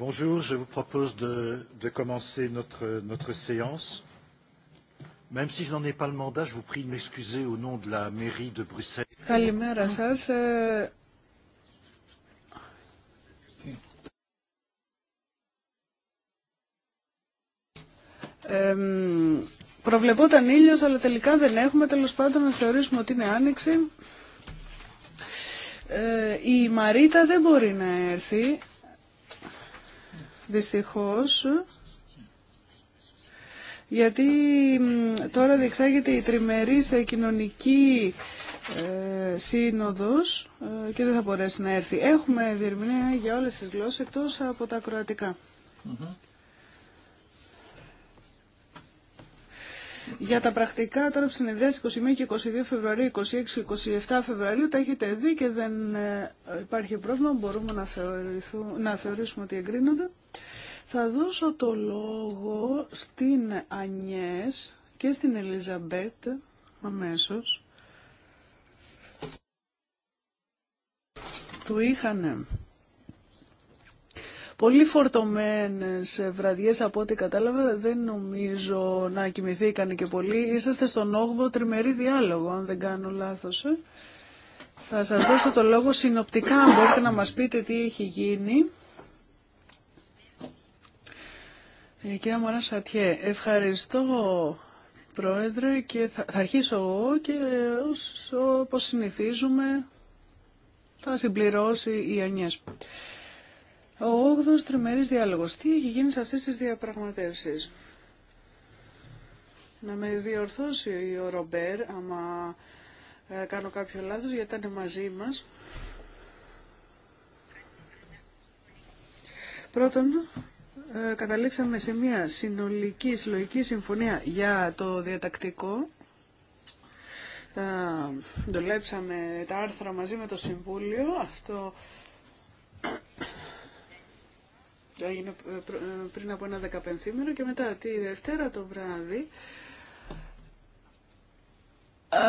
Bonjour, je vous propose de, de commencer notre, notre séance. Même si je n'en ai pas le mandat, je vous prie de m'excuser au nom de la mairie de Bruxelles. Καλημέρα σας. Ε, προβλεπόταν ήλιος, αλλά τελικά δεν έχουμε. Τέλος πάντων, να θεωρήσουμε ότι είναι άνοιξη. Ε, η Μαρίτα δεν μπορεί να έρθει δυστυχώς, γιατί τώρα διεξάγεται η σε κοινωνική ε, σύνοδος ε, και δεν θα μπορέσει να έρθει. Έχουμε διερμηνία για όλες τις γλώσσες εκτός από τα κροατικά. Για τα πρακτικά τώρα που συνεδριάζει 21 και 22 Φεβρουαρίου, 26 και 27 Φεβρουαρίου τα έχετε δει και δεν ε, υπάρχει πρόβλημα, μπορούμε να, να θεωρήσουμε ότι εγκρίνονται. Θα δώσω το λόγο στην Ανιές και στην Ελίζαμπέτ αμέσως. Του είχαν πολύ φορτωμένες βραδιές από ό,τι κατάλαβα. Δεν νομίζω να κοιμηθήκανε και πολύ. Είσαστε στον 8ο τριμερή διάλογο, αν δεν κάνω λάθος. Ε. Θα σας δώσω το λόγο συνοπτικά, αν μπορείτε να μας πείτε τι έχει γίνει Ε, κυρία Μωρά Σατιέ, ευχαριστώ Πρόεδρε και θα, θα αρχίσω εγώ και όπως συνηθίζουμε θα συμπληρώσει η Ανιές. Ο 8ος τριμερής διάλογος. Τι έχει γίνει σε αυτές τις διαπραγματεύσεις. Να με διορθώσει ο Ρομπέρ άμα ε, κάνω κάποιο λάθος γιατί ήταν μαζί μας. Πρώτον, ε, καταλήξαμε σε μια συνολική συλλογική συμφωνία για το διατακτικό. Ε, δουλέψαμε τα άρθρα μαζί με το Συμβούλιο. Αυτό έγινε ε, πριν από ένα δεκαπενθήμερο και μετά τη Δευτέρα το βράδυ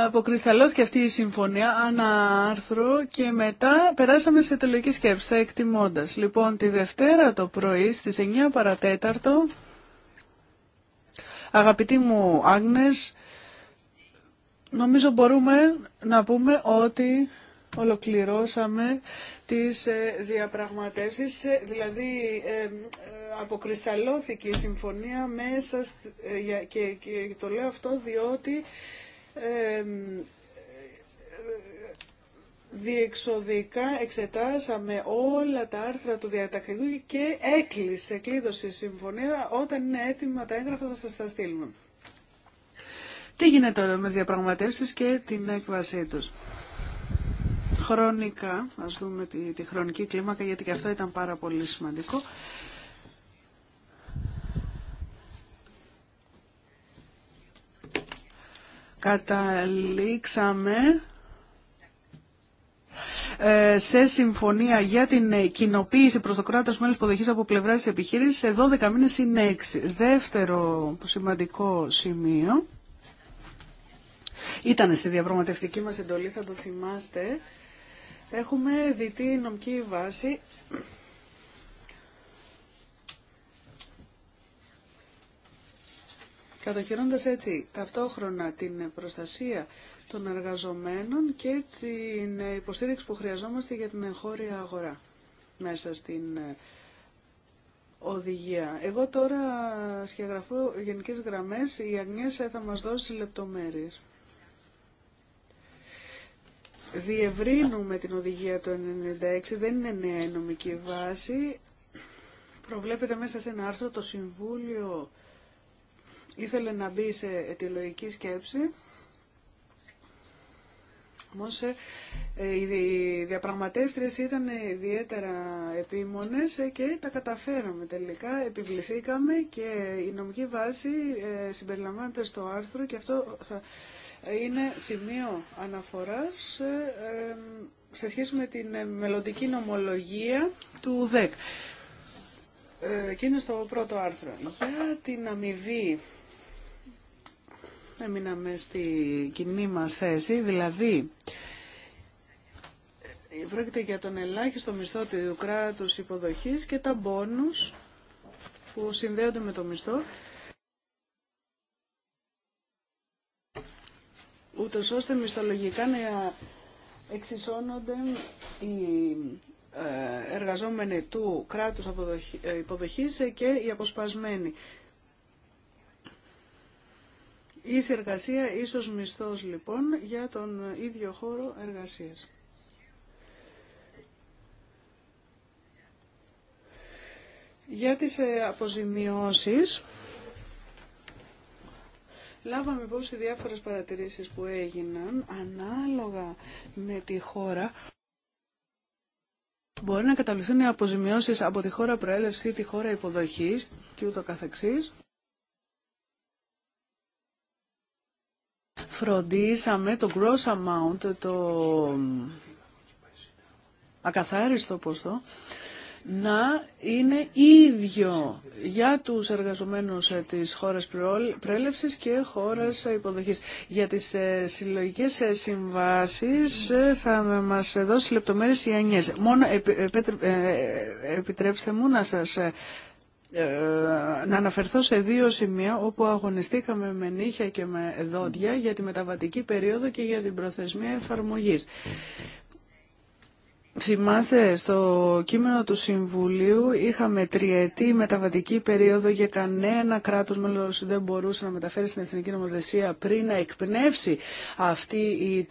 αποκρισταλώθηκε αυτή η συμφωνία ανά άρθρο και μετά περάσαμε σε τελική σκέψη, τα εκτιμώντας. Λοιπόν, τη Δευτέρα το πρωί στις 9 παρατέταρτο, αγαπητή μου Άγνες, νομίζω μπορούμε να πούμε ότι ολοκληρώσαμε τις ε, διαπραγματεύσεις, ε, δηλαδή ε, αποκρισταλώθηκε η συμφωνία μέσα, και το λέω αυτό διότι διεξοδικά εξετάσαμε όλα τα άρθρα του διατακτικού και έκλεισε, κλείδωσε η συμφωνία. Όταν είναι έτοιμα τα έγγραφα θα σας τα στείλουμε. Τι γίνεται τώρα με τις διαπραγματεύσεις και την έκβασή τους. Χρονικά, ας δούμε τη, τη χρονική κλίμακα γιατί και αυτό ήταν πάρα πολύ σημαντικό. καταλήξαμε ε, σε συμφωνία για την κοινοποίηση προς το κράτος μέλος υποδοχή από πλευρά της επιχείρησης σε 12 μήνες συν 6. Δεύτερο σημαντικό σημείο ήταν στη διαπραγματευτική μας εντολή, θα το θυμάστε. Έχουμε διτή νομική βάση κατοχυρώντας έτσι ταυτόχρονα την προστασία των εργαζομένων και την υποστήριξη που χρειαζόμαστε για την εγχώρια αγορά μέσα στην ε, οδηγία. Εγώ τώρα σχεδιαγραφώ γενικές γραμμές, η Αγνία θα μας δώσει λεπτομέρειες. Διευρύνουμε την οδηγία του 96, δεν είναι νέα η νομική βάση. Προβλέπεται μέσα σε ένα άρθρο το Συμβούλιο ήθελε να μπει σε αιτιολογική σκέψη. Όμω ε, ε, οι διαπραγματεύτριες ήταν ιδιαίτερα επίμονες ε, και τα καταφέραμε τελικά. Επιβληθήκαμε και η νομική βάση συμπεριλαμβάνεται στο άρθρο και αυτό θα είναι σημείο αναφοράς σε σχέση με την μελλοντική νομολογία του ΔΕΚ. είναι στο πρώτο άρθρο. Για την αμοιβή Έμειναμε στη κοινή μας θέση, δηλαδή πρόκειται για τον ελάχιστο μισθό του κράτους υποδοχής και τα μπόνους που συνδέονται με το μισθό, ούτως ώστε μισθολογικά να εξισώνονται οι ε, εργαζόμενοι του κράτους ε, υποδοχής και οι αποσπασμένοι. Η εργασία, ίσως μισθός λοιπόν για τον ίδιο χώρο εργασίας. Για τις ε, αποζημιώσεις, λάβαμε υπόψη διάφορες παρατηρήσεις που έγιναν ανάλογα με τη χώρα. Μπορεί να καταληφθούν οι αποζημιώσεις από τη χώρα προέλευση ή τη χώρα υποδοχής και ούτω καθεξής. φροντίσαμε το gross amount, το ακαθάριστο ποστό, να είναι ίδιο για τους εργαζομένους της χώρας πρέλευσης και χώρας υποδοχής. Για τις ε, συλλογικές ε, συμβάσεις ε, θα μας δώσει λεπτομέρειες οι Ανιέζε. Μόνο επιτρέψτε μου να σας ε, να αναφερθώ σε δύο σημεία όπου αγωνιστήκαμε με νύχια και με δόντια για τη μεταβατική περίοδο και για την προθεσμία εφαρμογής. Θυμάστε στο κείμενο του Συμβουλίου είχαμε τριετή μεταβατική περίοδο για κανένα κράτος μέλος δεν μπορούσε να μεταφέρει στην Εθνική Νομοθεσία πριν να εκπνεύσει αυτή η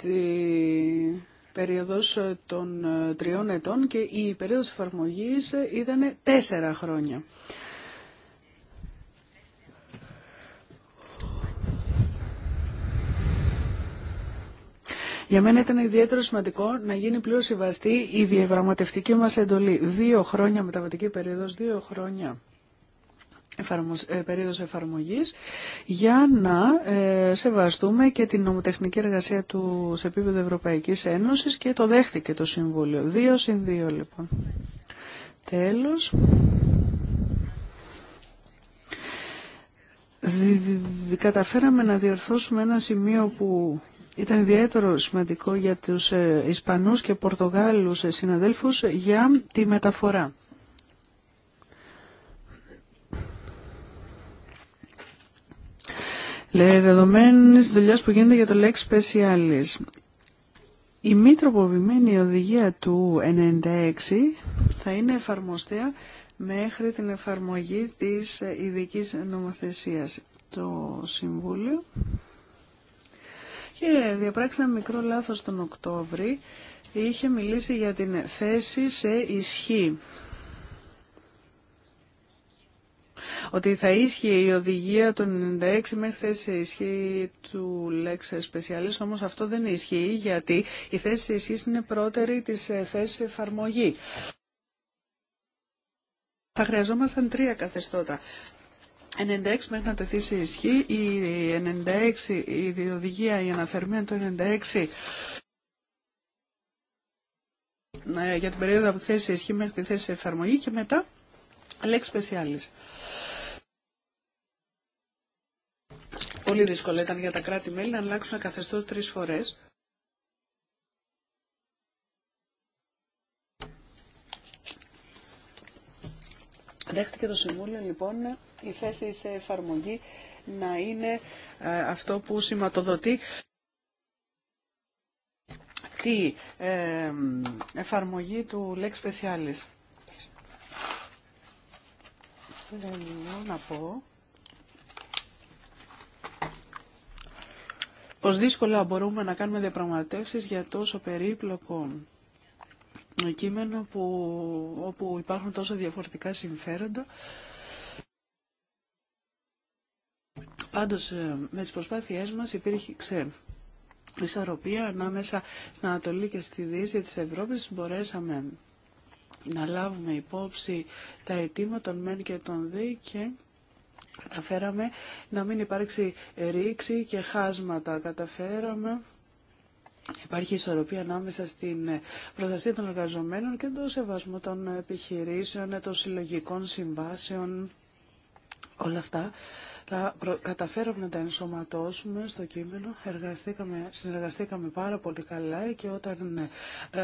περίοδος των ε, τριών ετών και η περίοδος εφαρμογής ήταν τέσσερα χρόνια. Για μένα ήταν ιδιαίτερο σημαντικό να γίνει πλήρω σεβαστή η διαπραγματευτική μα εντολή. Δύο χρόνια μεταβατική περίοδο, δύο χρόνια ε, περίοδος εφαρμογής για να ε, σεβαστούμε και την νομοτεχνική εργασία του σε επίπεδο Ευρωπαϊκής Ένωσης και το δέχτηκε το Συμβούλιο. Δύο συν δύο λοιπόν. Τέλος. Καταφέραμε να διορθώσουμε ένα σημείο που ήταν ιδιαίτερο σημαντικό για τους ε, Ισπανούς και Πορτογάλους ε, συναδέλφους για τη μεταφορά. Λέει, δεδομένης δουλειάς που γίνεται για το Lex Specialis. Η μη τροποποιημένη οδηγία του 96 θα είναι εφαρμοστέα μέχρι την εφαρμογή της ε, ειδικής νομοθεσίας. Το Συμβούλιο και διαπράξει ένα μικρό λάθος τον Οκτώβρη. Είχε μιλήσει για την θέση σε ισχύ. Ότι θα ίσχυε η οδηγία των 96 μέχρι θέση σε ισχύ του Lex Specialis, όμως αυτό δεν ισχύει γιατί η θέση σε ισχύ είναι πρώτερη της ε, θέσης εφαρμογή. Θα χρειαζόμασταν τρία καθεστώτα 96 μέχρι να τεθεί σε ισχύ, η, 96, η διοδηγία, η του 96 ε, για την περίοδο από θέση ισχύ μέχρι τη θέση εφαρμογή και μετά λέξη specialis. Πολύ δύσκολο ήταν για τα κράτη-μέλη να αλλάξουν καθεστώς τρεις φορές. Δέχτηκε το Συμβούλιο λοιπόν η θέση σε εφαρμογή να είναι ε, αυτό που σηματοδοτεί τη εφαρμογή του Lex Specialis. Θέλω να πω πως δύσκολα μπορούμε να κάνουμε διαπραγματεύσεις για τόσο περίπλοκο κείμενο που, όπου υπάρχουν τόσο διαφορετικά συμφέροντα. Πάντως ε, με τις προσπάθειές μας υπήρχε ισορροπία ανάμεσα στην Ανατολή και στη Δύση της Ευρώπης μπορέσαμε να λάβουμε υπόψη τα αιτήματα των ΜΕΝ και των ΔΕ και καταφέραμε να μην υπάρξει ρήξη και χάσματα. Καταφέραμε Υπάρχει ισορροπία ανάμεσα στην ε, προστασία των εργαζομένων και το σεβασμό των επιχειρήσεων, ε, των συλλογικών συμβάσεων, όλα αυτά. Τα καταφέραμε να τα ενσωματώσουμε στο κείμενο, Εργαστήκαμε, συνεργαστήκαμε πάρα πολύ καλά και όταν ε,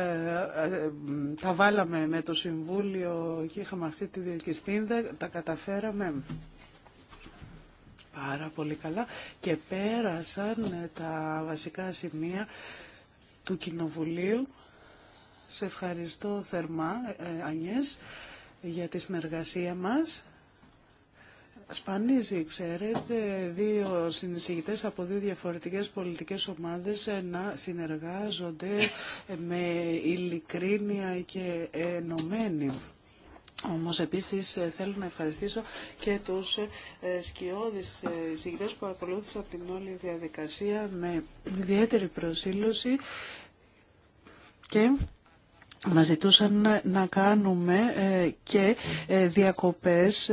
τα βάλαμε με το Συμβούλιο και είχαμε αυτή τη διελκυστίνδα, τα καταφέραμε πάρα πολύ καλά και πέρασαν τα βασικά σημεία του Κοινοβουλίου. Σε ευχαριστώ θερμά, ε, Ανιές, για τη συνεργασία μας. Σπανίζει, ξέρετε, δύο συνεισηγητές από δύο διαφορετικές πολιτικές ομάδες ε, να συνεργάζονται με ειλικρίνεια και ενωμένη. Όμως επίσης ε, θέλω να ευχαριστήσω και τους ε, σκιώδεις ε, συγκριτές που ακολούθησαν την όλη διαδικασία με ιδιαίτερη προσήλωση και μας ζητούσαν να κάνουμε και διακοπές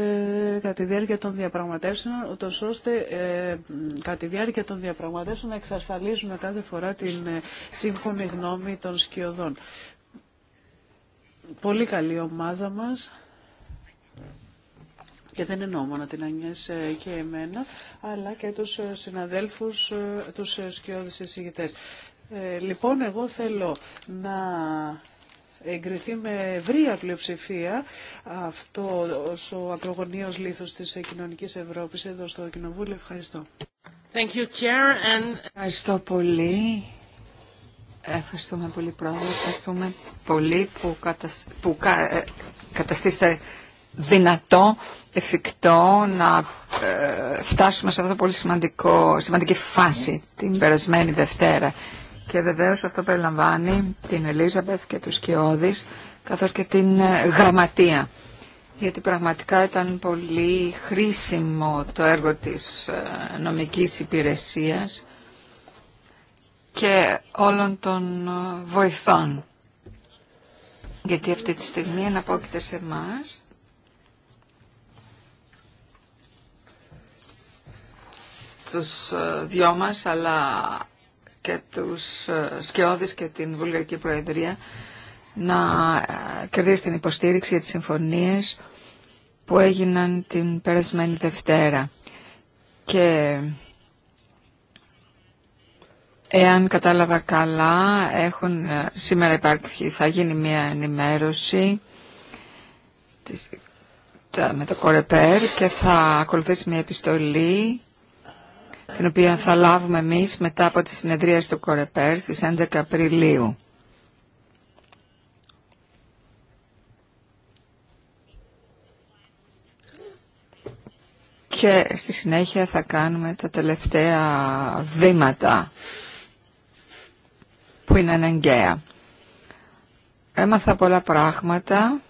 κατά τη διάρκεια των διαπραγματεύσεων, ούτω ώστε κατά τη διάρκεια των διαπραγματεύσεων να εξασφαλίζουμε κάθε φορά την σύμφωνη γνώμη των σκιωδών. Πολύ καλή ομάδα μας και δεν εννοώ μόνο την Ανιές ε, και εμένα, αλλά και τους ε, συναδέλφους, ε, τους σκιώδεις εισηγητές. Ε, λοιπόν, εγώ θέλω να εγκριθεί με ευρία πλειοψηφία αυτό ο ακρογωνίος λήθος της κοινωνικής Ευρώπης εδώ στο Κοινοβούλιο. Ευχαριστώ. Thank you, Chair, and... Ευχαριστώ πολύ. Ευχαριστούμε πολύ, Πρόεδρε. Ευχαριστούμε πολύ που, κατασ δυνατό, εφικτό να ε, φτάσουμε σε αυτό το πολύ σημαντικό, σημαντική φάση την περασμένη Δευτέρα. Και βεβαίως αυτό περιλαμβάνει την Ελίζαμπεθ και τους Κιώδης, καθώς και την ε, Γραμματεία. Γιατί πραγματικά ήταν πολύ χρήσιμο το έργο της ε, νομικής υπηρεσίας και όλων των βοηθών. Γιατί αυτή τη στιγμή αναπόκειται σε εμάς τους ε, δυο μας, αλλά και τους ε, Σκιώδης και την Βουλγαρική Προεδρία να ε, κερδίσει την υποστήριξη για τις συμφωνίες που έγιναν την περασμένη Δευτέρα. Και εάν κατάλαβα καλά, έχουν, σήμερα υπάρχει, θα γίνει μια ενημέρωση με το Κορεπέρ και θα ακολουθήσει μια επιστολή την οποία θα λάβουμε εμείς μετά από τη συνεδρία του Κορεπέρ στις 11 Απριλίου. Και στη συνέχεια θα κάνουμε τα τελευταία βήματα που είναι αναγκαία. Έμαθα πολλά πράγματα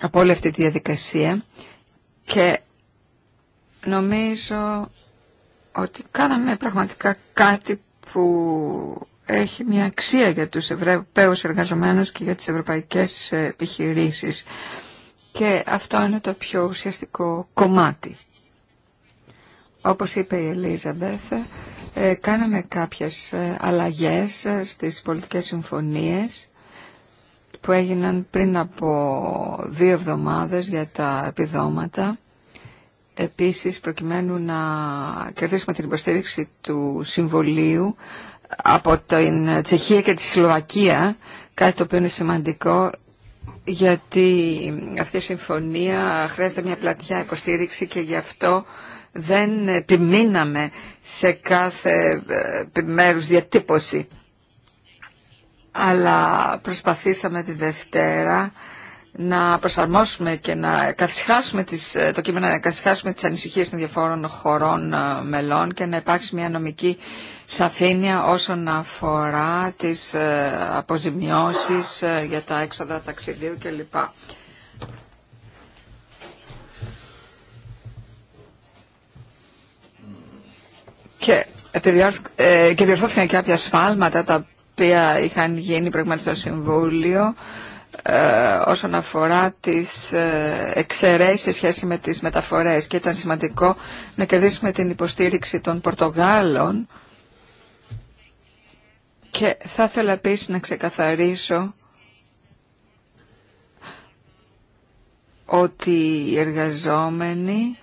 από όλη αυτή τη διαδικασία και Νομίζω ότι κάναμε πραγματικά κάτι που έχει μια αξία για τους Ευρωπαίους εργαζομένους και για τις ευρωπαϊκές επιχειρήσεις. Και αυτό είναι το πιο ουσιαστικό κομμάτι. Όπως είπε η Ελίζα Μπέθε, κάναμε κάποιες ε, αλλαγές ε, στις πολιτικές συμφωνίες που έγιναν πριν από δύο εβδομάδες για τα επιδόματα Επίσης, προκειμένου να κερδίσουμε την υποστήριξη του Συμβολίου από την Τσεχία και τη Σλοβακία, κάτι το οποίο είναι σημαντικό γιατί αυτή η συμφωνία χρειάζεται μια πλατιά υποστήριξη και γι' αυτό δεν επιμείναμε σε κάθε ε, μέρους διατύπωση. Αλλά προσπαθήσαμε τη Δευτέρα να προσαρμόσουμε και να καθισχάσουμε τις, ε, το κείμενο να καθισχάσουμε τις ανησυχίες των διαφόρων χωρών ε, μελών και να υπάρξει μια νομική σαφήνεια όσον αφορά τις ε, αποζημιώσεις για τα έξοδα ταξιδίου κλπ. Και, και διορθώθηκαν κάποια σφάλματα τα οποία είχαν γίνει πραγματικά στο Συμβούλιο ε, όσον αφορά τις ε, εξαιρέσεις σε σχέση με τις μεταφορές και ήταν σημαντικό να κερδίσουμε την υποστήριξη των Πορτογάλων και θα ήθελα επίση να ξεκαθαρίσω ότι οι εργαζόμενοι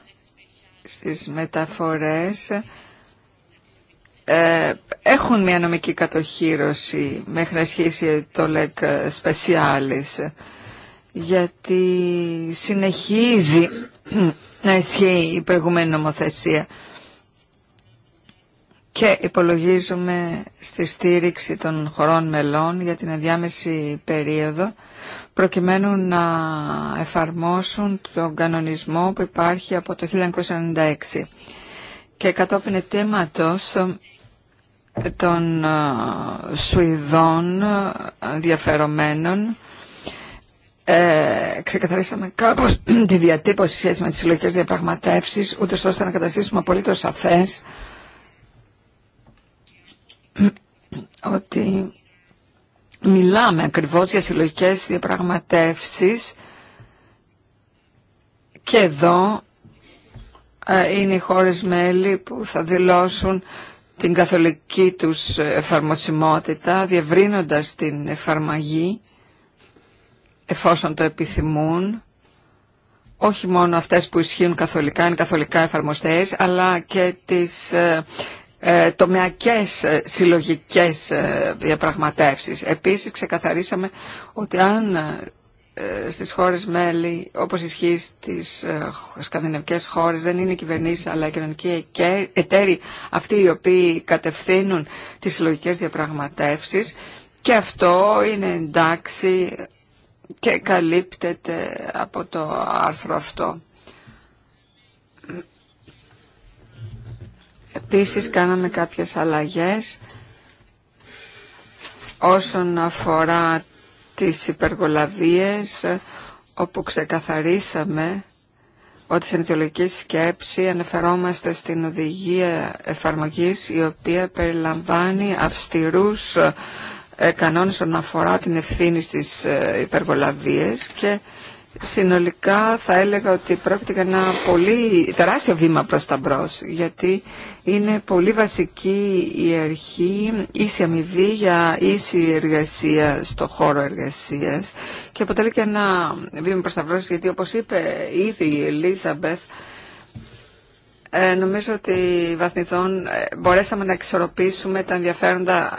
στις μεταφορές ε, έχουν μια νομική κατοχήρωση μέχρι να ισχύσει το ΛΕΚ Σπεσιάλης e γιατί συνεχίζει να ισχύει η προηγουμένη νομοθεσία και υπολογίζουμε στη στήριξη των χωρών μελών για την ενδιάμεση περίοδο προκειμένου να εφαρμόσουν τον κανονισμό που υπάρχει από το 1996. Και κατόπιν ετήματος των ε, Σουηδών ε, διαφερομένων ε, ξεκαθαρίσαμε κάπως τη διατύπωση σχέση με τις συλλογικές διαπραγματεύσεις ούτως ώστε να καταστήσουμε το σαφές ότι μιλάμε ακριβώς για συλλογικές διαπραγματεύσεις και εδώ ε, είναι οι χώρες μέλη που θα δηλώσουν την καθολική τους εφαρμοσιμότητα, διευρύνοντας την εφαρμαγή, εφόσον το επιθυμούν, όχι μόνο αυτές που ισχύουν καθολικά, είναι καθολικά εφαρμοστές, αλλά και τις ε, ε τομεακές ε, συλλογικές ε, διαπραγματεύσεις. Επίσης ξεκαθαρίσαμε ότι αν ε, στις χώρες μέλη, όπως ισχύει στις ε, σκανδιναβικές χώρες, δεν είναι κυβερνήσεις αλλά κοινωνικοί εταίροι αυτοί οι οποίοι κατευθύνουν τις συλλογικέ διαπραγματεύσεις και αυτό είναι εντάξει και καλύπτεται από το άρθρο αυτό. Επίσης κάναμε κάποιες αλλαγές όσον αφορά τις υπεργολαβίες όπου ξεκαθαρίσαμε ότι στην ιδιολογική σκέψη αναφερόμαστε στην οδηγία εφαρμογής η οποία περιλαμβάνει αυστηρούς ε, κανόνες όσον αφορά την ευθύνη στις ε, υπεργολαβίες και Συνολικά θα έλεγα ότι πρόκειται για ένα πολύ τεράστιο βήμα προς τα μπρος, γιατί είναι πολύ βασική η αρχή ίση αμοιβή για ίση εργασία στο χώρο εργασίας και αποτελεί και ένα βήμα προς τα μπρος, γιατί όπως είπε ήδη η Ελίζαμπεθ, ε, νομίζω ότι βαθμιδών ε, μπορέσαμε να εξορροπήσουμε τα,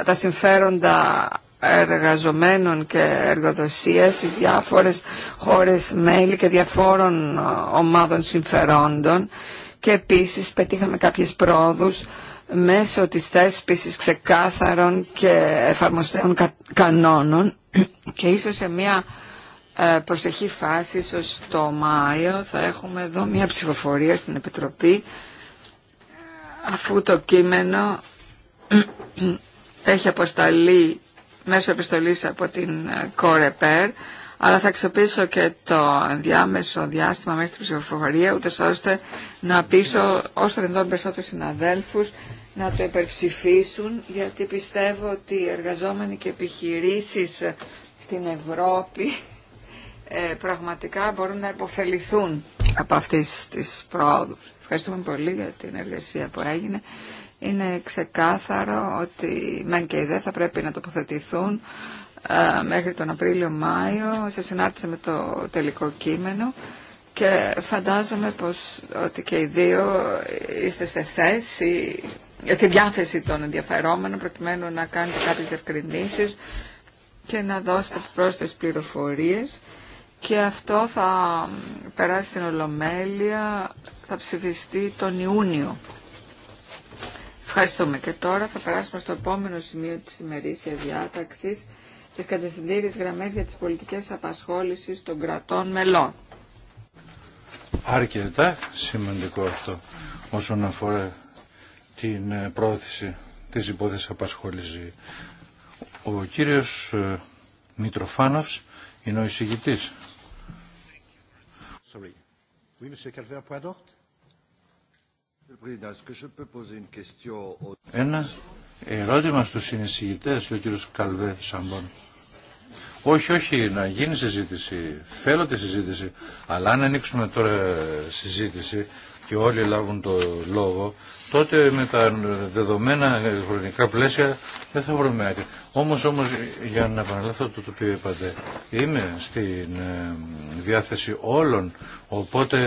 τα συμφέροντα εργαζομένων και εργοδοσίας στις διάφορες χώρες μέλη και διαφόρων ε, ομάδων συμφερόντων και επίσης πετύχαμε κάποιες πρόοδους μέσω της θέσπισης ξεκάθαρων και εφαρμοστέων κανόνων και ίσως σε μια ε, προσεχή φάση, ίσως το Μάιο, θα έχουμε εδώ μια ψηφοφορία στην Επιτροπή ε, αφού το κείμενο έχει αποσταλεί μέσω επιστολής από την Κορεπέρ, αλλά θα αξιοποιήσω και το διάμεσο διάστημα μέχρι την ψηφοφορία, ούτε ώστε να πείσω όσο δυνατόν περισσότερους συναδέλφους να το υπερψηφίσουν, γιατί πιστεύω ότι οι εργαζόμενοι και επιχειρήσεις στην Ευρώπη ε, πραγματικά μπορούν να υποφεληθούν από αυτές τις πρόοδου. Ευχαριστούμε πολύ για την εργασία που έγινε είναι ξεκάθαρο ότι μεν και οι δε θα πρέπει να τοποθετηθούν ε, μέχρι τον Απρίλιο-Μάιο σε συνάρτηση με το τελικό κείμενο και φαντάζομαι πως ότι και οι δύο είστε σε θέση, στη διάθεση των ενδιαφερόμενων προκειμένου να κάνετε κάποιες διευκρινήσεις και να δώσετε πρόσθετες πληροφορίες και αυτό θα περάσει στην Ολομέλεια, θα ψηφιστεί τον Ιούνιο. Ευχαριστούμε. Και τώρα θα περάσουμε στο επόμενο σημείο της ημερήσιας διάταξης τις κατευθυντήριες γραμμές για τις πολιτικές απασχόλησης των κρατών μελών. Αρκετά σημαντικό αυτό όσον αφορά την ε, πρόθεση της υπόθεσης απασχόλησης. Ο κύριος ε, Μητροφάνος είναι ο εισηγητής. Sorry. Oui, ένα ερώτημα στους συνεισηγητές, λέει ο κύριος Καλβέ Σαμπών. Όχι, όχι, να γίνει συζήτηση. Θέλω τη συζήτηση. Αλλά αν ανοίξουμε τώρα συζήτηση και όλοι λάβουν το λόγο, τότε με τα δεδομένα χρονικά πλαίσια δεν θα βρούμε άκρη. Όμως, όμως, για να επαναλάβω το οποίο είπατε, είμαι στην ε, διάθεση όλων, οπότε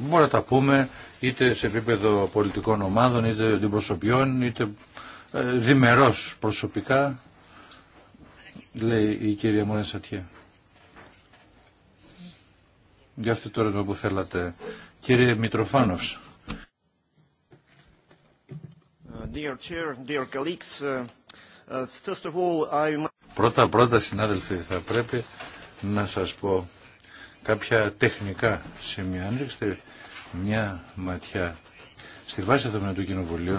μπορούμε να τα πούμε είτε σε επίπεδο πολιτικών ομάδων, είτε αντιπροσωπιών, είτε ε, διμερός προσωπικά, λέει η κυρία Μόνα Σατιέ. Για αυτό το το που θέλατε. Κύριε Μητροφάνος. Uh, uh, uh, πρώτα πρώτα συνάδελφοι θα πρέπει να σας πω κάποια τεχνικά σημεία. Αν μια ματιά στη βάση του του κοινοβουλίου.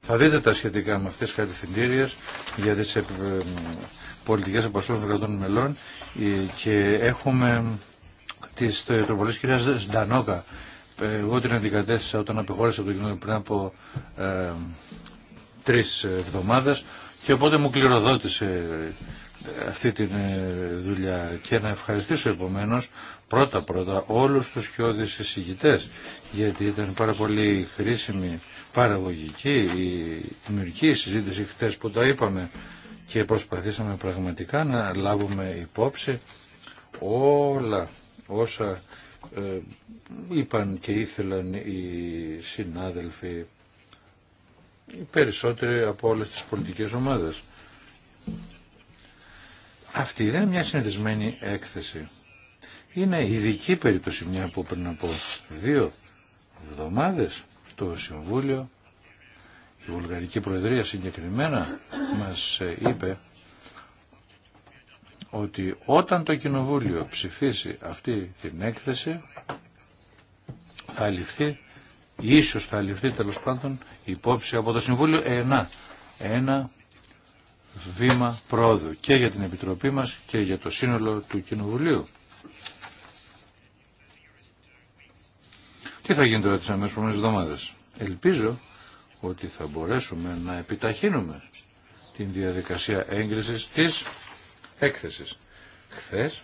Θα δείτε τα σχετικά με αυτές τις κατευθυντήριες για τις ε, πολιτικές απασχόλησης των κρατών μελών ε, και έχουμε τις τροπολίες κυρίας Ντανόκα. Ε, εγώ την αντικατέστησα όταν απεχώρησα από το κοινό πριν από ε, τρεις εβδομάδες και οπότε μου κληροδότησε αυτή τη ε, δουλειά και να ευχαριστήσω επομένως πρώτα πρώτα όλους τους χιώδεις εισηγητές γιατί ήταν πάρα πολύ χρήσιμη, παραγωγική η δημιουργική συζήτηση χτες που τα είπαμε και προσπαθήσαμε πραγματικά να λάβουμε υπόψη όλα όσα ε, είπαν και ήθελαν οι συνάδελφοι οι περισσότεροι από όλες τις πολιτικές ομάδες. Αυτή δεν είναι μια συνηθισμένη έκθεση. Είναι ειδική περίπτωση μια που πριν από δύο εβδομάδες το Συμβούλιο, η Βουλγαρική Προεδρία συγκεκριμένα μας είπε ότι όταν το Κοινοβούλιο ψηφίσει αυτή την έκθεση θα ληφθεί, ίσως θα ληφθεί τέλος πάντων υπόψη από το Συμβούλιο ένα, ένα βήμα πρόοδου και για την Επιτροπή μας και για το σύνολο του Κοινοβουλίου. Τι θα γίνει τώρα τις αμέσως εβδομάδες. Ελπίζω ότι θα μπορέσουμε να επιταχύνουμε την διαδικασία έγκρισης της έκθεσης. Χθες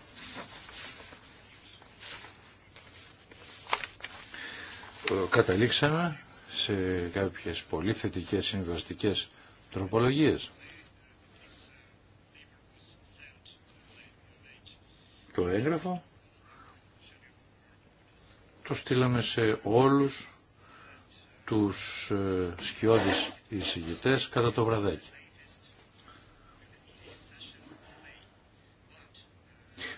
καταλήξαμε σε κάποιες πολύ θετικές συμβαστικές τροπολογίες. το έγγραφο το στείλαμε σε όλους τους ε, σκιώδεις εισηγητές κατά το βραδάκι.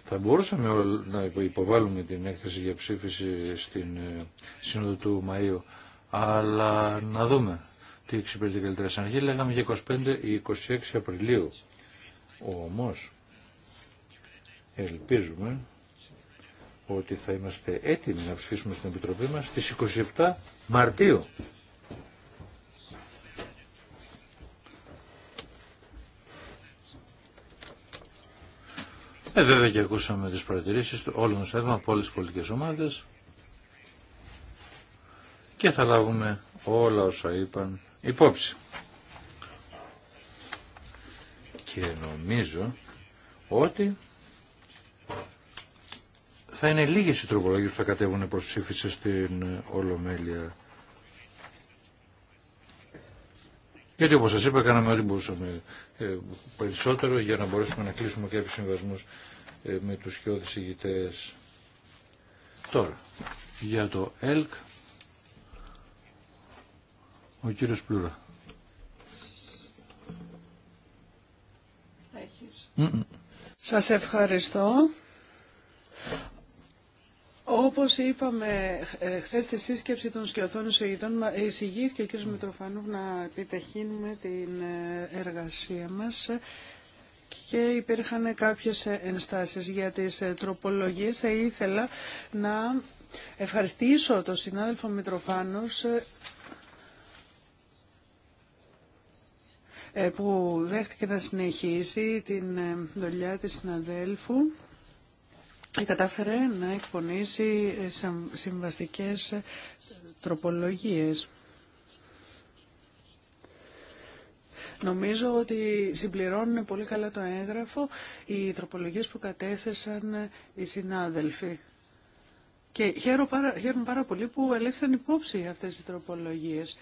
Θα μπορούσαμε να υποβάλουμε την έκθεση για ψήφιση στην ε, Σύνοδο του Μαΐου, αλλά να δούμε τι εξυπηρετεί καλύτερα. Σαν λέγαμε για 25 ή 26 Απριλίου. Όμως, Ελπίζουμε ότι θα είμαστε έτοιμοι να ψηφίσουμε στην Επιτροπή μας στις 27 Μαρτίου. Ε, βέβαια και ακούσαμε τις παρατηρήσεις όλων των στέλνων από όλες τις πολιτικές ομάδες και θα λάβουμε όλα όσα είπαν υπόψη. Και νομίζω ότι θα είναι λίγες οι τροπολογίες που θα κατέβουν προς ψήφιση στην Ολομέλεια. Γιατί όπως σας είπα κάναμε ό,τι μπορούσαμε ε, περισσότερο για να μπορέσουμε να κλείσουμε και συμβασμούς ε, με τους χιώδης ηγητές. Τώρα, για το ΕΛΚ, ο κύριος Πλούρα. Έχεις. Σας ευχαριστώ. Όπως είπαμε ε, χθε στη σύσκεψη των σκιωθών εισηγητών, εισηγήθηκε ο κ. Μητροφανού να επιτεχύνουμε την ε, εργασία μας και υπήρχαν κάποιες ενστάσεις για τις ε, τροπολογίες. Θα ήθελα να ευχαριστήσω τον συνάδελφο Μητροφάνους που δέχτηκε να συνεχίσει την δουλειά της συναδέλφου. Ε, κατάφερε να εκπονήσει ε, συμβαστικές ε, τροπολογίες. Νομίζω ότι συμπληρώνουν πολύ καλά το έγγραφο οι τροπολογίες που κατέθεσαν οι συνάδελφοι. Και χαίρομαι πάρα, πάρα πολύ που ελέγξαν υπόψη αυτές οι τροπολογίες.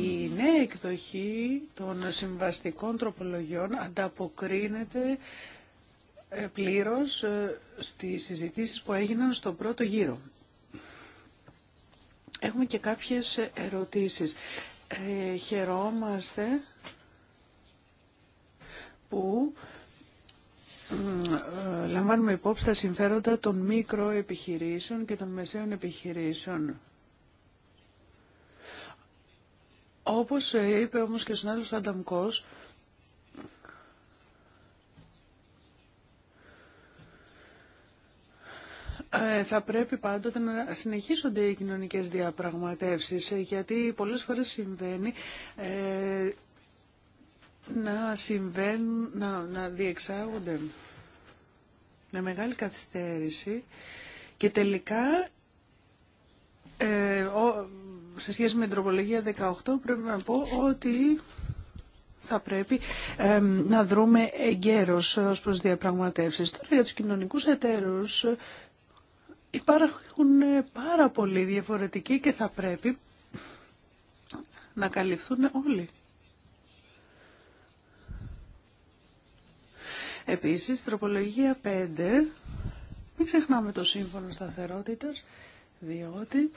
Η νέα εκδοχή των συμβαστικών τροπολογιών ανταποκρίνεται ε, πλήρως ε, στις συζητήσεις που έγιναν στο πρώτο γύρο. Έχουμε και κάποιες ερωτήσεις. Ε, χαιρόμαστε που ε, λαμβάνουμε υπόψη τα συμφέροντα των μικροεπιχειρήσεων και των μεσαίων επιχειρήσεων. Όπως είπε όμως και ο συνάδελφος Ανταμκός, Ε, θα πρέπει πάντοτε να συνεχίσονται οι κοινωνικές διαπραγματεύσεις, ε, γιατί πολλές φορές συμβαίνει ε, να συμβαίνουν, να, να διεξάγονται με μεγάλη καθυστέρηση και τελικά ε, σε σχέση με την τροπολογία 18 πρέπει να πω ότι θα πρέπει να δρούμε εγκαίρως ως προς διαπραγματεύσεις. Τώρα για τους κοινωνικούς εταίρους Υπάρχουν ε, πάρα πολλοί διαφορετικοί και θα πρέπει να καλυφθούν όλοι. Επίσης, τροπολογία 5, μην ξεχνάμε το σύμφωνο σταθερότητας, διότι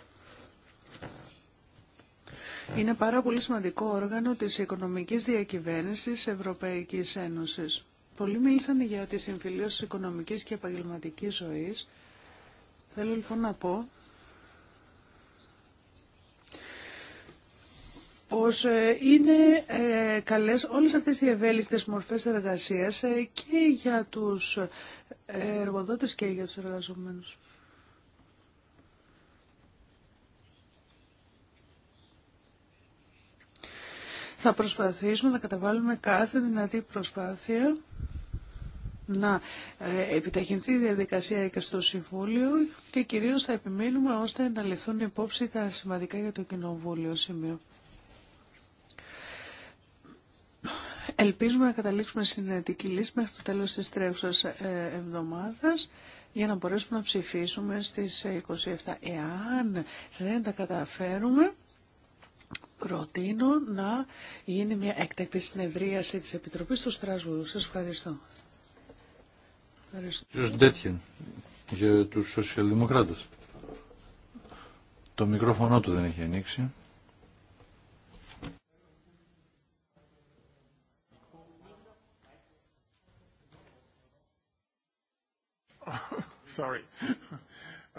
είναι πάρα πολύ σημαντικό όργανο της οικονομικής διακυβέρνησης Ευρωπαϊκής Ένωσης. Πολλοί μίλησαν για τη συμφιλίωση οικονομικής και επαγγελματικής ζωής, Θέλω λοιπόν να πω πως ε, είναι ε, καλές όλες αυτές οι ευέλικτες μορφές εργασίας ε, και για τους εργοδότες και για τους εργαζομένους. Θα προσπαθήσουμε να καταβάλουμε κάθε δυνατή προσπάθεια να ε, επιταχυνθεί η διαδικασία και στο Συμβούλιο και κυρίως θα επιμείνουμε ώστε να ληφθούν υπόψη τα σημαντικά για το Κοινοβούλιο σημείο. Ελπίζουμε να καταλήξουμε συνετική λύση μέχρι το τέλος της τρέχουσας ε, εβδομάδας για να μπορέσουμε να ψηφίσουμε στις 27. Ε, Εάν δεν τα καταφέρουμε, προτείνω να γίνει μια έκτακτη συνεδρίαση της Επιτροπής του Στρασβούργου. Σας ευχαριστώ. Κύριος Ντέτχεν, για τους σοσιαλδημοκράτες. Το μικρόφωνο του δεν έχει ανοίξει. Sorry.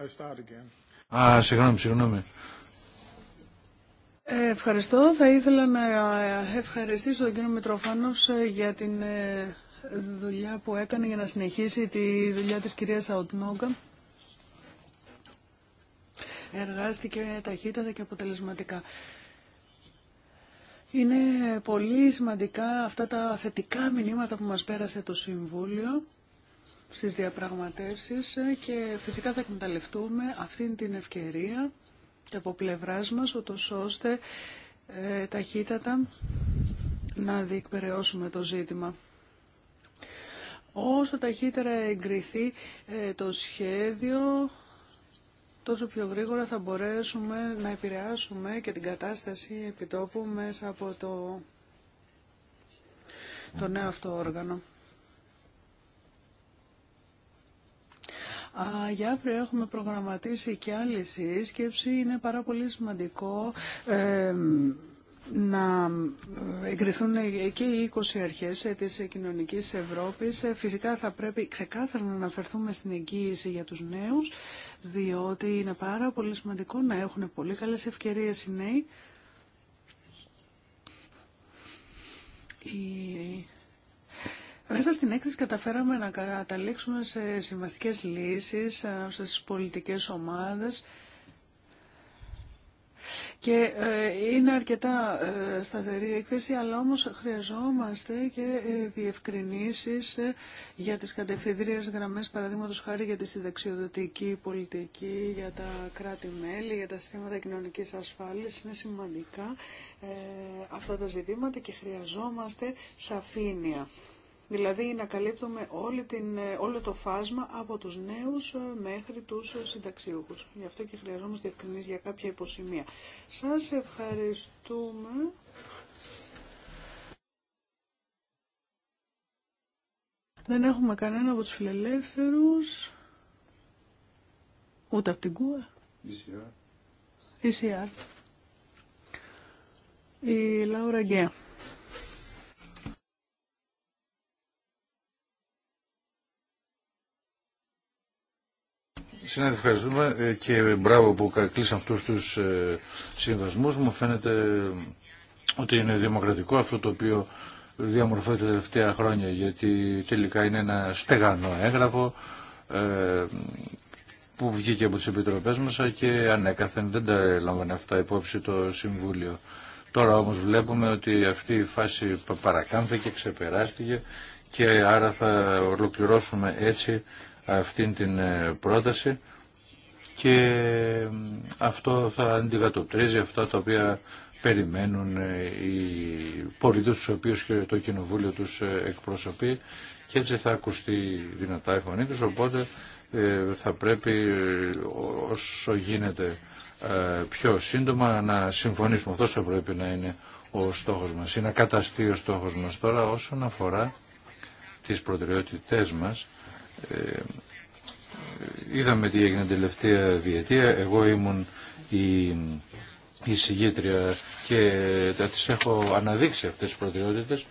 I start again. Α, συγγνώμη, συγγνώμη. Ε, ευχαριστώ. Θα ήθελα να ευχαριστήσω τον κύριο Μητροφάνος ε, για την ε, δουλειά που έκανε για να συνεχίσει τη δουλειά της κυρίας Αουτνόγκα. Εργάστηκε ταχύτατα και αποτελεσματικά. Είναι πολύ σημαντικά αυτά τα θετικά μηνύματα που μας πέρασε το Συμβούλιο στις διαπραγματεύσεις και φυσικά θα εκμεταλλευτούμε αυτήν την ευκαιρία και από πλευράς μας, ούτως ώστε ε, ταχύτατα να διεκπαιρεώσουμε το ζήτημα. Όσο ταχύτερα εγκριθεί ε, το σχέδιο, τόσο πιο γρήγορα θα μπορέσουμε να επηρεάσουμε και την κατάσταση επιτόπου μέσα από το, το νέο αυτό όργανο. Α, για αύριο έχουμε προγραμματίσει και άλλη σύσκεψη. Είναι πάρα πολύ σημαντικό ε, να ε, εγκριθούν και οι 20 αρχές ε, της κοινωνικής Ευρώπης. Ε, φυσικά θα πρέπει ξεκάθαρα να αναφερθούμε στην εγγύηση για τους νέους, διότι είναι πάρα πολύ σημαντικό να έχουν πολύ καλές ευκαιρίες οι νέοι. Μέσα στην έκθεση καταφέραμε να καταλήξουμε σε συμβαστικές λύσεις στις πολιτικές ομάδες και ε, είναι αρκετά ε, σταθερή η έκθεση, αλλά όμως χρειαζόμαστε και ε, διευκρινήσεις για τις κατευθυντήριες γραμμές, παραδείγματος χάρη για τη συνταξιοδοτική πολιτική, για τα κράτη-μέλη, για τα συστήματα κοινωνικής ασφάλισης. Είναι σημαντικά αυτά τα ζητήματα και χρειαζόμαστε σαφήνεια. Δηλαδή να καλύπτουμε όλη την, όλο το φάσμα από τους νέους μέχρι τους συνταξιούχους. Γι' αυτό και χρειαζόμαστε διευκρινήσεις για κάποια υποσημεία. Σας ευχαριστούμε. Δεν έχουμε κανένα από τους φιλελεύθερους, ούτε από την ΚΟΕ. Η Λάουρα Συνάδελφοι, ευχαριστούμε ε, και μπράβο που κλείσαν αυτούς τους ε, συνδεσμούς. Μου φαίνεται ε, ότι είναι δημοκρατικό αυτό το οποίο διαμορφώνει τα τελευταία χρόνια γιατί τελικά είναι ένα στεγανό έγγραφο που βγήκε από τις επιτροπές μας και ανέκαθεν δεν τα λάμβανε αυτά υπόψη το Συμβούλιο. Τώρα όμως βλέπουμε ότι αυτή η φάση παρακάμφθηκε, ξεπεράστηκε και άρα θα ολοκληρώσουμε έτσι αυτήν την ε, πρόταση και αυτό θα αντικατοπτρίζει αυτά τα οποία περιμένουν ε, οι πολιτούς τους οποίους και το κοινοβούλιο τους ε, εκπροσωπεί και έτσι θα ακουστεί δυνατά η φωνή τους οπότε θα πρέπει όσο γίνεται πιο σύντομα να συμφωνήσουμε. Αυτό θα πρέπει να είναι ο στόχος μας ή να καταστεί ο στόχος μας τώρα όσον αφορά τις προτεραιότητές μας. Ε, είδαμε τι έγινε τελευταία διετία. Εγώ ήμουν η, η και θα τις έχω αναδείξει αυτές τις προτεραιότητες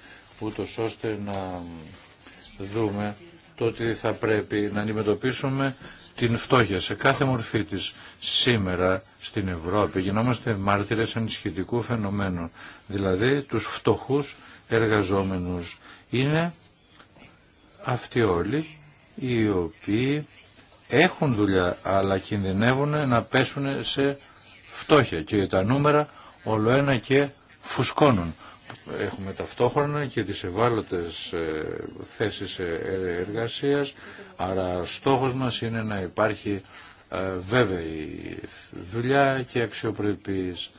το ώστε να δούμε το ότι θα πρέπει να αντιμετωπίσουμε την φτώχεια σε κάθε μορφή της σήμερα στην Ευρώπη. Γινόμαστε μάρτυρες ενισχυτικού φαινομένου, δηλαδή τους φτωχούς εργαζόμενους. Είναι αυτοί όλοι οι οποίοι έχουν δουλειά αλλά κινδυνεύουν να πέσουν σε φτώχεια και τα νούμερα όλο ένα και φουσκώνουν. Έχουμε ταυτόχρονα και τις ευάλωτες ε, θέσεις ε, εργασίας, άρα στόχος μας είναι να υπάρχει ε, βέβαιη δουλειά και αξιοπρεπής.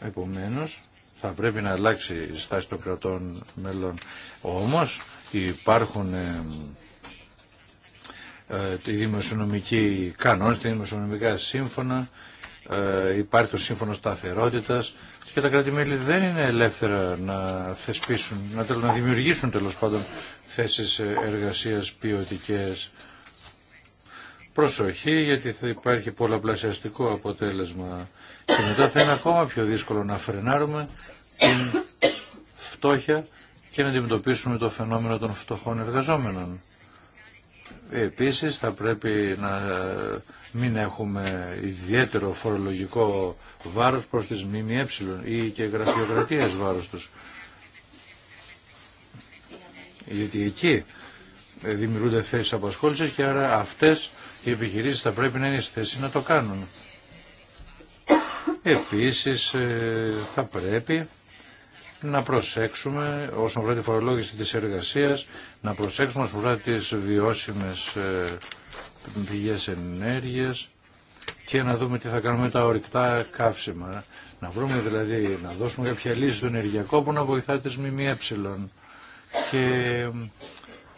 Επομένως, θα πρέπει να αλλάξει η στάση των κρατών μέλων. Όμως υπάρχουν ε, ε, οι δημοσιονομικοί κανόνες, τα δημοσιονομικά σύμφωνα, ε, υπάρχει το σύμφωνο σταθερότητας και τα κρατη δεν είναι ελεύθερα να θεσπίσουν, να, να δημιουργήσουν τέλος πάντων θέσεις ε, εργασίας ποιοτικέ. Προσοχή γιατί θα υπάρχει πολλαπλασιαστικό αποτέλεσμα και μετά θα είναι ακόμα πιο δύσκολο να φρενάρουμε την φτώχεια και να αντιμετωπίσουμε το φαινόμενο των φτωχών εργαζόμενων. Επίσης θα πρέπει να μην έχουμε ιδιαίτερο φορολογικό βάρος προς τις ΜΜΕ ή και γραφειοκρατίας βάρος τους. Γιατί εκεί δημιουργούνται θέσεις απασχόλησης και άρα αυτές οι επιχειρήσεις θα πρέπει να είναι στη θέση να το κάνουν. Επίσης ε, θα πρέπει να προσέξουμε όσον αφορά τη φορολόγηση της εργασίας, να προσέξουμε όσον αφορά τις βιώσιμες ε, πηγές ενέργειας και να δούμε τι θα κάνουμε τα ορυκτά καύσιμα. Να βρούμε δηλαδή, να δώσουμε κάποια λύση στο ενεργειακό που να βοηθά τις ΜΜΕ. Και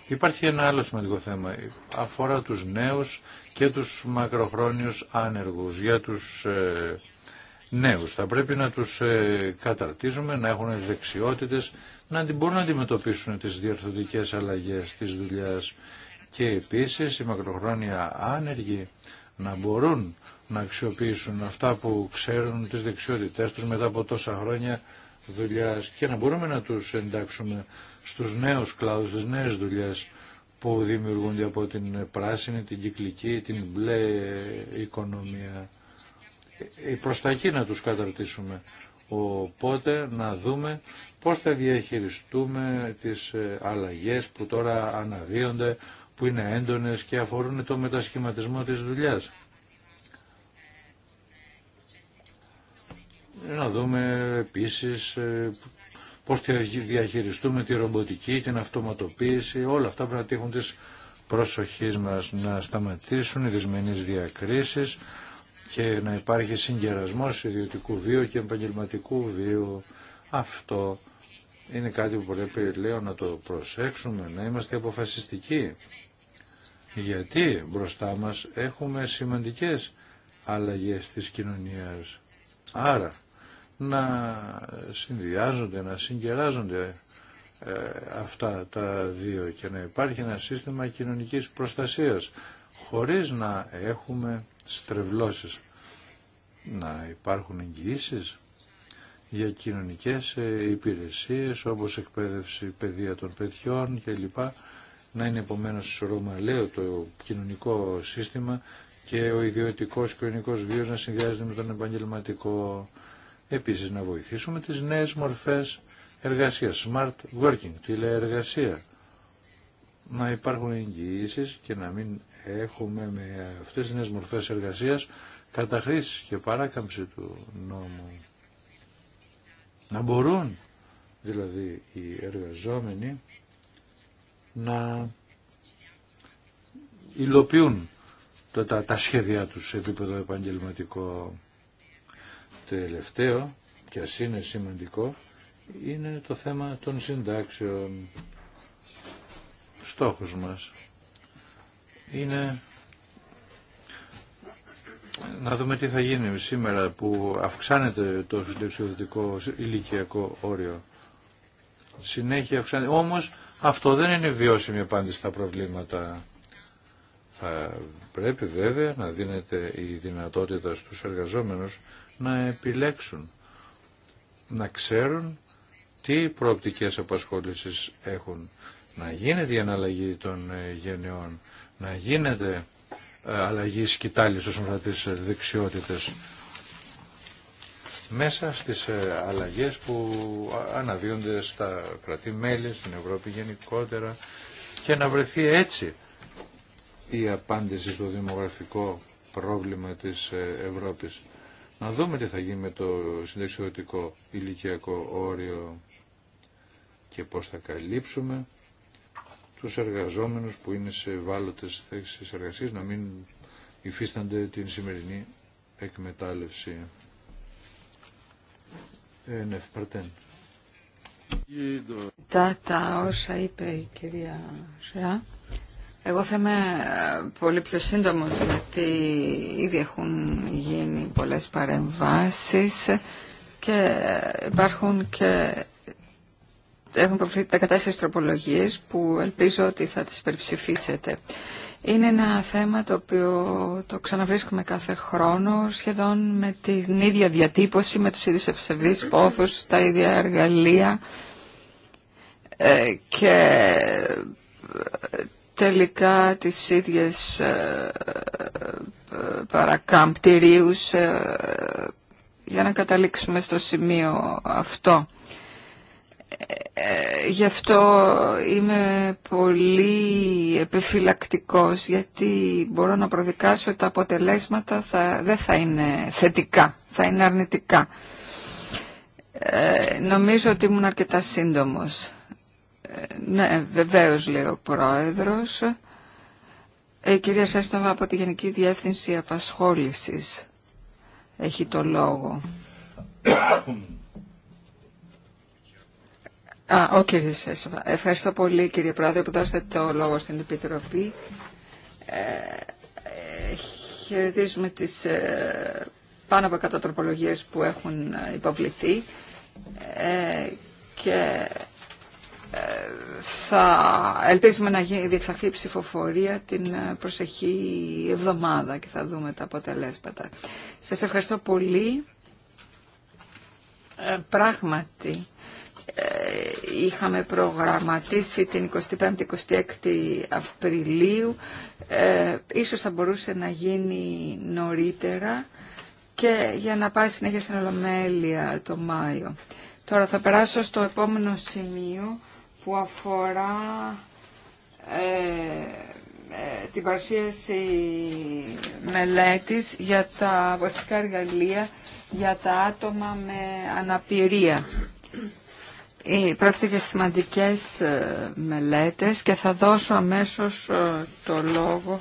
υπάρχει ένα άλλο σημαντικό θέμα. Αφορά τους νέους και τους μακροχρόνιους άνεργους. Για τους ε, νέους. Θα πρέπει να τους ε, καταρτίζουμε, να έχουν δεξιότητες, να μπορούν να αντιμετωπίσουν τις διορθωτικές αλλαγές της δουλειάς και επίσης οι μακροχρόνια άνεργοι να μπορούν να αξιοποιήσουν αυτά που ξέρουν τις δεξιότητές τους μετά από τόσα χρόνια δουλειάς και να μπορούμε να τους εντάξουμε στους νέους κλάδους, στις νέες δουλειές που δημιουργούνται από την πράσινη, την κυκλική, την μπλε οικονομία. Ε, προς τα εκεί να τους καταρτήσουμε. Οπότε να δούμε πώς θα διαχειριστούμε τις ε, αλλαγές που τώρα αναδύονται, που είναι έντονες και αφορούν το μετασχηματισμό της δουλειάς. Να δούμε επίσης ε, πώς θα διαχειριστούμε τη ρομποτική, την αυτοματοποίηση, όλα αυτά πρέπει να τύχουν της προσοχής μας να σταματήσουν οι δυσμενείς διακρίσεις, και να υπάρχει συγκερασμός ιδιωτικού βίου και επαγγελματικού βίου. Αυτό είναι κάτι που πρέπει, λέω, να το προσέξουμε, να είμαστε αποφασιστικοί. Γιατί μπροστά μας έχουμε σημαντικές αλλαγές της κοινωνίας. Άρα, να συνδυάζονται, να συγκεράζονται ε, αυτά τα δύο και να υπάρχει ένα σύστημα κοινωνικής προστασίας χωρίς να έχουμε στρεβλώσεις, να υπάρχουν εγγυήσεις για κοινωνικές ε, υπηρεσίες όπως εκπαίδευση παιδεία των παιδιών κλπ. Να είναι επομένω ρωμαλαίο το κοινωνικό σύστημα και ο ιδιωτικός και κοινωνικός βίος να συνδυάζεται με τον επαγγελματικό. Επίσης να βοηθήσουμε τις νέες μορφές εργασίας, smart working, τηλεεργασία. Να υπάρχουν εγγυήσεις και να μην έχουμε με αυτές τις νέες μορφές εργασίας καταχρήσεις και παράκαμψη του νόμου. Να μπορούν δηλαδή οι εργαζόμενοι να υλοποιούν το, τα, τα σχέδιά τους σε επίπεδο επαγγελματικό τελευταίο και ας είναι σημαντικό είναι το θέμα των συντάξεων στόχος μας είναι να δούμε τι θα γίνει σήμερα που αυξάνεται το συνταξιοδοτικό ηλικιακό όριο. Συνέχεια αυξάνεται. Όμως αυτό δεν είναι βιώσιμη απάντηση στα προβλήματα. Θα πρέπει βέβαια να δίνεται η δυνατότητα στους εργαζόμενους να επιλέξουν, να ξέρουν τι προοπτικές απασχόλησης έχουν, να γίνεται η αναλλαγή των ε, γενεών να γίνεται ε, αλλαγή σκητάλης όσον αφορά τις ε, δεξιότητες μέσα στις ε, αλλαγές που αναδύονται στα κρατή-μέλη, στην Ευρώπη γενικότερα και να βρεθεί έτσι η απάντηση στο δημογραφικό πρόβλημα της Ευρώπης. Να δούμε τι θα γίνει με το συνδεξιωτικό ηλικιακό όριο και πώς θα καλύψουμε τους εργαζόμενους που είναι σε ευάλωτες θέσεις εργασίας να μην υφίστανται την σημερινή εκμετάλλευση. Ε, ναι, τα, τα όσα είπε η κυρία Σεά, εγώ θα είμαι ε, πολύ πιο σύντομο γιατί ήδη έχουν γίνει πολλές παρεμβάσεις και ε, υπάρχουν και έχουν τα 14 τροπολογίες που ελπίζω ότι θα τις υπερψηφίσετε. Είναι ένα θέμα το οποίο το ξαναβρίσκουμε κάθε χρόνο, σχεδόν με την ίδια διατύπωση, με τους ίδιους ευσεβείς πόθους, τα ίδια εργαλεία ε, και ε, τελικά τις ίδιες ε, παρακάμπτηρίους για να καταλήξουμε στο σημείο αυτό. Ε, ε, γι' αυτό είμαι πολύ επιφυλακτικός γιατί μπορώ να προδικάσω ότι τα αποτελέσματα θα, δεν θα είναι θετικά, θα είναι αρνητικά. Ε, νομίζω ότι ήμουν αρκετά σύντομος. Ε, ναι, βεβαίως λέει ο Πρόεδρος. Ε, κυρία Σέστομα από τη Γενική Διεύθυνση Απασχόλησης έχει το λόγο. Α, Ευχαριστώ πολύ κύριε Πρόεδρε που δώσατε το λόγο στην Επιτροπή. Ε, χαιρετίζουμε τις ε, πάνω από 100 τροπολογίες που έχουν ε, υποβληθεί και θα ελπίζουμε να διεξαχθεί η ψηφοφορία την προσεχή εβδομάδα και θα δούμε τα αποτελέσματα. Σας ευχαριστώ πολύ. πράγματι, ε, είχαμε προγραμματίσει την 25η-26η Απριλίου. Ε, ίσως θα μπορούσε να γίνει νωρίτερα και για να πάει συνέχεια στην Ολομέλεια το Μάιο. Τώρα θα περάσω στο επόμενο σημείο που αφορά ε, ε, την παρουσίαση μελέτης για τα βοηθητικά εργαλεία για τα άτομα με αναπηρία. Ε, πρόκειται για σημαντικές ε, μελέτες και θα δώσω αμέσως ε, το λόγο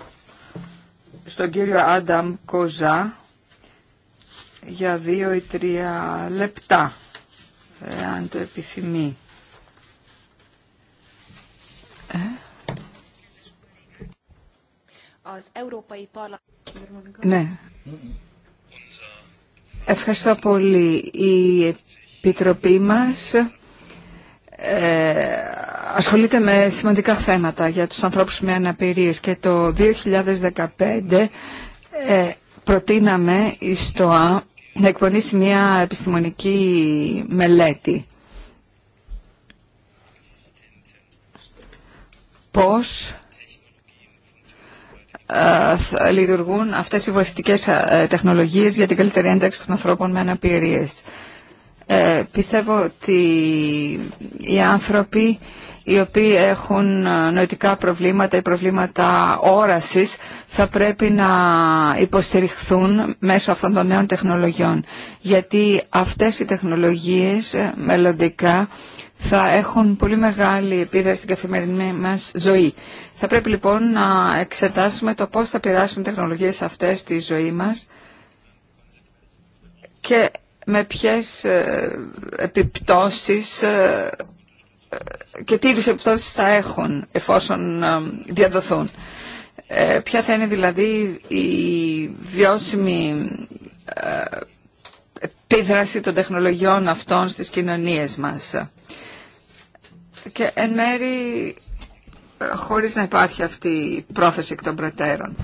στον κύριο Άνταμ Κοζά για δύο ή τρία λεπτά, αν το επιθυμεί. Ναι. Ευχαριστώ πολύ. Η Επιτροπή μας ε, ασχολείται με σημαντικά θέματα για τους ανθρώπους με αναπηρίες και το 2015 ε, προτείναμε η ΣΤΟΑ να εκπονήσει μια επιστημονική μελέτη. Πώς ε, λειτουργούν αυτές οι βοηθητικές τεχνολογίες για την καλύτερη ένταξη των ανθρώπων με αναπηρίες. Ε, πιστεύω ότι οι άνθρωποι οι οποίοι έχουν ε, νοητικά προβλήματα ή προβλήματα όρασης θα πρέπει να υποστηριχθούν μέσω αυτών των νέων τεχνολογιών. Γιατί αυτές οι τεχνολογίες ε, μελλοντικά θα έχουν πολύ μεγάλη επίδραση στην καθημερινή μας ζωή. Θα πρέπει λοιπόν να εξετάσουμε το πώς θα πειράσουν τεχνολογίες αυτές στη ζωή μας με ποιες ε, επιπτώσεις ε, ε, και τι είδους επιπτώσεις θα έχουν εφόσον διαδοθούν. Ποια θα είναι δηλαδή η βιώσιμη επίδραση των τεχνολογιών αυτών στις κοινωνίες μας. Και εν μέρη χωρίς να υπάρχει αυτή η πρόθεση εκ των προτέρων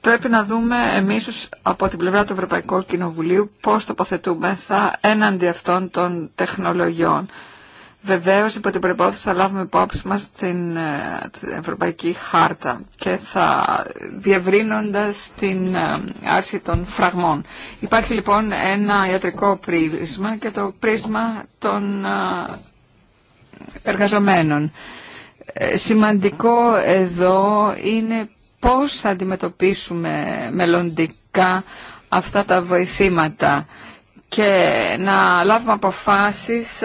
πρέπει να δούμε εμείς από την πλευρά του Ευρωπαϊκού Κοινοβουλίου πώς τοποθετούμεθα έναντι αυτών των τεχνολογιών. Βεβαίω, υπό την προπόθεση θα λάβουμε υπόψη μας ε, την, Ευρωπαϊκή Χάρτα και θα διευρύνοντας την ε, άρση των φραγμών. Υπάρχει λοιπόν ένα ιατρικό πρίσμα και το πρίσμα των ε, εργαζομένων. Σημαντικό εδώ είναι πώς θα αντιμετωπίσουμε μελλοντικά αυτά τα βοηθήματα και να λάβουμε αποφάσεις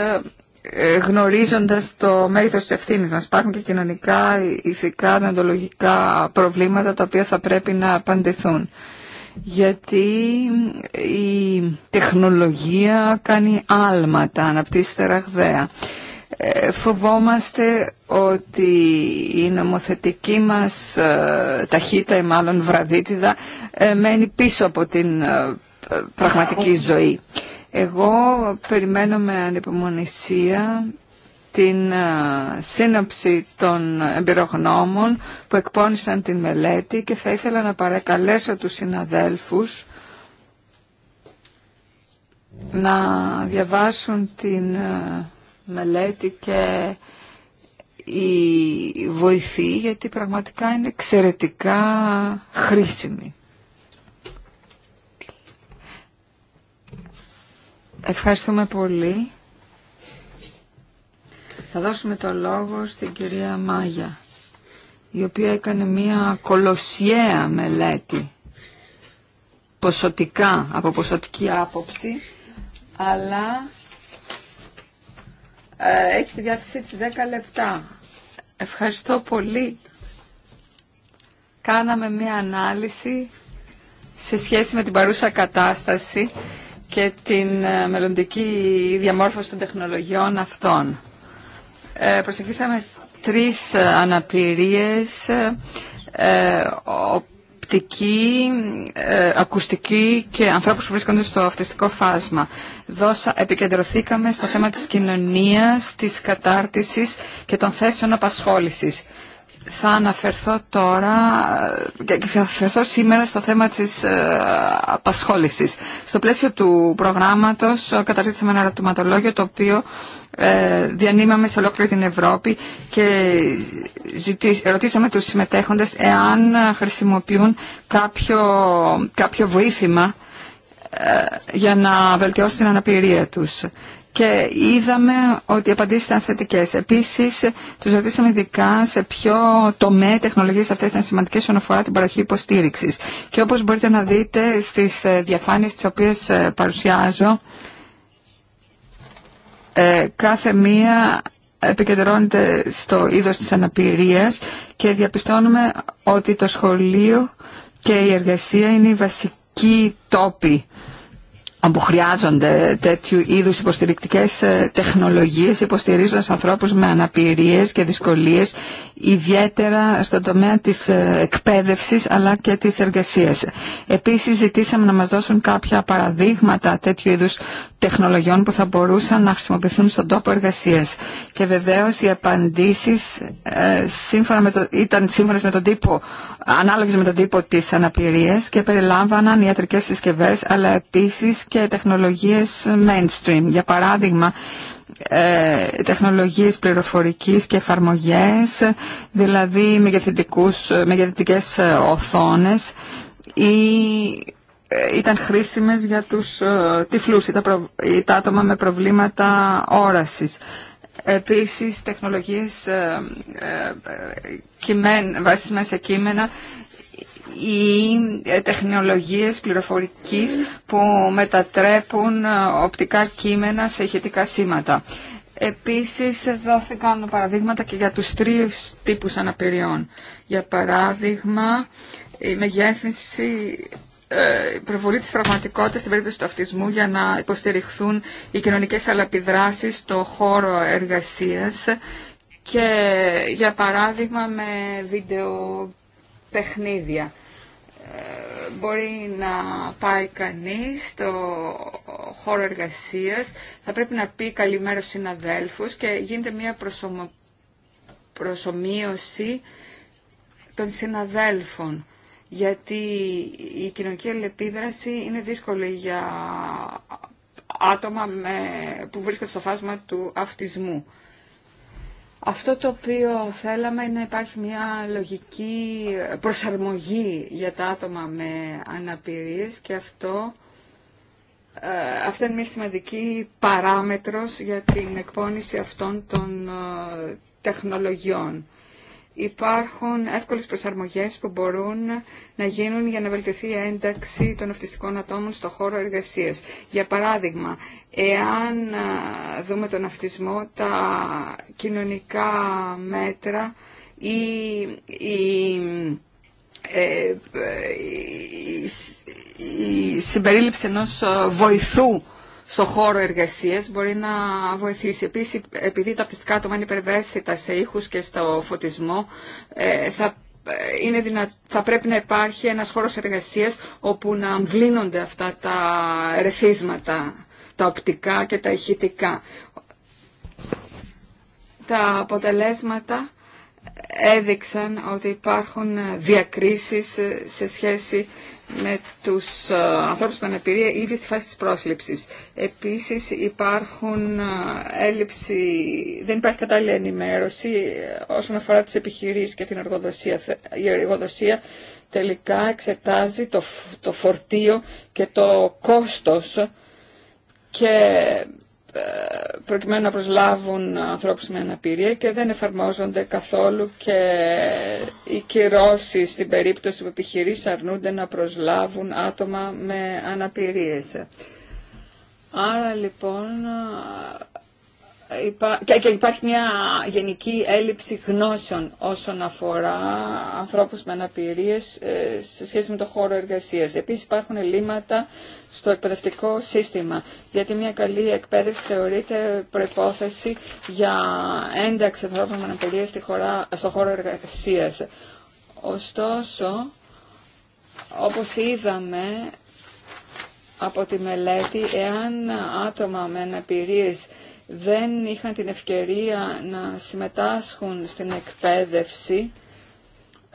ε, γνωρίζοντας το μέγεθος της ευθύνης μας. Υπάρχουν και κοινωνικά, ηθικά, νοητολογικά προβλήματα τα οποία θα πρέπει να απαντηθούν. Γιατί ε, η τεχνολογία κάνει άλματα, αναπτύσσεται ραγδαία. Ε, φοβόμαστε ότι η νομοθετική μας ε, ταχύτητα ή μάλλον βραδίτιδα ε, μένει πίσω από την πραγματική ζωή. Εγώ περιμένω με ανυπομονησία την σύναψη των εμπειρογνώμων που εκπώνησαν την μελέτη και θα ήθελα να παρακαλέσω τους συναδέλφους να διαβάσουν την μελέτη και η βοηθή γιατί πραγματικά είναι εξαιρετικά χρήσιμη. Ευχαριστούμε πολύ. Θα δώσουμε το λόγο στην κυρία Μάγια, η οποία έκανε μία κολοσιαία μελέτη, ποσοτικά, από ποσοτική άποψη, αλλά ε, έχει τη διάθεσή της 10 λεπτά. Ευχαριστώ πολύ. Κάναμε μια ανάλυση σε σχέση με την παρούσα κατάσταση και την ε, μελλοντική διαμόρφωση των τεχνολογιών αυτών. Ε, προσεχήσαμε τρεις ε, αναπηρίες, ε, οπτική, ε, ακουστική και ανθρώπους που βρίσκονται στο αυτιστικό φάσμα. Δώσα, επικεντρωθήκαμε στο θέμα της κοινωνίας, της κατάρτισης και των θέσεων απασχόλησης. Θα αναφερθώ τώρα και θα αναφερθώ σήμερα στο θέμα της ε, απασχόλησης. Στο πλαίσιο του προγράμματος ε, καταρτήσαμε ένα ερωτηματολόγιο το οποίο ε, διανύμαμε σε ολόκληρη την Ευρώπη και ρωτήσαμε τους συμμετέχοντες εάν χρησιμοποιούν κάποιο, κάποιο βοήθημα για να βελτιώσουν την αναπηρία τους και είδαμε ότι οι απαντήσεις ήταν θετικές. Επίσης, τους ρωτήσαμε ειδικά σε ποιο τομέα τεχνολογίες αυτές ήταν σημαντικές όσον αφορά την παροχή υποστήριξης. Και όπως μπορείτε να δείτε στις ε, διαφάνειες τις οποίες ε, παρουσιάζω, ε, κάθε μία επικεντρώνεται στο είδος της αναπηρίας και διαπιστώνουμε ότι το σχολείο και η εργασία είναι οι βασικοί τόποι που χρειάζονται τέτοιου είδους υποστηρικτικές ε, τεχνολογίες υποστηρίζοντας ανθρώπους με αναπηρίες και δυσκολίες ιδιαίτερα στον τομέα της ε, εκπαίδευσης αλλά και της εργασίας. Επίσης ζητήσαμε να μας δώσουν κάποια παραδείγματα τέτοιου είδους τεχνολογιών που θα μπορούσαν να χρησιμοποιηθούν στον τόπο εργασίας. Και βεβαίως οι απαντήσεις ε, σύμφωνα ήταν σύμφωνα με τον τύπο, ανάλογες με τον τύπο της αναπηρίας και περιλάμβαναν ιατρικές συσκευές αλλά επίσης και τεχνολογίες mainstream. Για παράδειγμα, ε, τεχνολογίες πληροφορικής και εφαρμογές, δηλαδή ε, μεγεθυντικές ε, οθόνες ή ήταν χρήσιμες για τους τυφλούς ή τα, άτομα με προβλήματα όρασης. Επίσης, τεχνολογίες ε, ε, σε κείμενα ή ε, τεχνολογίες πληροφορικής που μετατρέπουν ε, οπτικά κείμενα σε ηχητικά σήματα. Επίσης δόθηκαν παραδείγματα και για τους τρεις τύπους αναπηριών. Για παράδειγμα, η μεγέθυνση ε, προβολή της πραγματικότητας στην περίπτωση του αυτισμού για να υποστηριχθούν οι κοινωνικές αλλαπιδράσεις στο χώρο εργασίας και για παράδειγμα με παιχνίδια μπορεί να πάει κανείς στο χώρο εργασίας, θα πρέπει να πει καλημέρα στους συναδέλφους και γίνεται μια προσωμο... προσωμείωση των συναδέλφων γιατί η κοινωνική αλληλεπίδραση είναι δύσκολη για άτομα με... που βρίσκονται στο φάσμα του αυτισμού. Αυτό το οποίο θέλαμε είναι να υπάρχει μια λογική προσαρμογή για τα άτομα με αναπηρίες και αυτό ε, αυτό είναι μια σημαντική παράμετρος για την εκπόνηση αυτών των ε, τεχνολογιών υπάρχουν εύκολες προσαρμογές που μπορούν να γίνουν για να βελτιωθεί η ένταξη των αυτιστικών ατόμων στο χώρο εργασίας. Για παράδειγμα, εάν δούμε τον αυτισμό, τα κοινωνικά μέτρα ή η, ε, ε, η, συμπεριληψη ενός βοηθού στο χώρο εργασίας μπορεί να βοηθήσει. Επίσης, επειδή τα αυτιστικά άτομα είναι υπερβέσθητα σε ήχους και στο φωτισμό, ε, θα, ε, είναι δυνα... θα πρέπει να υπάρχει ένας χώρος εργασίας όπου να αμβλύνονται αυτά τα ρεθίσματα, τα οπτικά και τα ηχητικά. Τα αποτελέσματα έδειξαν ότι υπάρχουν διακρίσεις σε σχέση με τους ε, ανθρώπους με αναπηρία ήδη στη φάση της πρόσληψης. Επίσης υπάρχουν ε, έλλειψη, δεν υπάρχει κατάλληλη ενημέρωση ε, όσον αφορά τις επιχειρήσεις και την εργοδοσία. Η εργοδοσία τελικά εξετάζει το, το φορτίο και το κόστος και προκειμένου να προσλάβουν ανθρώπους με αναπηρία και δεν εφαρμόζονται καθόλου και οι κυρώσει στην περίπτωση που επιχειρήσει αρνούνται να προσλάβουν άτομα με αναπηρίες. Άρα λοιπόν και υπάρχει μια γενική έλλειψη γνώσεων όσον αφορά ανθρώπους με αναπηρίες ε, σε σχέση με το χώρο εργασίας. Επίσης υπάρχουν ελλείμματα στο εκπαιδευτικό σύστημα, γιατί μια καλή εκπαίδευση θεωρείται προϋπόθεση για ένταξη ανθρώπων με αναπηρίες στο χώρο εργασίας. Ωστόσο, όπως είδαμε από τη μελέτη, εάν άτομα με αναπηρίες δεν είχαν την ευκαιρία να συμμετάσχουν στην εκπαίδευση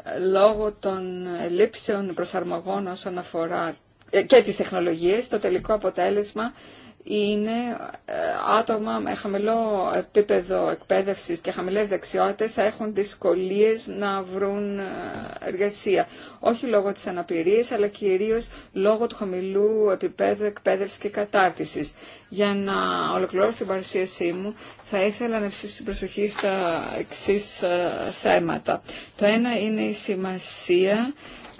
ε, λόγω των ελλείψεων προσαρμογών όσον αφορά ε, και τις τεχνολογίες, το τελικό αποτέλεσμα είναι ε, άτομα με χαμηλό επίπεδο εκπαίδευσης και χαμηλές δεξιότητες θα έχουν δυσκολίες να βρουν ε, εργασία. Όχι λόγω της αναπηρίας, αλλά κυρίως λόγω του χαμηλού επίπεδου εκπαίδευσης και κατάρτισης. Για να ολοκληρώσω την παρουσίασή μου, θα ήθελα να ευσύσω την προσοχή στα εξή ε, θέματα. Το ένα είναι η σημασία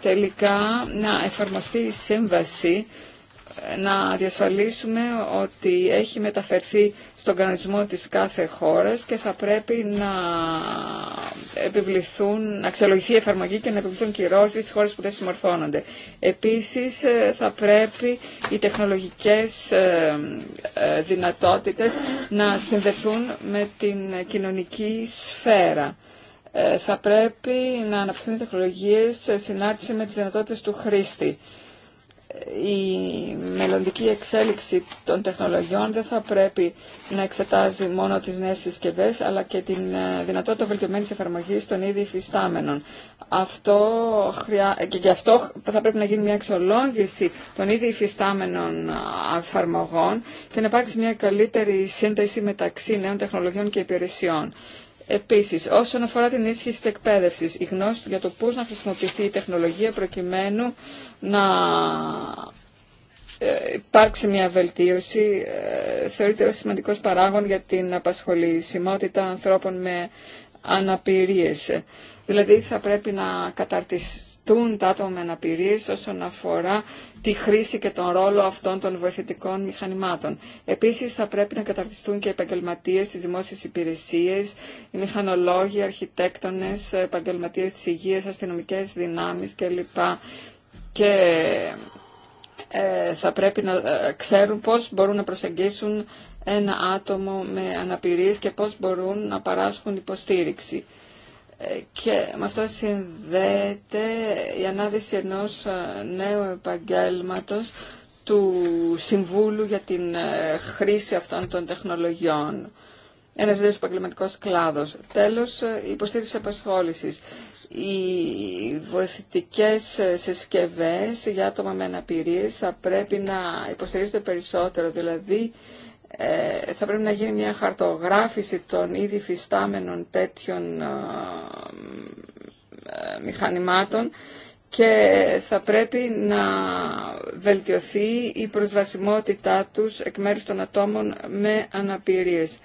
τελικά να εφαρμοστεί η σύμβαση να διασφαλίσουμε ότι έχει μεταφερθεί στον κανονισμό της κάθε χώρας και θα πρέπει να επιβληθούν, να αξιολογηθεί η εφαρμογή και να επιβληθούν κυρώσεις στις χώρες που δεν συμμορφώνονται. Επίσης ε, θα πρέπει οι τεχνολογικές ε, ε, δυνατότητες να συνδεθούν με την κοινωνική σφαίρα. Θα πρέπει να αναπτυχθούν τεχνολογίες σε συνάρτηση με τις δυνατότητες του χρήστη η μελλοντική εξέλιξη των τεχνολογιών δεν θα πρέπει να εξετάζει μόνο τις νέες συσκευέ, αλλά και την ε, δυνατότητα βελτιωμένης εφαρμογής των ήδη υφιστάμενων. Αυτό ε, Και γι' αυτό θα πρέπει να γίνει μια εξολόγηση των ήδη υφιστάμενων εφαρμογών και να υπάρξει μια καλύτερη σύνδεση μεταξύ νέων τεχνολογιών και υπηρεσιών. Επίση, όσον αφορά την ίσχυση τη εκπαίδευση, η γνώση για το πώς να χρησιμοποιηθεί η τεχνολογία προκειμένου να ε, υπάρξει μια βελτίωση, ε, θεωρείται ως σημαντικός παράγον για την απασχολησιμότητα ανθρώπων με αναπηρίες. Δηλαδή θα πρέπει να καταρτιστούν τουν τα άτομα με αναπηρίες όσον αφορά τη χρήση και τον ρόλο αυτών των βοηθητικών μηχανημάτων. Επίσης θα πρέπει να καταρτιστούν και οι επαγγελματίες στις δημόσιες υπηρεσίες, οι μηχανολόγοι, αρχιτέκτονες, επαγγελματίες της υγείας, αστυνομικές δυνάμεις κλπ. Και ε, θα πρέπει να ε, ξέρουν πώς μπορούν να προσεγγίσουν ένα άτομο με αναπηρίες και πώς μπορούν να παράσχουν υποστήριξη. Ε, και με αυτό συνδέεται η ανάδυση ενός ε, νέου επαγγέλματος του Συμβούλου για την ε, χρήση αυτών των τεχνολογιών. Ένας δύο επαγγελματικό κλάδος. Τέλος, η υποστήριξη απασχόλησης. Οι βοηθητικές συσκευές για άτομα με αναπηρίες θα πρέπει να υποστηρίζονται περισσότερο, δηλαδή ε, θα πρέπει να γίνει μια χαρτογράφηση των ήδη φυστάμενων τέτοιων ε, μηχανημάτων και θα πρέπει να βελτιωθεί η προσβασιμότητά τους εκ μέρους των ατόμων με αναπηρίες.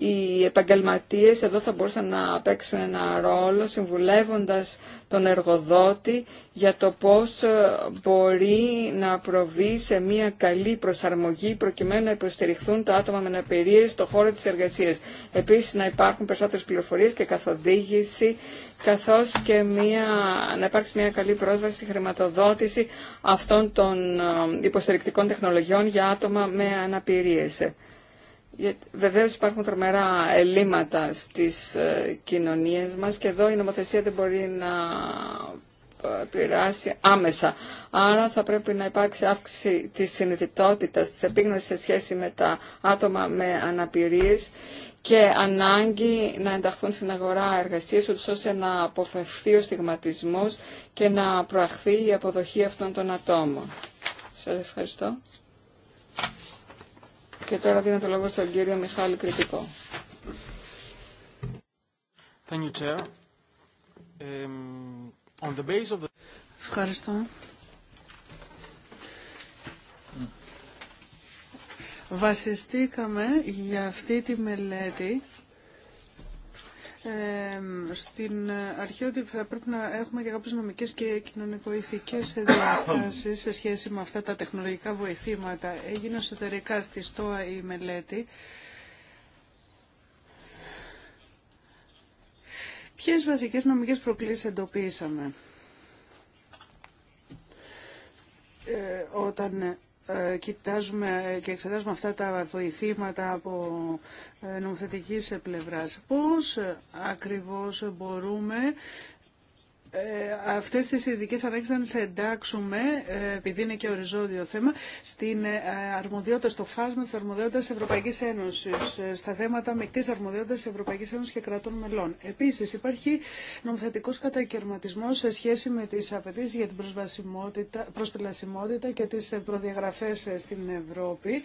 Οι επαγγελματίες εδώ θα μπορούσαν να παίξουν ένα ρόλο συμβουλεύοντας τον εργοδότη για το πώς ε, μπορεί να προβεί σε μια καλή προσαρμογή προκειμένου να υποστηριχθούν τα άτομα με αναπηρίες στο χώρο της εργασίας. Επίσης να υπάρχουν περισσότερες πληροφορίες και καθοδήγηση καθώς και μια, να υπάρξει μια καλή πρόσβαση στη χρηματοδότηση αυτών των ε, υποστηρικτικών τεχνολογιών για άτομα με αναπηρίες. Βεβαίως υπάρχουν τρομερά ελλείμματα στις ε, κοινωνίες μας και εδώ η νομοθεσία δεν μπορεί να ε, πειράσει άμεσα. Άρα θα πρέπει να υπάρξει αύξηση της συνειδητότητας, της επίγνωσης σε σχέση με τα άτομα με αναπηρίες και ανάγκη να ενταχθούν στην αγορά εργασίας ώστε να αποφευθεί ο στιγματισμός και να προαχθεί η αποδοχή αυτών των ατόμων. Σας ευχαριστώ. Και τώρα δίνω το λόγο στον κύριο Μιχάλη Κρητικό. Ευχαριστώ. Mm. Βασιστήκαμε για αυτή τη μελέτη ε, στην αρχή ότι θα πρέπει να έχουμε και κάποιες νομικές και κοινωνικοηθικές διαστάσει σε σχέση με αυτά τα τεχνολογικά βοηθήματα. Έγινε εσωτερικά στη ΣΤΟΑ η μελέτη. Ποιες βασικές νομικές προκλήσεις εντοπίσαμε ε, όταν ε, κοιτάζουμε και εξετάζουμε αυτά τα βοηθήματα από ε, νομοθετικής πλευράς. Πώς ακριβώς μπορούμε ε, αυτές τις ειδικέ ανάγκες να τις εντάξουμε, ε, επειδή είναι και οριζόντιο θέμα, στην ε, αρμοδιότητα, στο φάσμα της αρμοδιότητας της Ευρωπαϊκής Ένωσης, στα θέματα μεικτής αρμοδιότητας της Ευρωπαϊκής Ένωσης και κρατών μελών. Επίσης, υπάρχει νομοθετικός κατακαιρματισμός σε σχέση με τις απαιτήσει για την προσπλασιμότητα και τις προδιαγραφές στην Ευρώπη,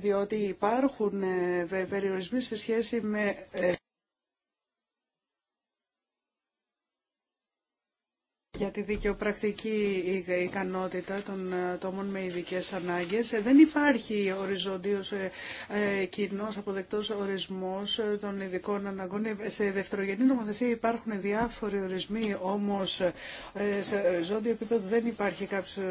διότι υπάρχουν περιορισμοί σε σχέση με για τη δικαιοπρακτική ικανότητα των ε, ατόμων με ειδικέ ανάγκε. Ε, δεν υπάρχει οριζόντιο ε, κοινό αποδεκτό ορισμό των ειδικών αναγκών. Σε δευτερογενή νομοθεσία υπάρχουν διάφοροι ορισμοί, όμω σε οριζόντιο επίπεδο δεν υπάρχει κάποιο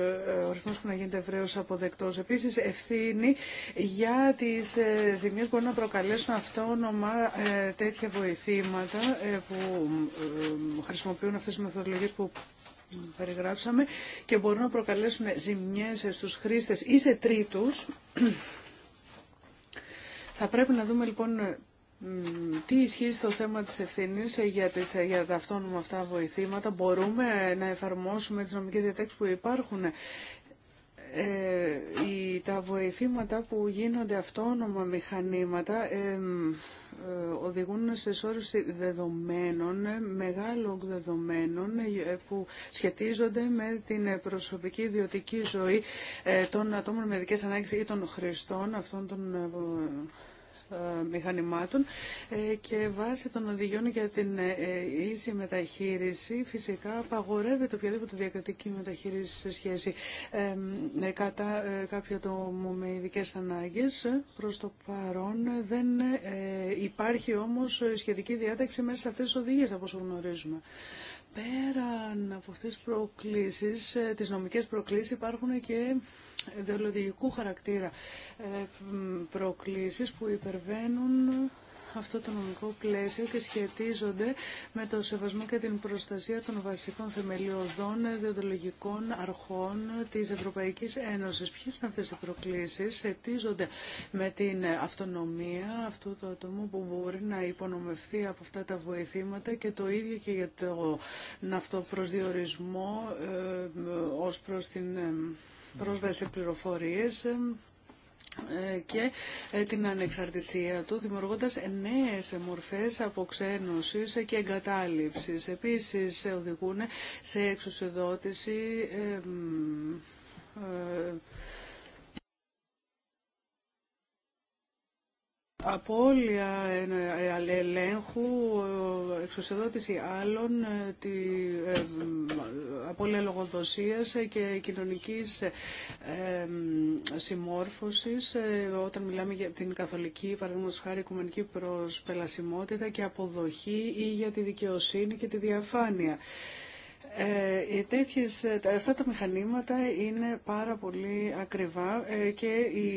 ορισμό που να γίνεται ευρέω αποδεκτό. Επίση, ευθύνη για τι ζημιέ που μπορούν να προκαλέσουν αυτόνομα τέτοια βοηθήματα που χρησιμοποιούν αυτέ τι μεθοδολογίε που περιγράψαμε και μπορούν να προκαλέσουν ζημιές στους χρήστες ή σε τρίτους. Θα πρέπει να δούμε λοιπόν τι ισχύει στο θέμα της ευθύνης για, τις, για τα αυτόνομα αυτά βοηθήματα. Μπορούμε να εφαρμόσουμε τις νομικές διατάξεις που υπάρχουν ε, τα βοηθήματα που γίνονται αυτόνομα μηχανήματα ε, ε, οδηγούν σε σώρευση δεδομένων, μεγάλων δεδομένων που σχετίζονται με την προσωπική ιδιωτική ζωή των ατόμων με ειδικές ανάγκες ή των χρηστών αυτών των ε, μηχανημάτων ε, και βάσει των οδηγιών για την ε, ίση μεταχείριση φυσικά απαγορεύεται οποιαδήποτε διακριτική μεταχείριση σε σχέση κατά κάποιο τόμο με ειδικέ ανάγκες. Προς το παρόν δεν υπάρχει όμως σχετική διάταξη μέσα σε αυτές τις οδηγίες από γνωρίζουμε. Πέραν από αυτές τι προκλήσεις, τις νομικές προκλήσεις υπάρχουν και ιδεολογικού χαρακτήρα ε, προκλήσεις που υπερβαίνουν αυτό το νομικό πλαίσιο και σχετίζονται με το σεβασμό και την προστασία των βασικών θεμελιωδών διοντολογικών αρχών της Ευρωπαϊκής Ένωσης. Ποιες είναι αυτές οι προκλήσεις, σχετίζονται με την αυτονομία αυτού του ατόμου που μπορεί να υπονομευθεί από αυτά τα βοηθήματα και το ίδιο και για το ναυτοπροσδιορισμό ε, ως προς την ε, πρόσβαση πληροφορίε ε, ε, και ε, την ανεξαρτησία του, δημιουργώντας νέες μορφές αποξένωσης και εγκατάλειψης. Επίσης, οδηγούν σε εξουσιοδότηση απώλεια ε, ε, ελέγχου, ε, εξουσιοδότηση άλλων, τη, απώλεια λογοδοσίας και κοινωνικής συμμόρφωσης όταν μιλάμε για την καθολική, παραδείγματος χάρη, οικουμενική προσπελασιμότητα και αποδοχή ή για τη δικαιοσύνη και τη διαφάνεια. Ε, οι αυτά τα μηχανήματα είναι πάρα πολύ ακριβά ε, και η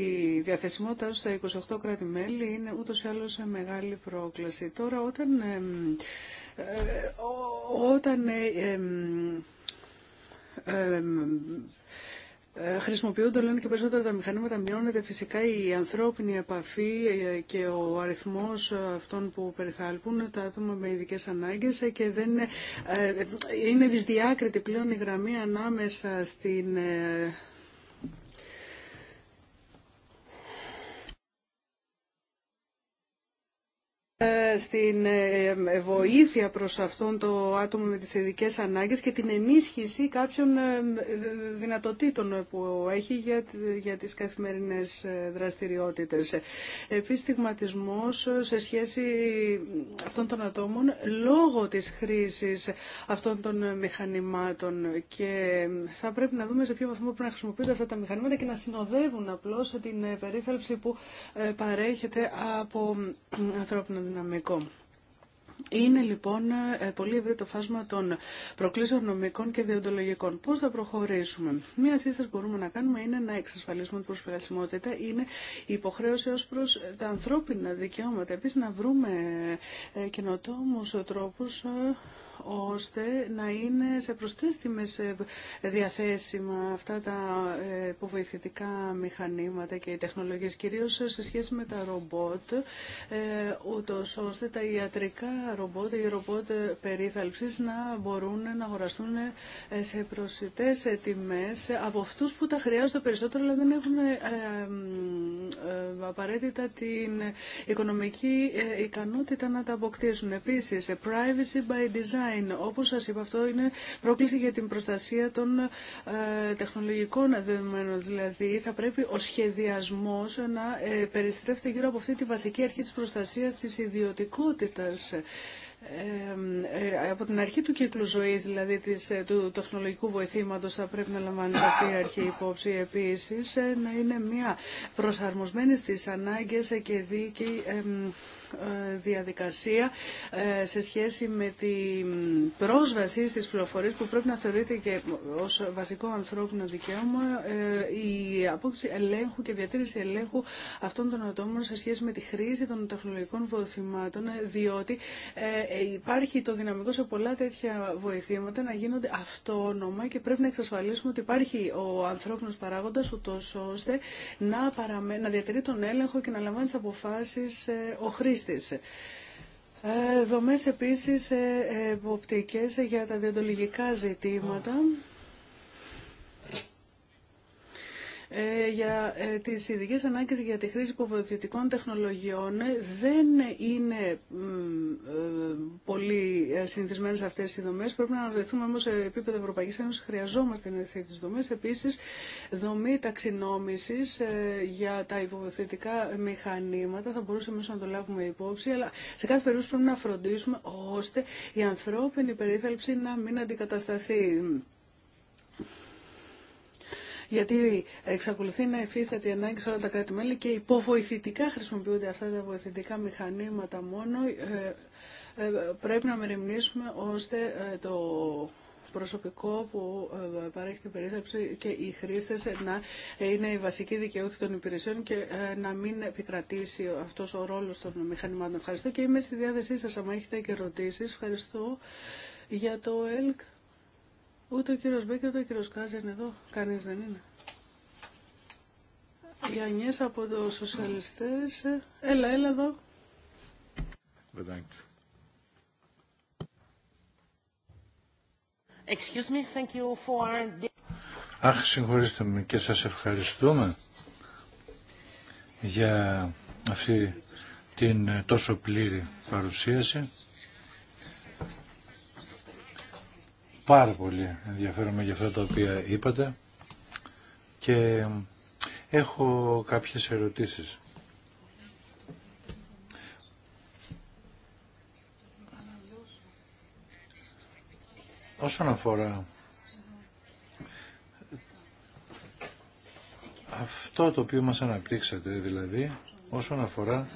διαθεσιμότητα στα 28 κράτη-μέλη είναι ούτως ή άλλως μεγάλη πρόκληση. Τώρα όταν, ε, όταν ε, χρησιμοποιούνται όλο και περισσότερο τα μηχανήματα, μειώνεται φυσικά η ανθρώπινη επαφή ε, και ο αριθμός ε, αυτών που περιθάλπουν τα άτομα με ειδικές ανάγκες και δεν είναι, είναι δυσδιάκριτη πλέον η γραμμή ανάμεσα στην στην ε, ε, βοήθεια προς αυτόν το άτομο με τις ειδικέ ανάγκες και την ενίσχυση κάποιων ε, δυνατοτήτων που έχει για, για τις καθημερινές δραστηριότητες. Επιστιγματισμός σε σχέση αυτών των ατόμων λόγω της χρήσης αυτών των μηχανημάτων και θα πρέπει να δούμε σε ποιο βαθμό πρέπει να χρησιμοποιούνται αυτά τα μηχανήματα και να συνοδεύουν απλώς την περίθαλψη που παρέχεται από ανθρώπινα δυναμικό. Είναι λοιπόν ε, πολύ ευρύ το φάσμα των προκλήσεων νομικών και διοντολογικών. Πώ θα προχωρήσουμε. Μία σύσταση που μπορούμε να κάνουμε είναι να εξασφαλίσουμε την προσφυγασιμότητα. είναι υποχρέωση ω προ τα ανθρώπινα δικαιώματα. Επίση να βρούμε ε, καινοτόμου τρόπου ε, ώστε να είναι σε σε διαθέσιμα αυτά τα ε, υποβοηθητικά μηχανήματα και οι τεχνολογίες, κυρίως σε σχέση με τα ρομπότ, ε, ούτως ώστε τα ιατρικά ρομπότ, οι ρομπότ περίθαλψης να μπορούν να αγοραστούν ε, σε προσιτές τιμές από αυτούς που τα χρειάζονται περισσότερο, αλλά δεν έχουν απαραίτητα την οικονομική ικανότητα να τα αποκτήσουν. Επίσης, privacy by design online. Όπως σας είπα, αυτό είναι πρόκληση για την προστασία των ε, τεχνολογικών δεδομένων. Δηλαδή, θα πρέπει ο σχεδιασμός να ε, περιστρέφεται γύρω από αυτή τη βασική αρχή της προστασίας της ιδιωτικότητας. Ε, από την αρχή του κύκλου ζωής, δηλαδή της, του τεχνολογικού βοηθήματος, θα πρέπει να λαμβάνει αυτή η αρχή υπόψη επίσης, να είναι μια προσαρμοσμένη στις ανάγκες και δίκαιη διαδικασία ε, σε σχέση με την πρόσβαση στις πληροφορίες που πρέπει να θεωρείται και ως βασικό ανθρώπινο δικαίωμα ε, η απόκτηση ελέγχου και διατήρηση ελέγχου αυτών των ατόμων σε σχέση με τη χρήση των τεχνολογικών βοηθημάτων ε, διότι υπάρχει το δυναμικό σε πολλά τέτοια βοηθήματα να γίνονται αυτόνομα και πρέπει να εξασφαλίσουμε ότι υπάρχει ο ανθρώπινος παράγοντας ούτως ώστε να, διατηρεί τον έλεγχο και να λαμβάνει τις αποφάσεις ο χρήστη της. Ε, δομές επίσης ε, ε, οπτικές για τα διοντολογικά ζητήματα. Ε, για ε, τις ειδικές ανάγκες για τη χρήση υποβοηθητικών τεχνολογιών ε, δεν είναι πολύ συνηθισμένες αυτές οι δομές. Πρέπει να αναρωτηθούμε όμως σε επίπεδο Ευρωπαϊκής Ένωσης χρειαζόμαστε έρθει τις δομές. Επίσης, δομή ταξινόμησης για τα υποβοηθητικά μηχανήματα θα μπορούσαμε να το λάβουμε υπόψη, αλλά σε κάθε περίπτωση πρέπει να φροντίσουμε ώστε η ανθρώπινη περίθαλψη να μην αντικατασταθεί γιατί εξακολουθεί να υφίσταται η ανάγκη σε όλα τα κράτη-μέλη και υποβοηθητικά χρησιμοποιούνται αυτά τα βοηθητικά μηχανήματα μόνο. Ε, ε, πρέπει να μεριμνήσουμε ώστε ε, το προσωπικό που παρέχει την περίθαψη και οι χρήστες να είναι η βασική δικαιούχοι των υπηρεσιών και να μην επικρατήσει αυτός ο ρόλος των μηχανημάτων. Ευχαριστώ και είμαι στη διάθεσή σας, άμα έχετε και ερωτήσεις. Ευχαριστώ για το ΕΛΚ. Ούτε ο κύριος Μπέκ, ούτε ο κύριος Κάζερ είναι εδώ. Κανείς δεν είναι. Γιαννιές από το σοσιαλιστές. Έλα, έλα εδώ. Bedankt. Excuse me, thank you for... Αχ, συγχωρήστε με και σας ευχαριστούμε για αυτή την τόσο πλήρη παρουσίαση. πάρα πολύ ενδιαφέρομαι για αυτά τα οποία είπατε και έχω κάποιες ερωτήσεις. Όσον αφορά αυτό το οποίο μας αναπτύξατε, δηλαδή όσον αφορά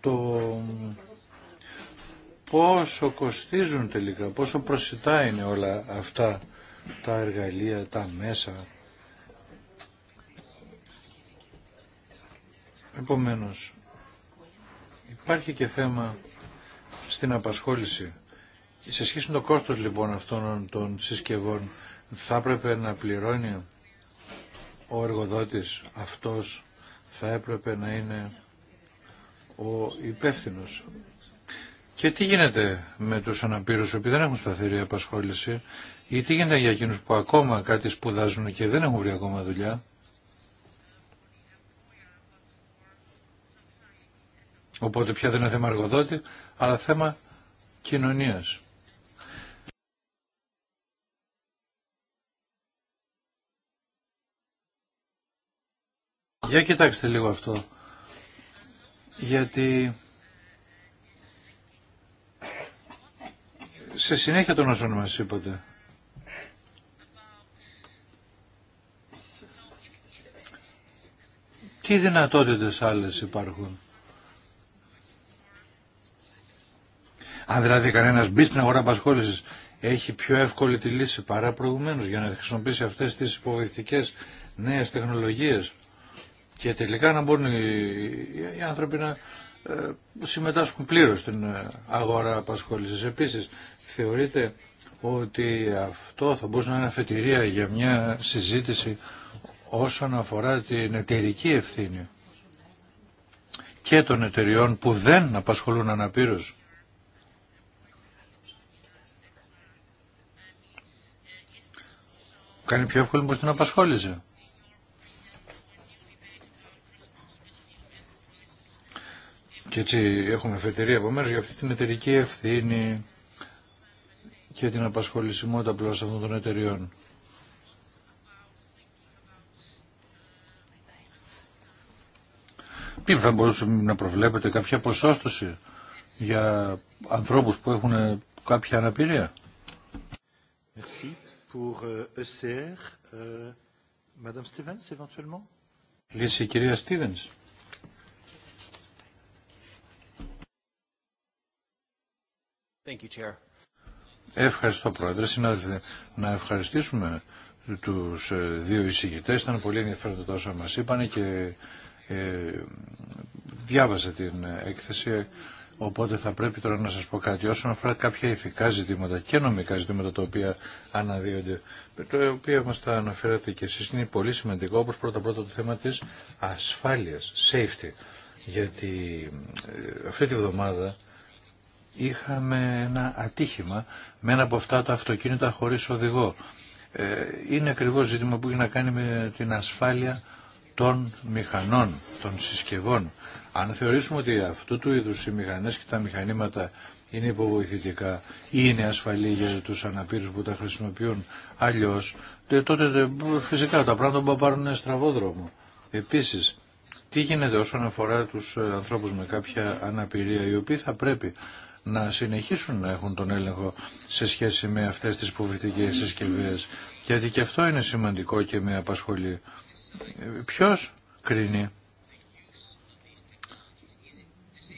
το πόσο κοστίζουν τελικά, πόσο προσιτά είναι όλα αυτά τα εργαλεία, τα μέσα. Επομένως, υπάρχει και θέμα στην απασχόληση. Σε σχέση με το κόστος λοιπόν αυτών των συσκευών, θα έπρεπε να πληρώνει ο εργοδότης αυτός, θα έπρεπε να είναι ο υπεύθυνος και τι γίνεται με τους αναπήρους που δεν έχουν σταθερή απασχόληση ή τι γίνεται για εκείνου που ακόμα κάτι σπουδάζουν και δεν έχουν βρει ακόμα δουλειά. Οπότε πια δεν είναι θέμα εργοδότη, αλλά θέμα κοινωνίας. Για κοιτάξτε λίγο αυτό. Γιατί σε συνέχεια των όσων μας είπατε. Τι δυνατότητες άλλες υπάρχουν. Αν δηλαδή κανένας μπει στην αγορά απασχόλησης έχει πιο εύκολη τη λύση παρά προηγουμένως για να χρησιμοποιήσει αυτές τις υποβοηθητικές νέες τεχνολογίες και τελικά να μπορούν οι άνθρωποι να ε, συμμετάσχουν πλήρως στην ε, αγορά απασχόλησης. Επίσης, Θεωρείτε ότι αυτό θα μπορούσε να είναι αφετηρία για μια συζήτηση όσον αφορά την εταιρική ευθύνη και των εταιριών που δεν απασχολούν αναπήρως. Κάνει πιο εύκολη πως την απασχόλησε. Και έτσι έχουμε φετιρία από μέρους για αυτή την εταιρική ευθύνη και την απασχολησιμότητα πλέον αυτών των εταιριών. Τι θα μπορούσε να προβλέπετε κάποια ποσόστοση για ανθρώπους που έχουν κάποια αναπηρία. Merci. Pour ECR, euh, e euh, Madame Stevens, éventuellement. Λύση, κυρία Stevens. Thank you, Chair. Ευχαριστώ Πρόεδρε, συνάδελφοι. Να ευχαριστήσουμε τους ε, δύο εισηγητές. Ήταν πολύ ενδιαφέροντα το μας είπαν και ε, διάβασα την έκθεση. Οπότε θα πρέπει τώρα να σας πω κάτι όσον αφορά κάποια ηθικά ζητήματα και νομικά ζητήματα τα οποία αναδύονται, τα οποία μας τα αναφέρατε και εσείς είναι πολύ σημαντικό, όπως πρώτα-πρώτα το θέμα της ασφάλειας, safety. Γιατί ε, αυτή τη βδομάδα είχαμε ένα ατύχημα με ένα από αυτά τα αυτοκίνητα χωρίς οδηγό. Ε, είναι ακριβώς ζήτημα που έχει να κάνει με την ασφάλεια των μηχανών, των συσκευών. Αν θεωρήσουμε ότι αυτού του είδους οι μηχανές και τα μηχανήματα είναι υποβοηθητικά ή είναι ασφαλή για τους αναπήρους που τα χρησιμοποιούν αλλιώς, τότε φυσικά τα πράγματα που πάρουν στραβόδρομο Επίσης, τι γίνεται όσον αφορά τους ε, ανθρώπους με κάποια αναπηρία, οι οποίοι θα πρέπει να συνεχίσουν να έχουν τον έλεγχο σε σχέση με αυτές τις προβλητικές συσκευέ. Γιατί και αυτό είναι σημαντικό και με απασχολεί. Ποιος κρίνει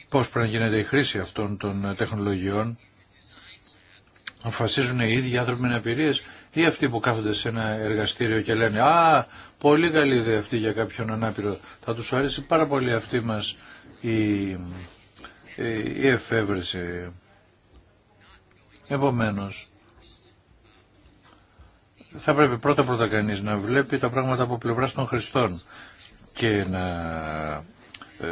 πώς πρέπει να γίνεται η χρήση αυτών των τεχνολογιών. Αποφασίζουν οι ίδιοι άνθρωποι με αναπηρίες ή αυτοί που κάθονται σε ένα εργαστήριο και λένε «Α, πολύ καλή ιδέα αυτή για κάποιον ανάπηρο. Θα τους αρέσει πάρα πολύ αυτή μας η η εφεύρεση. Επομένως, θα πρέπει πρώτα πρώτα κανείς να βλέπει τα πράγματα από πλευρά των Χριστών και να ε,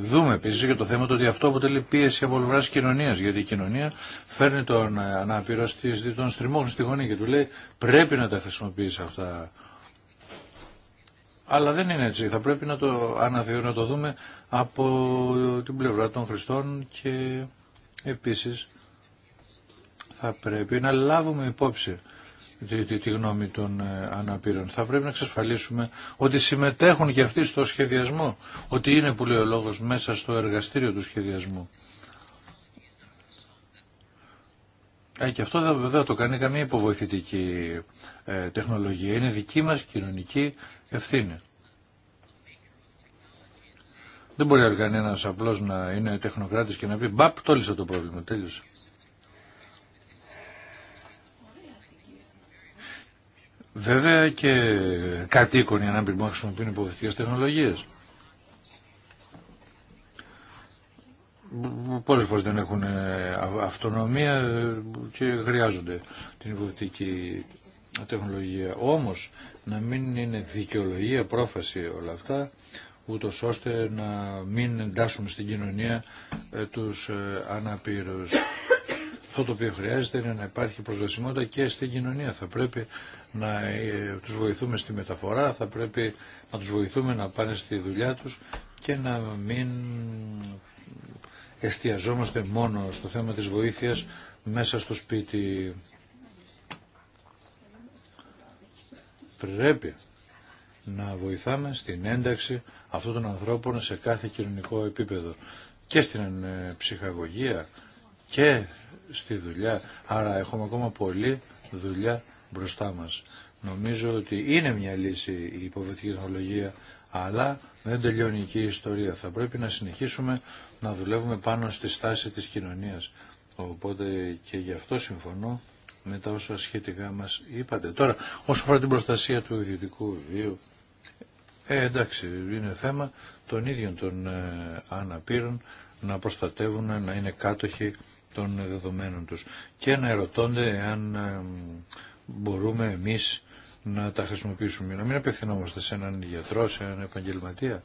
δούμε επίσης και το θέμα το ότι αυτό αποτελεί πίεση από πλευράς κοινωνίας γιατί η κοινωνία φέρνει τον ε, ανάπηρο των στριμώχνων στη γωνία και του λέει πρέπει να τα χρησιμοποιείς αυτά αλλά δεν είναι έτσι. Θα πρέπει να το αναθεωρήσουμε, να το δούμε από την πλευρά των Χριστών και επίσης θα πρέπει να λάβουμε υπόψη τη, τη, γνώμη των ε, αναπήρων. Θα πρέπει να εξασφαλίσουμε ότι συμμετέχουν και αυτοί στο σχεδιασμό, ότι είναι που λέει ο λόγος μέσα στο εργαστήριο του σχεδιασμού. Ε, και αυτό δεν το κάνει καμία υποβοηθητική ε, τεχνολογία. Είναι δική μας κοινωνική ευθύνη. Δεν μπορεί κανένα απλώ να είναι τεχνοκράτη και να πει Μπαπ, τόλισε το πρόβλημα. Τέλειωσε. Βέβαια και κατοίκον για να μην χρησιμοποιούν τεχνολογίες. τεχνολογίε. Πολλέ φορέ δεν έχουν ε, αυτονομία και χρειάζονται την υποθετική τεχνολογία. Όμω να μην είναι δικαιολογία, πρόφαση όλα αυτά, ούτω ώστε να μην εντάσσουμε στην κοινωνία ε, τους ε, αναπήρους. Αυτό το οποίο χρειάζεται είναι να υπάρχει προσβασιμότητα και στην κοινωνία. Θα πρέπει να ε, τους βοηθούμε στη μεταφορά, θα πρέπει να τους βοηθούμε να πάνε στη δουλειά τους και να μην εστιαζόμαστε μόνο στο θέμα της βοήθειας μέσα στο σπίτι. πρέπει να βοηθάμε στην ένταξη αυτών των ανθρώπων σε κάθε κοινωνικό επίπεδο και στην ε, ψυχαγωγία και στη δουλειά. Άρα έχουμε ακόμα πολλή δουλειά μπροστά μας. Νομίζω ότι είναι μια λύση η υποβετική τεχνολογία, αλλά δεν τελειώνει η ιστορία. Θα πρέπει να συνεχίσουμε να δουλεύουμε πάνω στη στάση της κοινωνίας. Οπότε και γι' αυτό συμφωνώ με τα όσα σχετικά μας είπατε. Τώρα, όσο αφορά την προστασία του ιδιωτικού βίου, ε, εντάξει, είναι θέμα των ίδιων των ε, αναπήρων να προστατεύουν, να είναι κάτοχοι των δεδομένων τους και να ερωτώνται εάν ε, μπορούμε εμείς να τα χρησιμοποιήσουμε. Να μην απευθυνόμαστε σε έναν γιατρό, σε έναν επαγγελματία.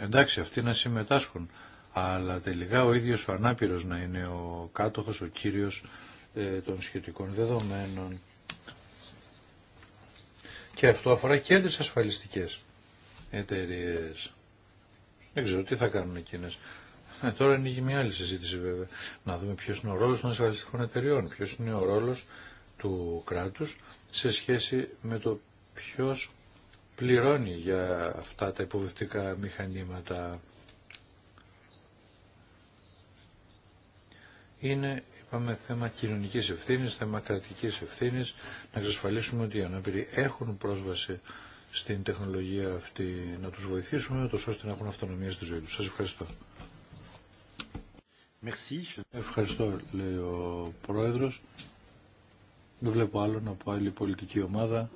Εντάξει, αυτοί να συμμετάσχουν, αλλά τελικά ο ίδιος ο ανάπηρος να είναι ο κάτοχος, ο κύριος ε, των σχετικών δεδομένων. Και αυτό αφορά και τι ασφαλιστικές εταιρείε. Δεν ξέρω τι θα κάνουν εκείνες. Ε, τώρα ανοίγει μια άλλη συζήτηση βέβαια. Να δούμε ποιος είναι ο ρόλος των ασφαλιστικών εταιρεών, ποιος είναι ο ρόλος του κράτους σε σχέση με το ποιος πληρώνει για αυτά τα υποβευτικά μηχανήματα. Είναι Πάμε θέμα κοινωνικής ευθύνης, θέμα κρατικής ευθύνης, να εξασφαλίσουμε ότι οι ανάπηροι έχουν πρόσβαση στην τεχνολογία αυτή, να τους βοηθήσουμε, ώστε να έχουν αυτονομία στη ζωή τους. Σας ευχαριστώ. Merci. Ευχαριστώ, λέει ο Πρόεδρος. Δεν βλέπω άλλον από άλλη πολιτική ομάδα.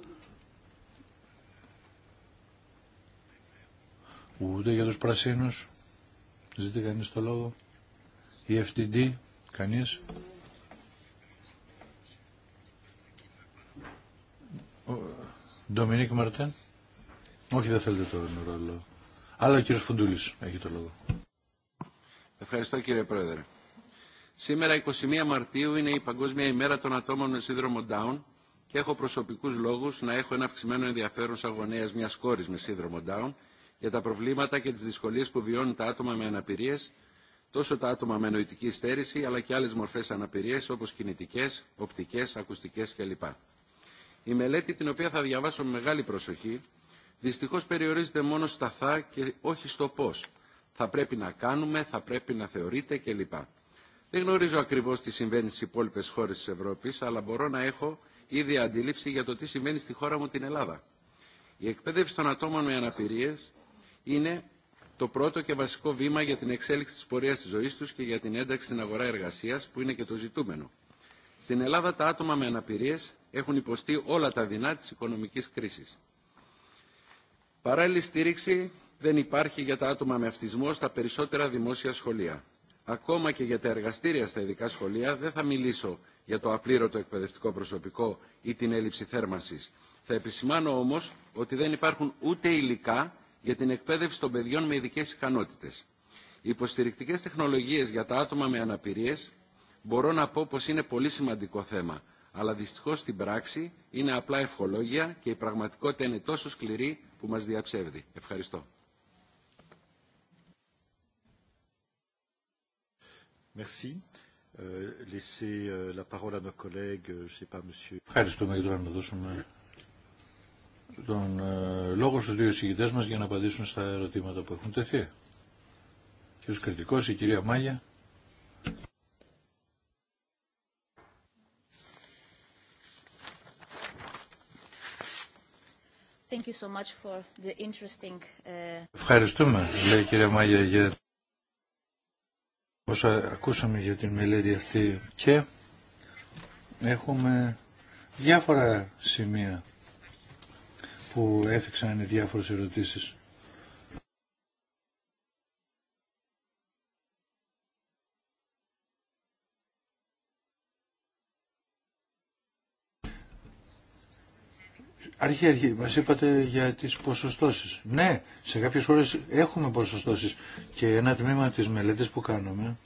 Ούτε για τους πρασίνους. ζήτη κανείς το λόγο. Η FTD κανείς. Ντομινίκ Μαρτέν. Όχι, δεν θέλετε το ρόλο. Αλλά ο κύριος Φουντούλης έχει το λόγο. Ευχαριστώ κύριε Πρόεδρε. Σήμερα 21 Μαρτίου είναι η Παγκόσμια ημέρα των ατόμων με σύνδρομο Down και έχω προσωπικούς λόγους να έχω ένα αυξημένο ενδιαφέρον σαν γονέας μιας κόρης με σύνδρομο Down για τα προβλήματα και τις δυσκολίες που βιώνουν τα άτομα με αναπηρίες τόσο τα άτομα με νοητική στέρηση, αλλά και άλλες μορφές αναπηρίες όπως κινητικές, οπτικές, ακουστικές κλπ. Η μελέτη, την οποία θα διαβάσω με μεγάλη προσοχή, δυστυχώς περιορίζεται μόνο στα θα και όχι στο πώς. Θα πρέπει να κάνουμε, θα πρέπει να θεωρείτε κλπ. Δεν γνωρίζω ακριβώς τι συμβαίνει στις υπόλοιπες χώρες της Ευρώπης, αλλά μπορώ να έχω ήδη αντίληψη για το τι συμβαίνει στη χώρα μου την Ελλάδα. Η εκπαίδευση των ατόμων με αναπηρίες είναι το πρώτο και βασικό βήμα για την εξέλιξη της πορείας της ζωής τους και για την ένταξη στην αγορά εργασίας, που είναι και το ζητούμενο. Στην Ελλάδα τα άτομα με αναπηρίες έχουν υποστεί όλα τα δεινά της οικονομικής κρίσης. Παράλληλη στήριξη δεν υπάρχει για τα άτομα με αυτισμό στα περισσότερα δημόσια σχολεία. Ακόμα και για τα εργαστήρια στα ειδικά σχολεία δεν θα μιλήσω για το απλήρωτο εκπαιδευτικό προσωπικό ή την έλλειψη θέρμανσης. Θα επισημάνω όμως ότι δεν υπάρχουν ούτε υλικά για την εκπαίδευση των παιδιών με ειδικέ ικανότητε. Οι υποστηρικτικέ τεχνολογίε για τα άτομα με αναπηρίε μπορώ να πω πω είναι πολύ σημαντικό θέμα, αλλά δυστυχώ στην πράξη είναι απλά ευχολόγια και η πραγματικότητα είναι τόσο σκληρή που μα διαψεύδει. Ευχαριστώ. Merci. Euh, euh, la parole à nos collègues, euh, je sais pas, monsieur. Ευχαριστούμε τον ε, λόγο στους δύο εισηγητές μας για να απαντήσουν στα ερωτήματα που έχουν τεθεί. Κύριος Κρητικός, η κυρία Μάγια. Thank you so much for the interesting... Uh, Ευχαριστούμε, λέει η κυρία Μάγια, για όσα ακούσαμε για την μελέτη αυτή και έχουμε διάφορα σημεία που έφυξαν οι διάφορες ερωτήσεις. Αρχή, αρχή, μα είπατε για τι ποσοστώσει. Ναι, σε κάποιε χώρε έχουμε ποσοστώσει. Και ένα τμήμα τη μελέτη που κάνουμε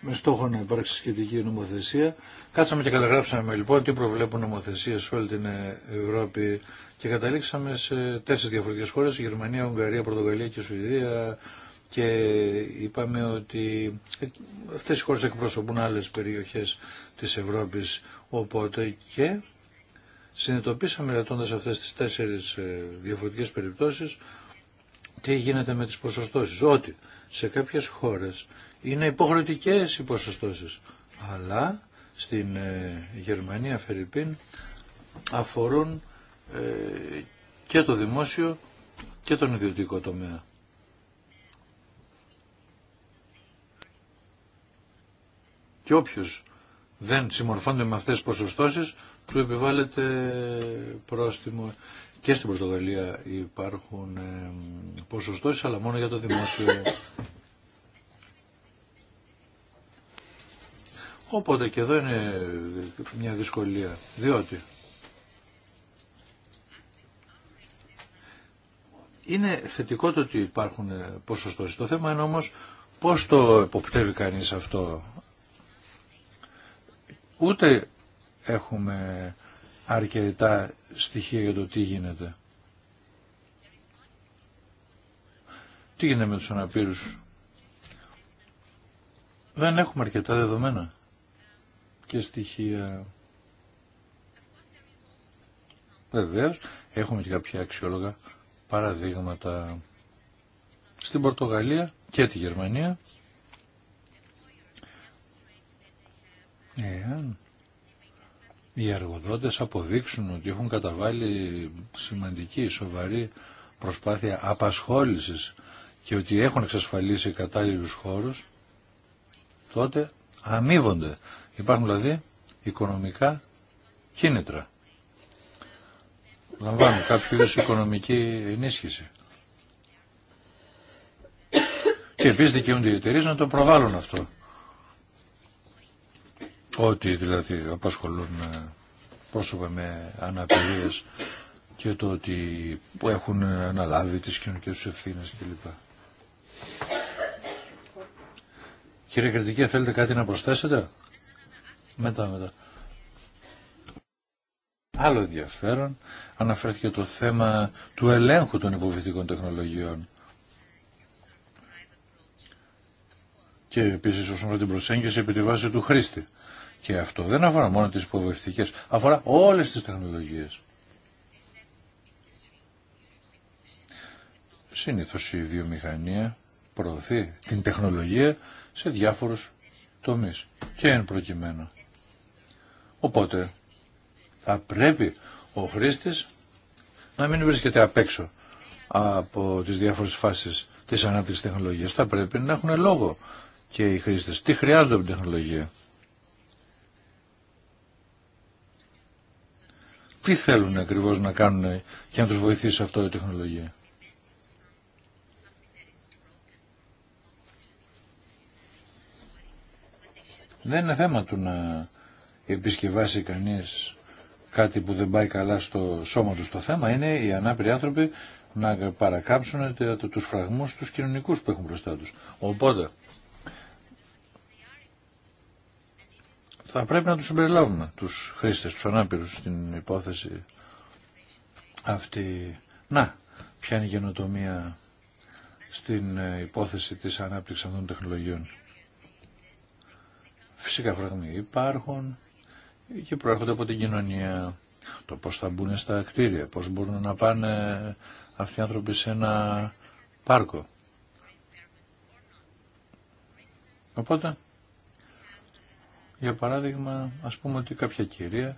με στόχο να υπάρξει σχετική νομοθεσία. Κάτσαμε και καταγράψαμε λοιπόν τι προβλέπουν νομοθεσίε σε όλη την ε, Ευρώπη και καταλήξαμε σε τέσσερις διαφορετικές χώρες, Γερμανία, Ουγγαρία, Πορτογαλία και Σουηδία και είπαμε ότι αυτές οι χώρες εκπροσωπούν άλλες περιοχές της Ευρώπης οπότε και συνειδητοποίησαμε ρετώντα αυτέ τι τέσσερι ε, διαφορετικέ περιπτώσει τι γίνεται με τι ποσοστώσει. ότι σε κάποιες χώρες είναι υποχρεωτικές οι ποσοστώσεις. Αλλά στην ε, Γερμανία, Φερρυπίν, αφορούν ε, και το δημόσιο και τον ιδιωτικό τομέα. Και όποιος δεν συμμορφώνεται με αυτές τις ποσοστώσεις του επιβάλλεται πρόστιμο και στην Πορτογαλία υπάρχουν ε, ποσοστώσεις, αλλά μόνο για το δημόσιο. Οπότε και εδώ είναι μια δυσκολία, διότι είναι θετικό το ότι υπάρχουν ε, ποσοστώσεις. Το θέμα είναι όμως πώς το εποπτεύει κανείς αυτό. Ούτε έχουμε αρκετά στοιχεία για το τι γίνεται. Τι γίνεται με τους αναπήρους. Δεν έχουμε αρκετά δεδομένα και στοιχεία. Βεβαίω, έχουμε και κάποια αξιόλογα παραδείγματα στην Πορτογαλία και τη Γερμανία. Εάν οι εργοδότες αποδείξουν ότι έχουν καταβάλει σημαντική, σοβαρή προσπάθεια απασχόλησης και ότι έχουν εξασφαλίσει κατάλληλους χώρους, τότε αμείβονται. Υπάρχουν δηλαδή οικονομικά κίνητρα. Λαμβάνουν κάποιο είδους οικονομική ενίσχυση. Και επίσης δικαιούνται οι εταιρείε να το προβάλλουν αυτό. Ότι δηλαδή απασχολούν ε, πρόσωπα με αναπηρίες και το ότι έχουν ε, αναλάβει τις κοινωνικές τους ευθύνες κλπ. Κύριε θέλετε κάτι να προσθέσετε. Μετά, μετά. Άλλο ενδιαφέρον αναφέρθηκε το θέμα του ελέγχου των υποβλητικών τεχνολογιών. Και επίσης όσον αφορά την προσέγγιση επί τη βάση του χρήστη. Και αυτό δεν αφορά μόνο τις υποβοηθητικές, αφορά όλες τις τεχνολογίες. Συνήθως η βιομηχανία προωθεί την τεχνολογία σε διάφορους τομείς και εν προκειμένου. Οπότε θα πρέπει ο χρήστης να μην βρίσκεται απ' έξω από τις διάφορες φάσεις της ανάπτυξης τεχνολογίας. Θα πρέπει να έχουν λόγο και οι χρήστες. Τι χρειάζονται από την τεχνολογία. τι θέλουν ακριβώς να κάνουν και να τους βοηθήσει αυτό η τεχνολογία. Δεν είναι θέμα του να επισκευάσει κανείς κάτι που δεν πάει καλά στο σώμα του το θέμα, είναι οι ανάπηροι άνθρωποι να παρακάψουν τους φραγμούς τους κοινωνικούς που έχουν μπροστά τους. Οπότε, θα πρέπει να τους συμπεριλάβουμε τους χρήστες, τους ανάπηρους στην υπόθεση αυτή. Να, ποια είναι η γενοτομία στην ε, υπόθεση της ανάπτυξης αυτών των τεχνολογιών. Φυσικά φραγμοί υπάρχουν και προέρχονται από την κοινωνία. Το πώς θα μπουν στα κτίρια, πώς μπορούν να πάνε αυτοί οι άνθρωποι σε ένα πάρκο. Οπότε, για παράδειγμα, ας πούμε ότι κάποια κυρία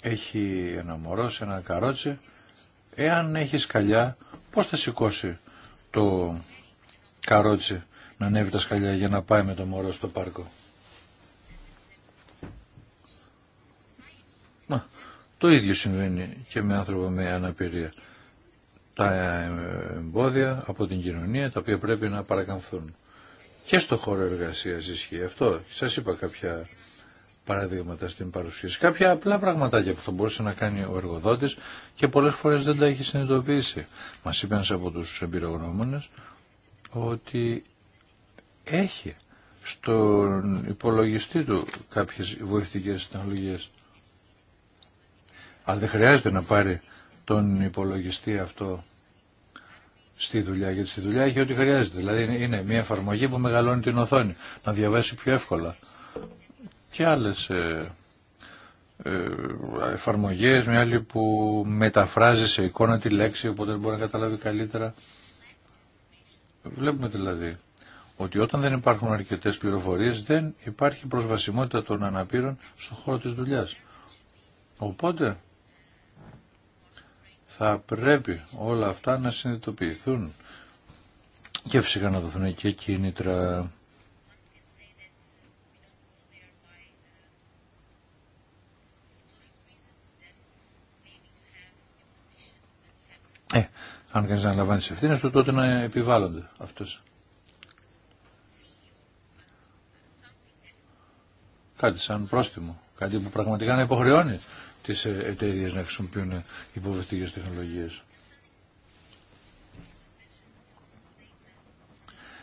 έχει ένα μωρό σε ένα καρότσι, εάν έχει σκαλιά, πώς θα σηκώσει το καρότσι να ανέβει τα σκαλιά για να πάει με το μωρό στο πάρκο. Μα, το ίδιο συμβαίνει και με άνθρωπο με αναπηρία. Τα εμπόδια από την κοινωνία τα οποία πρέπει να παρακαμφθούν. Και στο χώρο εργασία ισχύει αυτό. Σα είπα κάποια παραδείγματα στην παρουσίαση. Κάποια απλά πραγματάκια που θα μπορούσε να κάνει ο εργοδότη και πολλές φορές δεν τα έχει συνειδητοποιήσει. Μα είπε ένα από τους εμπειρογνώμονε ότι έχει στον υπολογιστή του κάποιες βοηθητικές τεχνολογίε, Αλλά δεν χρειάζεται να πάρει τον υπολογιστή αυτό στη δουλειά, γιατί στη δουλειά έχει ό,τι χρειάζεται. Δηλαδή είναι μια εφαρμογή που μεγαλώνει την οθόνη, να διαβάσει πιο εύκολα. Και άλλε ε, ε, μια άλλη που μεταφράζει σε εικόνα τη λέξη, οπότε μπορεί να καταλάβει καλύτερα. Βλέπουμε δηλαδή ότι όταν δεν υπάρχουν αρκετέ πληροφορίες δεν υπάρχει προσβασιμότητα των αναπήρων στον χώρο τη δουλειά. Οπότε θα πρέπει όλα αυτά να συνειδητοποιηθούν και φυσικά να δοθούν και κίνητρα. Ε, αν κανείς να λαμβάνει τις ευθύνες του, τότε να επιβάλλονται αυτές. Κάτι σαν πρόστιμο, κάτι που πραγματικά να υποχρεώνει τις ε, εταιρείε να χρησιμοποιούν υποβεστικές τεχνολογίες.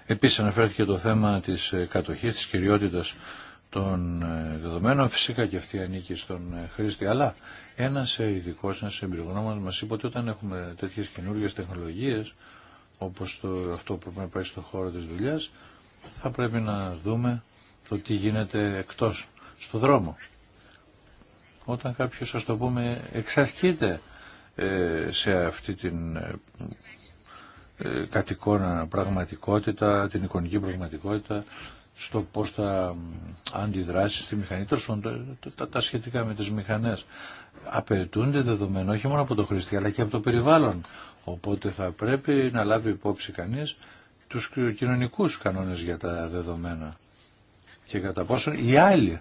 Επίσης αναφέρθηκε το θέμα της ε, κατοχής, της κυριότητας των ε, δεδομένων. Φυσικά και αυτή ανήκει στον χρήστη. Αλλά ένας ειδικό, ένας εμπειρογνώμας μας είπε ότι όταν έχουμε τέτοιες καινούργιες τεχνολογίες, όπως το, αυτό που πρέπει να πάει στον χώρο της δουλειάς, θα πρέπει να δούμε το τι γίνεται εκτός στο δρόμο όταν κάποιος, ας το πούμε, εξασκείται ε, σε αυτή την ε, ε, κατοικόνα πραγματικότητα, την εικονική πραγματικότητα, στο πώς θα αντιδράσει στη μηχανή, τα, σχετικά με τις μηχανές. Απαιτούνται δεδομένα όχι μόνο από το χρήστη, αλλά και από το περιβάλλον. Οπότε θα πρέπει να λάβει υπόψη κανείς τους κοινωνικούς κανόνες για τα δεδομένα και κατά πόσο οι άλλοι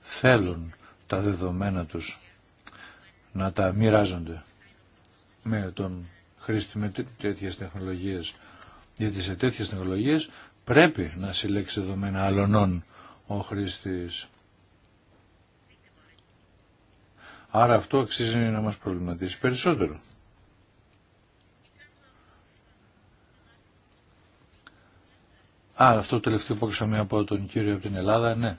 θέλουν τα δεδομένα τους να τα μοιράζονται με τον χρήστη με τέτοιες τεχνολογίες. Γιατί σε τέτοιες τεχνολογίες πρέπει να συλλέξει δεδομένα αλλωνών ο χρήστης. Άρα αυτό αξίζει να μας προβληματίσει περισσότερο. Α, αυτό το τελευταίο που άκουσα από τον κύριο από την Ελλάδα, ναι.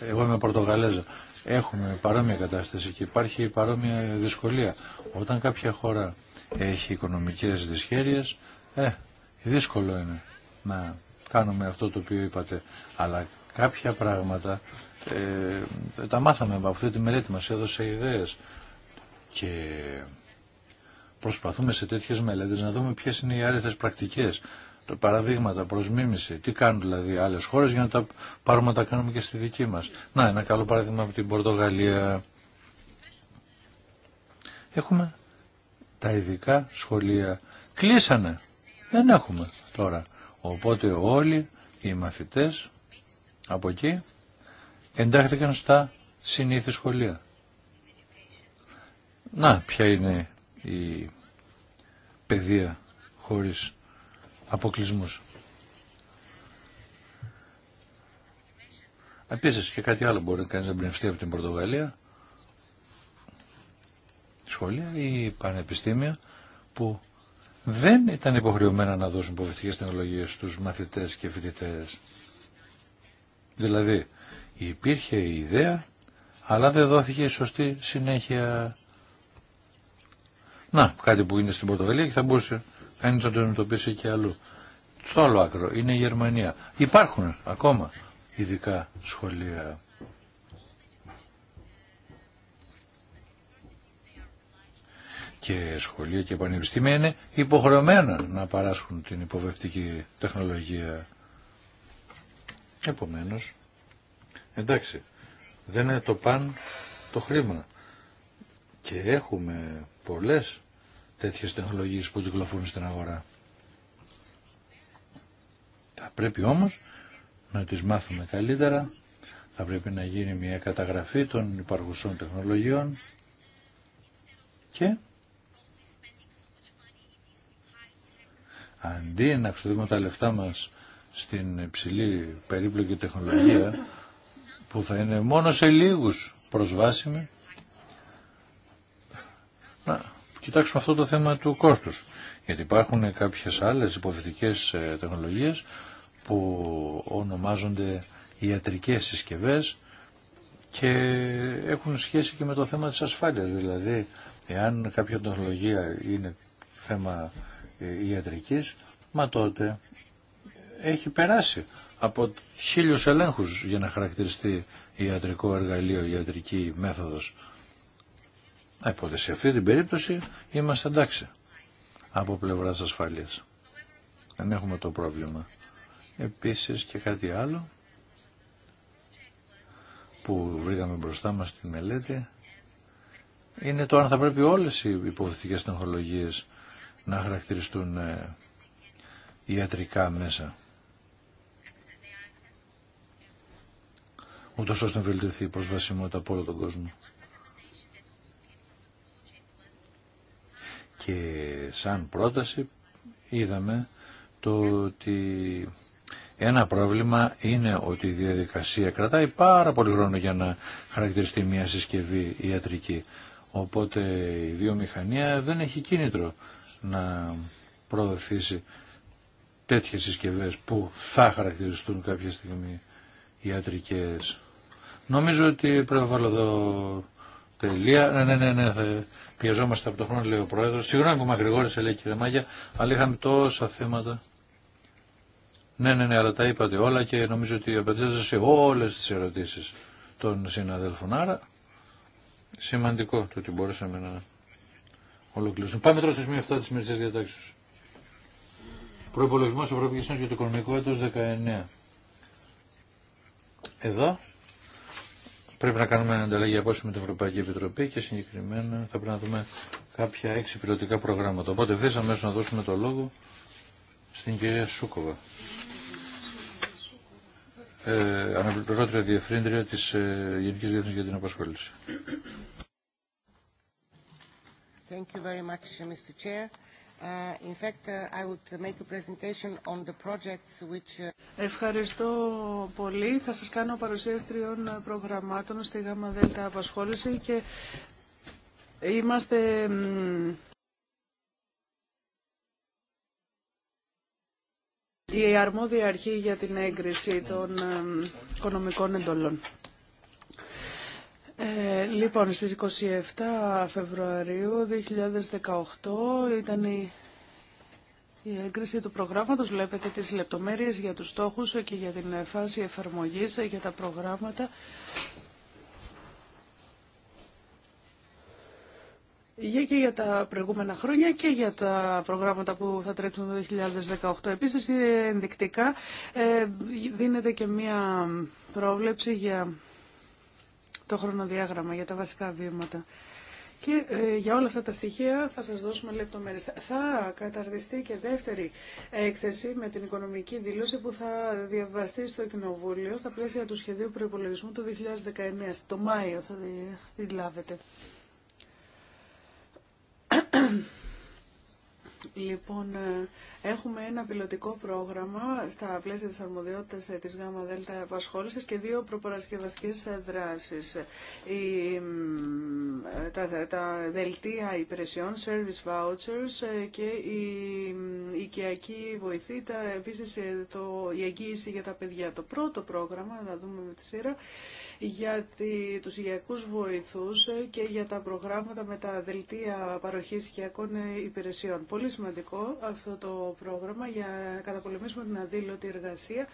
Εγώ είμαι Πορτογαλέζα έχουμε παρόμοια κατάσταση και υπάρχει παρόμοια δυσκολία. Όταν κάποια χώρα έχει οικονομικές δυσχέρειες, ε, δύσκολο είναι να κάνουμε αυτό το οποίο είπατε. Αλλά κάποια πράγματα ε, τα μάθαμε από αυτή τη μελέτη μας, έδωσε ιδέες και προσπαθούμε σε τέτοιες μελέτες να δούμε ποιες είναι οι άρεθες πρακτικές παραδείγματα προς μίμηση. Τι κάνουν δηλαδή άλλες χώρες για να τα πάρουμε να τα κάνουμε και στη δική μας. Να, ένα καλό παράδειγμα από την Πορτογαλία. Έχουμε τα ειδικά σχολεία. Κλείσανε. Δεν έχουμε τώρα. Οπότε όλοι οι μαθητές από εκεί εντάχθηκαν στα συνήθη σχολεία. Να, ποια είναι η παιδεία χωρίς αποκλεισμούς. Επίσης και κάτι άλλο μπορεί κάνει να εμπνευστεί από την Πορτογαλία, σχολεία ή πανεπιστήμια που δεν ήταν υποχρεωμένα να δώσουν υποβεθυντικές τεχνολογίες στους μαθητές και φοιτητές. Δηλαδή υπήρχε η ιδέα αλλά δεν δόθηκε η σωστή συνέχεια. Να, κάτι που είναι στην Πορτογαλία και θα μπορούσε αν το αντιμετωπίσει και αλλού. Στο άλλο άκρο είναι η Γερμανία. Υπάρχουν ακόμα ειδικά σχολεία. Και σχολεία και πανεπιστήμια είναι υποχρεωμένα να παράσχουν την υποβευτική τεχνολογία. Επομένως, εντάξει, δεν είναι το παν το χρήμα. Και έχουμε πολλές Τέτοιε τεχνολογίες που κυκλοφορούν στην αγορά. Θα πρέπει όμως να τις μάθουμε καλύτερα, θα πρέπει να γίνει μια καταγραφή των υπαρχουσών τεχνολογιών και αντί να ξοδεύουμε τα λεφτά μας στην υψηλή περίπλοκη τεχνολογία που θα είναι μόνο σε λίγους προσβάσιμη κοιτάξουμε αυτό το θέμα του κόστους. Γιατί υπάρχουν κάποιες άλλες υποθετικές ε, τεχνολογίες που ονομάζονται ιατρικές συσκευές και έχουν σχέση και με το θέμα της ασφάλειας. Δηλαδή, εάν κάποια τεχνολογία είναι θέμα ε, ιατρικής, μα τότε έχει περάσει από χίλιους ελέγχους για να χαρακτηριστεί ιατρικό εργαλείο, ιατρική μέθοδος. Οπότε σε αυτή την περίπτωση είμαστε εντάξει από πλευράς ασφαλείας. Δεν έχουμε το πρόβλημα. Επίσης και κάτι άλλο που βρήκαμε μπροστά μας στη μελέτη είναι το αν θα πρέπει όλες οι υποθετικές τεχνολογίες να χαρακτηριστούν ε, ιατρικά μέσα. Ούτως ώστε να βελτιωθεί η προσβασιμότητα από όλο τον κόσμο. και σαν πρόταση είδαμε το ότι ένα πρόβλημα είναι ότι η διαδικασία κρατάει πάρα πολύ χρόνο για να χαρακτηριστεί μια συσκευή ιατρική. Οπότε η βιομηχανία δεν έχει κίνητρο να προωθήσει τέτοιες συσκευές που θα χαρακτηριστούν κάποια στιγμή ιατρικές. Νομίζω ότι πρέπει να βάλω εδώ τελεία. Ναι, ναι, ναι, ναι πιεζόμαστε από τον χρόνο, λέει ο Πρόεδρος. Συγγνώμη που μακρηγόρησε, λέει κύριε Μάγια, αλλά είχαμε τόσα θέματα. Ναι, ναι, ναι, αλλά τα είπατε όλα και νομίζω ότι απαντήσατε σε όλες τις ερωτήσεις των συναδέλφων. Άρα, σημαντικό το ότι μπορούσαμε να ολοκληρώσουμε. Πάμε τώρα στις μία αυτά της μερικής διατάξεως. Προϋπολογισμός Ευρωπαϊκής Ένωσης για το οικονομικό έτος 19. Εδώ Πρέπει να κάνουμε ανταλλαγή απόψη με την Ευρωπαϊκή Επιτροπή και συγκεκριμένα θα πρέπει να δούμε κάποια έξι πιλωτικά προγράμματα. Οπότε θέσαμε αμέσως να δώσουμε το λόγο στην κυρία Σούκοβα. Ε, αναπληρώτρια διευθύντρια της ε, Γενικής Διεθνής για την Απασχόληση. Thank you very much, Mr. Chair. Ευχαριστώ πολύ. Θα σας κάνω παρουσίαση τριών προγραμμάτων στη ΓΑΜΑ ΔΕΛΤΑ Απασχόληση και είμαστε... Η αρμόδια αρχή για την έγκριση των οικονομικών εντολών. Ε, λοιπόν, στις 27 Φεβρουαρίου 2018 ήταν η, η έγκριση του προγράμματος. Βλέπετε τις λεπτομέρειες για τους στόχους και για την φάση εφαρμογής για τα προγράμματα. Για και για τα προηγούμενα χρόνια και για τα προγράμματα που θα τρέψουν το 2018. Επίσης, ενδεικτικά ε, δίνεται και μία πρόβλεψη για το χρονοδιάγραμμα για τα βασικά βήματα. Και ε, για όλα αυτά τα στοιχεία θα σας δώσουμε λεπτομέρειες. Θα καταρτιστεί και δεύτερη έκθεση με την οικονομική δήλωση που θα διαβαστεί στο Κοινοβούλιο στα πλαίσια του σχεδίου προϋπολογισμού του 2019. Το Μάιο θα τη λάβετε. Λοιπόν, ε, έχουμε ένα πιλωτικό πρόγραμμα στα πλαίσια της αρμοδιότητας ε, της ΓΑΜΑ ΔΕΛΤΑ επασχόλησης και δύο προπαρασκευαστικές ε, δράσεις. Η, τα, τα δελτία υπηρεσιών, service vouchers και η οικιακή βοηθή, τα, επίσης το, η εγγύηση για τα παιδιά. Το πρώτο πρόγραμμα, να δούμε με τη σειρά, για τους υγειακούς βοηθούς και για τα προγράμματα με τα δελτία παροχής οικιακών υπηρεσιών. Πολύ σημαντικό αυτό το πρόγραμμα για να καταπολεμήσουμε την αδήλωτη εργασία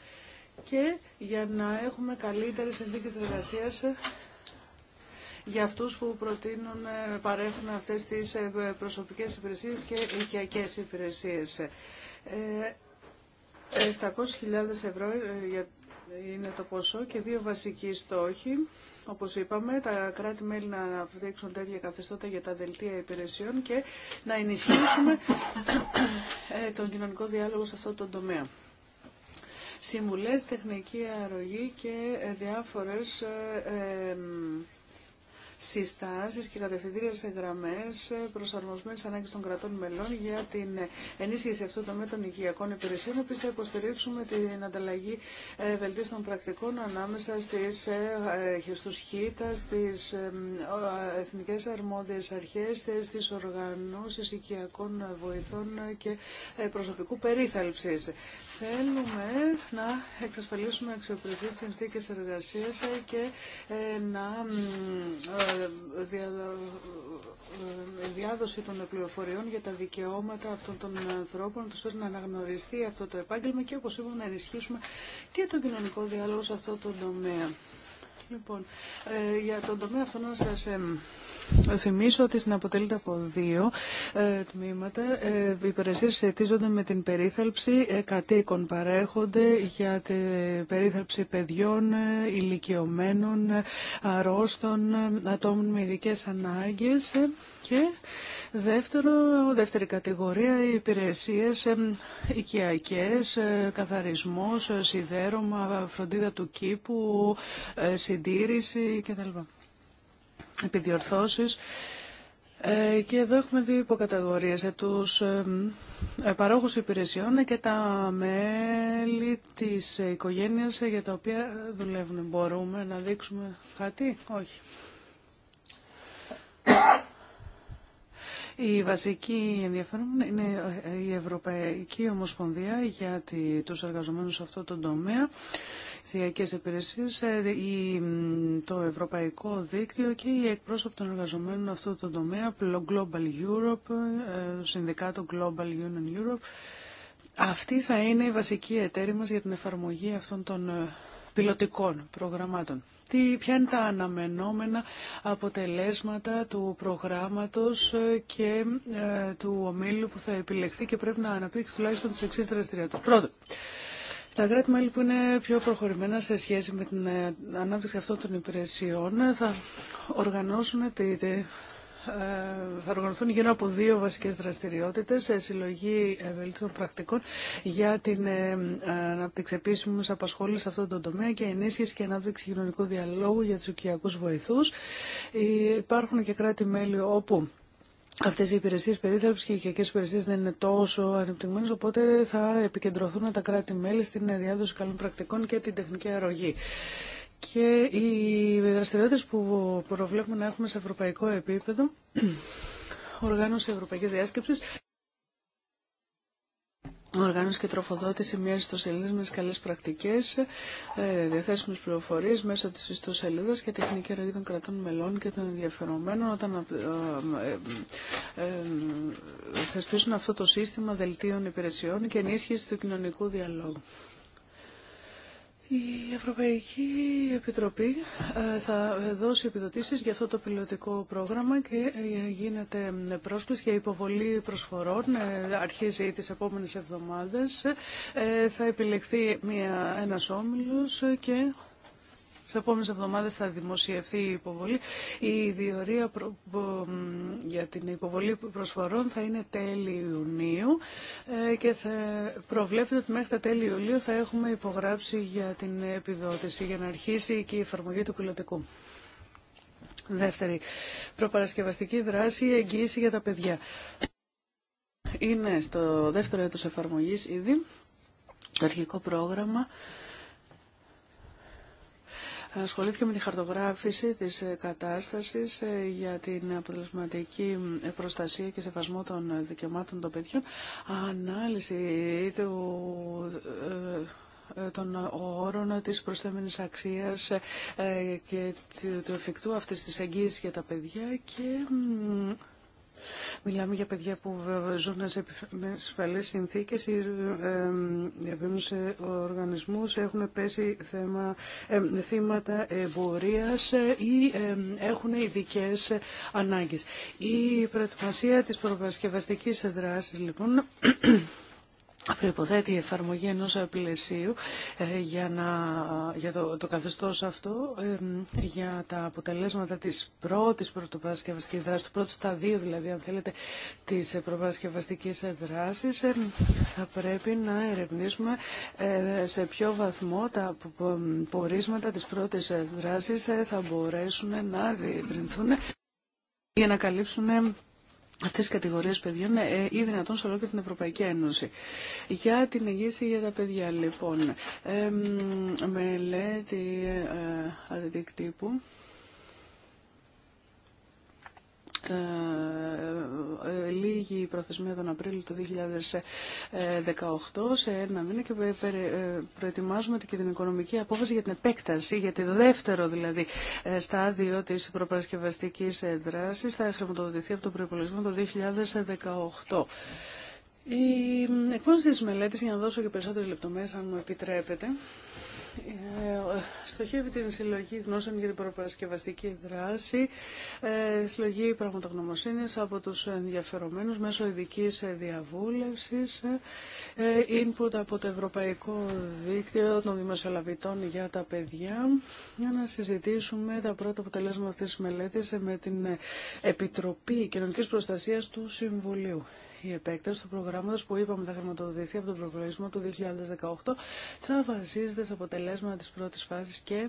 και για να έχουμε καλύτερες συνθήκες εργασίας για αυτούς που προτείνουν, παρέχουν αυτές τις ε, προσωπικές υπηρεσίες και οικιακές υπηρεσίες. 700.000 ε, ευρώ για είναι το ποσό και δύο βασικοί στόχοι. Όπως είπαμε, τα κράτη-μέλη να αναπτύξουν τέτοια καθεστώτα για τα δελτία υπηρεσιών και να ενισχύσουμε ε, τον κοινωνικό διάλογο σε αυτό το τομέα. Συμβουλές, τεχνική αρρωγή και ε, διάφορες ε, Συστάσει και κατευθυντήρια σε γραμμέ, προσαρμοσμένες ανάγκε των κρατών μελών για την ενίσχυση αυτού του τομέα των οικιακών υπηρεσιών. Επίση, θα υποστηρίξουμε την ανταλλαγή ε, βελτίστων πρακτικών ανάμεσα στις, ε, ε, στους ΧΙΤΑ, στις εθνικές αρμόδιες αρχές, στις οργανώσεις οικιακών βοηθών και προσωπικού περίθαλψης. Θέλουμε να εξασφαλίσουμε αξιοπρεπείς συνθήκες εργασίας και ε, να ε, ε, διάδοση των πληροφοριών για τα δικαιώματα αυτών των ανθρώπων, τους ώστε να αναγνωριστεί αυτό το επάγγελμα και όπως είπαμε να ενισχύσουμε και τον κοινωνικό διάλογο σε αυτό το τομέα. Λοιπόν, ε, για τον τομέα αυτό να σας ε, θυμίσω ότι στην από δύο ε, τμήματα. Ε, οι υπηρεσίες σχετίζονται με την περίθαλψη ε, κατοίκων παρέχονται για την περίθαλψη παιδιών, ηλικιωμένων, αρρώστων, ατόμων με ειδικέ ανάγκες και Δεύτερο, δεύτερη κατηγορία, οι υπηρεσίες οικιακές, ε, καθαρισμός, ε, σιδέρωμα, φροντίδα του κήπου, ε, συντήρηση κτλ. Επιδιορθώσεις. Και εδώ έχουμε δύο υποκατηγορίες, τους παρόχους υπηρεσιών και τα μέλη της οικογένειας για τα οποία δουλεύουν. Μπορούμε να δείξουμε κάτι, όχι. Η βασική ενδιαφέρον είναι η Ευρωπαϊκή Ομοσπονδία για τους εργαζομένους σε αυτό το τομέα, θεακές υπηρεσίες, ε, το Ευρωπαϊκό Δίκτυο και η εκπρόσωπη των εργαζομένων αυτό το τομέα, Global Europe, ε, Συνδικάτο Global Union Europe. Αυτή θα είναι η βασική εταίρη μας για την εφαρμογή αυτών των ε, πιλωτικών προγραμμάτων. Τι, ποια είναι τα αναμενόμενα αποτελέσματα του προγράμματος ε, και ε, του ομίλου που θα επιλεχθεί και πρέπει να αναπτύξει τουλάχιστον τις εξής δραστηριότητες. Πρώτον, τα κράτη-μέλη που είναι πιο προχωρημένα σε σχέση με την ε, ανάπτυξη αυτών των υπηρεσιών θα οργανώσουν τη, ε, θα οργανωθούν γύρω από δύο βασικές δραστηριότητες, συλλογή ευελίξεων πρακτικών για την ε, ανάπτυξη επίσημης απασχόληση σε αυτόν τον τομέα και ενίσχυση και ανάπτυξη κοινωνικού διαλόγου για τους οικιακούς βοηθούς. Ε, υπάρχουν και κράτη-μέλη όπου Αυτέ οι υπηρεσίε περίθαλψη και οι οικιακέ υπηρεσίε δεν είναι τόσο ανεπτυγμένε, οπότε θα επικεντρωθούν τα κράτη-μέλη στην διάδοση καλών πρακτικών και την τεχνική αρρωγή και οι δραστηριότητες που προβλέπουμε να έχουμε σε ευρωπαϊκό επίπεδο, οργάνωση ευρωπαϊκής διάσκεψης, Οργάνωση και τροφοδότηση μια ιστοσελίδα με τι καλέ πρακτικέ, ε, διαθέσιμε πληροφορίε μέσα τη ιστοσελίδα και τεχνική αρρωγή των κρατών μελών και των ενδιαφερομένων όταν ε, ε, θεσπίσουν αυτό το σύστημα δελτίων υπηρεσιών και ενίσχυση του κοινωνικού διαλόγου. Η Ευρωπαϊκή Επιτροπή ε, θα δώσει επιδοτήσεις για αυτό το πιλωτικό πρόγραμμα και ε, γίνεται πρόσκληση για υποβολή προσφορών. Ε, αρχίζει τις επόμενες εβδομάδες. Θα επιλεχθεί μια, ένας όμιλος και τις επόμενες εβδομάδες θα δημοσιευθεί η υποβολή. Η διορία για την υποβολή προσφορών θα είναι τέλη Ιουνίου ε, και θα προβλέπεται ότι μέχρι τα τέλη Ιουλίου θα έχουμε υπογράψει για την επιδότηση για να αρχίσει και η εφαρμογή του πιλωτικού. Δεύτερη, προπαρασκευαστική δράση, εγγύηση για τα παιδιά. Είναι στο δεύτερο έτος εφαρμογής ήδη το αρχικό πρόγραμμα ασχολήθηκε με τη χαρτογράφηση της ε, κατάστασης ε, για την αποτελεσματική ε, προστασία και σεβασμό των δικαιωμάτων των παιδιών, ανάλυση του των όρων της προσθέμενης αξίας και του εφικτού αυτής της εγγύησης για τα παιδιά και Μιλάμε για παιδιά που ζουν σε ασφαλέ πέσει θέμα, θύματα εμπορίας ή έχουν ειδικέ ανάγκες. Η σε οργανισμους εχουν πεσει θεμα θυματα εμποριας η εχουν ειδικε αναγκες η προετοιμασια της σε δράση, λοιπόν προϋποθέτει η εφαρμογή ενός πλαισίου ε, για, να, για το, το καθεστώς αυτό, για τα αποτελέσματα της πρώτης πρωτοπαρασκευαστικής δράσης, του πρώτου σταδίου δηλαδή, αν θέλετε, της πρωτοπαρασκευαστικής δράσης, θα πρέπει να ερευνήσουμε ε, σε ποιο βαθμό τα πορίσματα της πρώτης δράσης ε, θα μπορέσουν να διευρυνθούν για να καλύψουν αυτές τις κατηγορίες παιδιών ε, ή δυνατόν σε και την Ευρωπαϊκή Ένωση. Για την εγγύηση για τα παιδιά, λοιπόν, ε, μελέτη ε, ε ε, ε, λίγη προθεσμία τον Απρίλιο του 2018 σε ένα μήνα και ε, προετοιμάζουμε και την οικονομική απόφαση για την επέκταση, για το δεύτερο δηλαδή στάδιο της προπαρασκευαστικής δράσης θα χρηματοδοτηθεί από το προϋπολογισμό το 2018. Η εκπόνηση της μελέτης, για να δώσω και περισσότερες λεπτομέρειες αν μου επιτρέπετε, ε, στοχεύει την συλλογή γνώσεων για την προπαρασκευαστική δράση, ε, συλλογή πραγματογνωμοσύνης από τους ενδιαφερομένους μέσω ειδική διαβούλευσης, ε, input από το Ευρωπαϊκό Δίκτυο των Δημοσιολαβητών για τα Παιδιά, για να συζητήσουμε τα πρώτα αποτελέσματα αυτής της μελέτης με την Επιτροπή Κοινωνικής Προστασίας του Συμβουλίου η επέκταση του προγράμματος που είπαμε θα χρηματοδοτηθεί από τον προπολογισμό του 2018 θα βασίζεται στα αποτελέσματα της πρώτης φάσης και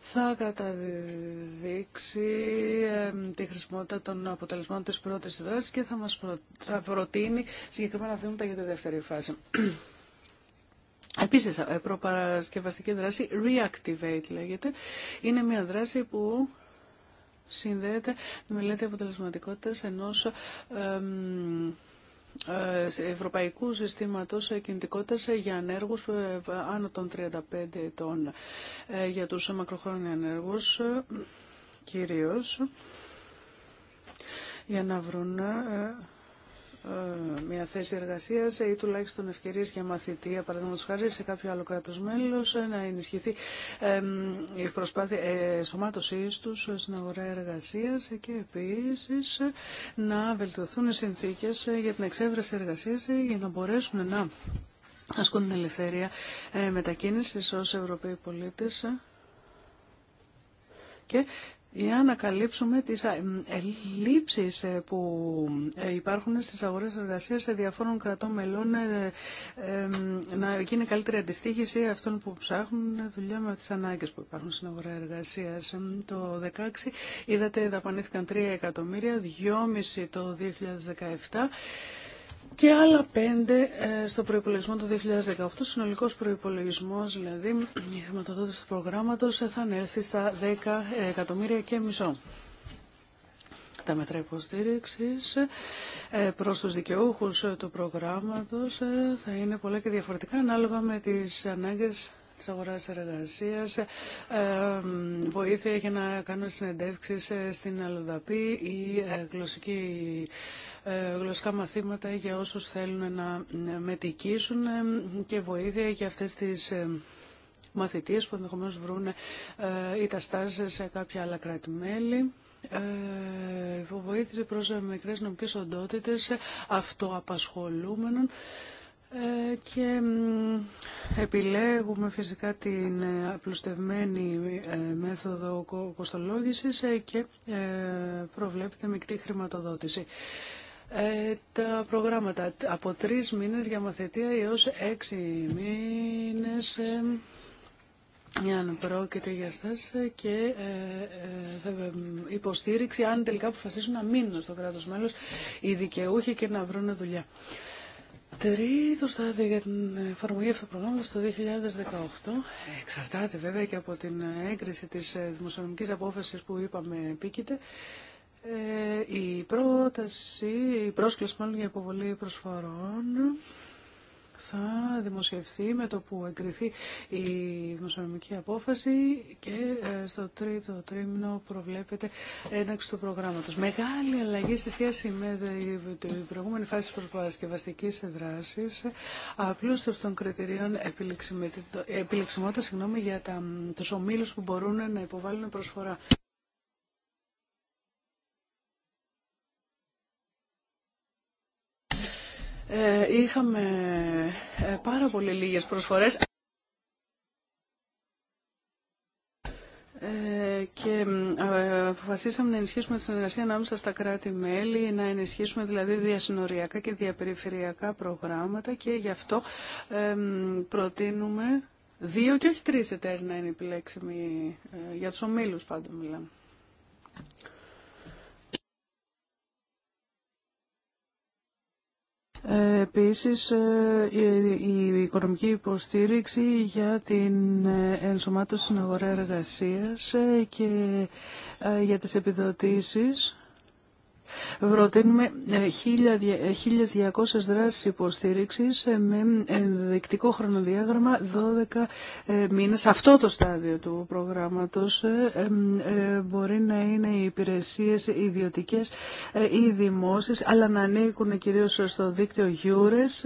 θα καταδείξει τη χρησιμότητα των αποτελεσμάτων της πρώτης δράσης και θα μας θα προτείνει συγκεκριμένα βήματα για τη δεύτερη φάση. Επίσης, ε, προπαρασκευαστική δράση, reactivate λέγεται, είναι μια δράση που συνδέεται με μελέτη αποτελεσματικότητας ενός ε, Ευρωπαϊκού Συστήματος Κινητικότητας για ανέργους ε, άνω των 35 ετών για τους μακροχρόνια ανέργους κυρίως για να βρουν ε, μια θέση εργασίας ή τουλάχιστον ευκαιρίες για μαθητεία, παραδείγματος εργασία ε, η προσπάθεια αλλο κράτο μέλο, να ενισχυθει η προσπαθεια σωμάτωσή του στην αγορά εργασία και επίσης να βελτιωθούν οι συνθήκες για την εξέβραση εργασία για να μπορέσουν να ασκούν την ελευθερία ε, μετακίνησης ως Ευρωπαίοι πολίτες και για να καλύψουμε τις ελλείψεις ε, που ε, υπάρχουν στις αγορές εργασίας σε διαφόρων κρατών μελών, ε, να γίνει καλύτερη αντιστοίχηση αυτών που ψάχνουν δουλειά με τις ανάγκες που υπάρχουν στην αγορά εργασίας. Το 2016 είδατε δαπανήθηκαν 3 εκατομμύρια, 2,5 το 2017 και άλλα πέντε ε, στο προϋπολογισμό του 2018. Συνολικός προϋπολογισμός, δηλαδή η χρηματοδότηση του προγράμματος ε, θα ανέλθει στα 10 εκατομμύρια και μισό. Τα μέτρα υποστήριξη ε, προς τους δικαιούχους του προγράμματος θα είναι πολλά και διαφορετικά ανάλογα με τις ανάγκες της αγοράς εργασίας, ε, βοήθεια για να κάνουν συνεντεύξεις στην Αλλοδαπή ή ε, γλωσσική ε, γλωσσικά μαθήματα για όσους θέλουν να μετικήσουν ε, και βοήθεια για αυτές τις ε, μαθητείες που ενδεχομένως βρουν ή τα στάσει σε κάποια άλλα κράτη-μέλη που βοήθησε προς μικρές νομικές οντότητες αυτοαπασχολούμενων και επιλέγουμε φυσικά την απλουστευμένη μέθοδο κοστολόγησης και προβλέπεται μεικτή χρηματοδότηση. Ε, τα προγράμματα από τρεις μήνες για μαθητεία έως έξι μήνες αν ε, πρόκειται για στάση ε, και υποστήριξη αν τελικά αποφασίσουν να μείνουν στο κράτος μέλος οι δικαιούχοι και να βρουν δουλειά. Τρίτο στάδιο για την εφαρμογή αυτού του προγράμματος το 2018 εξαρτάται βέβαια και από την έγκριση τη δημοσιονομική απόφαση που είπαμε επίκειται ε, η πρόταση, η πρόσκληση μάλλον για υποβολή προσφορών θα δημοσιευθεί με το που εγκριθεί η δημοσιονομική απόφαση και ε, στο τρίτο τρίμηνο προβλέπεται έναξη του προγράμματος. Μεγάλη αλλαγή σε σχέση με την προηγούμενη φάση της προπαρασκευαστικής δράσης, απλούστευση των κριτηρίων επιλεξιμότητας για τα, τους ομίλους που μπορούν να υποβάλουν προσφορά. Ε, είχαμε ε, πάρα πολύ λίγες προσφορές ε, και αποφασίσαμε να ενισχύσουμε τη συνεργασία ανάμεσα στα κράτη-μέλη, να ενισχύσουμε δηλαδή διασυνοριακά και διαπεριφερειακά προγράμματα και γι' αυτό προτείνουμε δύο και όχι τρεις εταίροι να είναι επιλέξιμοι, για τους ομίλους πάντα μιλάμε. Ε, επίσης, ε, η οικονομική υποστήριξη για την ε, ενσωμάτωση στην αγορά εργασίας και για τις επιδοτήσεις Προτείνουμε 1.200 ε, ε, δράσεις υποστήριξης ε, με δεκτικό χρονοδιάγραμμα 12 μήνες. Αυτό το στάδιο του προγράμματος μπορεί να είναι οι υπηρεσίες ιδιωτικές ή δημόσιες, αλλά να ανήκουν κυρίως στο δίκτυο Γιούρες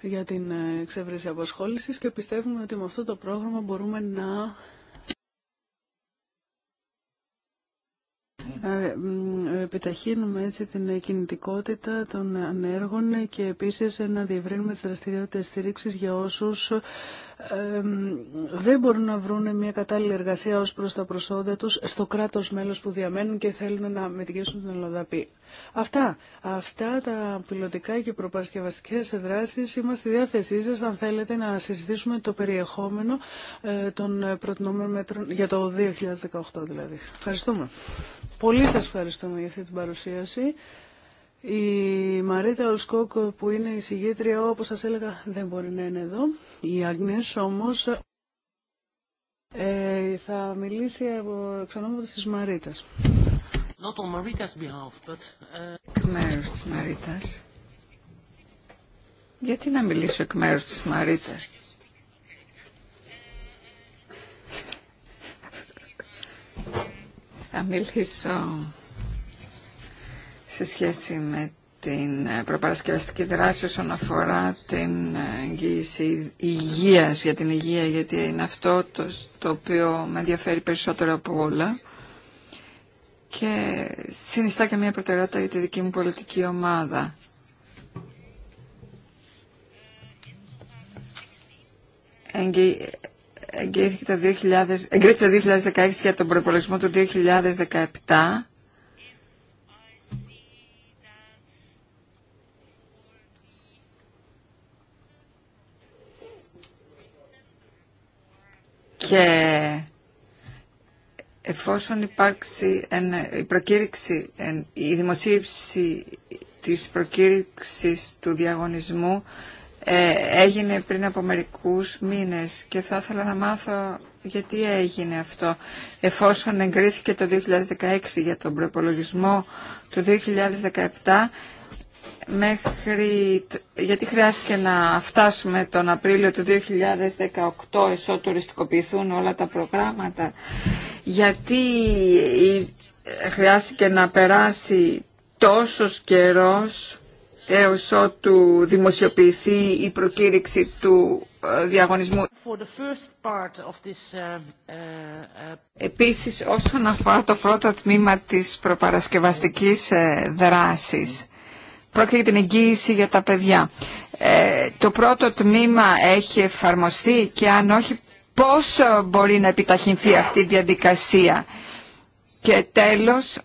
για την εξεύρεση απασχόλησης και πιστεύουμε ότι με αυτό το πρόγραμμα μπορούμε να Ε, επιταχύνουμε έτσι την κινητικότητα των ανέργων και επίσης να διευρύνουμε τις δραστηριότητες στήριξης για όσους ε, δεν μπορούν να βρουν μια κατάλληλη εργασία ως προς τα προσόντα τους στο κράτος μέλος που διαμένουν και θέλουν να μετηγήσουν την Ελλοδαπή. Αυτά, αυτά τα πιλωτικά και προπαρασκευαστικέ δράσεις είμαστε στη διάθεσή σας αν θέλετε να συζητήσουμε το περιεχόμενο ε, των προτινόμενων μέτρων για το 2018 δηλαδή. Ευχαριστούμε. Πολύ σας ευχαριστούμε για αυτή την παρουσίαση. Η Μαρίτα Ολσκόκ που είναι η συγγήτρια όπως σας έλεγα δεν μπορεί να είναι εδώ. Η Αγνές όμως ε, θα μιλήσει από εξονόματος της Μαρίτας. Not on Marita's ε, Εκ μέρους της Μαρίτας. Γιατί να μιλήσω εκ μέρους της Μαρίτας. Θα μιλήσω σε σχέση με την προπαρασκευαστική δράση όσον αφορά την εγγύηση υγείας, για την υγεία, γιατί είναι αυτό το, το οποίο με ενδιαφέρει περισσότερο από όλα και συνιστά και μια προτεραιότητα για τη δική μου πολιτική ομάδα εγκρίθηκε το 2016 για τον προπολογισμό του 2017 και εφόσον υπάρξει η προκήρυξη, η δημοσίευση της προκήρυξης του διαγωνισμού ε, έγινε πριν από μερικούς μήνες και θα ήθελα να μάθω γιατί έγινε αυτό εφόσον εγκρίθηκε το 2016 για τον προπολογισμό του 2017 μέχρι, γιατί χρειάστηκε να φτάσουμε τον Απρίλιο του 2018 εσώ τουριστικοποιηθούν όλα τα προγράμματα γιατί ε, χρειάστηκε να περάσει τόσος καιρός έως ότου δημοσιοποιηθεί η προκήρυξη του διαγωνισμού. Επίσης, όσον αφορά το πρώτο τμήμα της προπαρασκευαστικής ε, δράσης, πρόκειται για την εγγύηση για τα παιδιά. Ε, το πρώτο τμήμα έχει εφαρμοστεί και αν όχι, πώς μπορεί να επιταχυνθεί αυτή η διαδικασία. Και τέλος,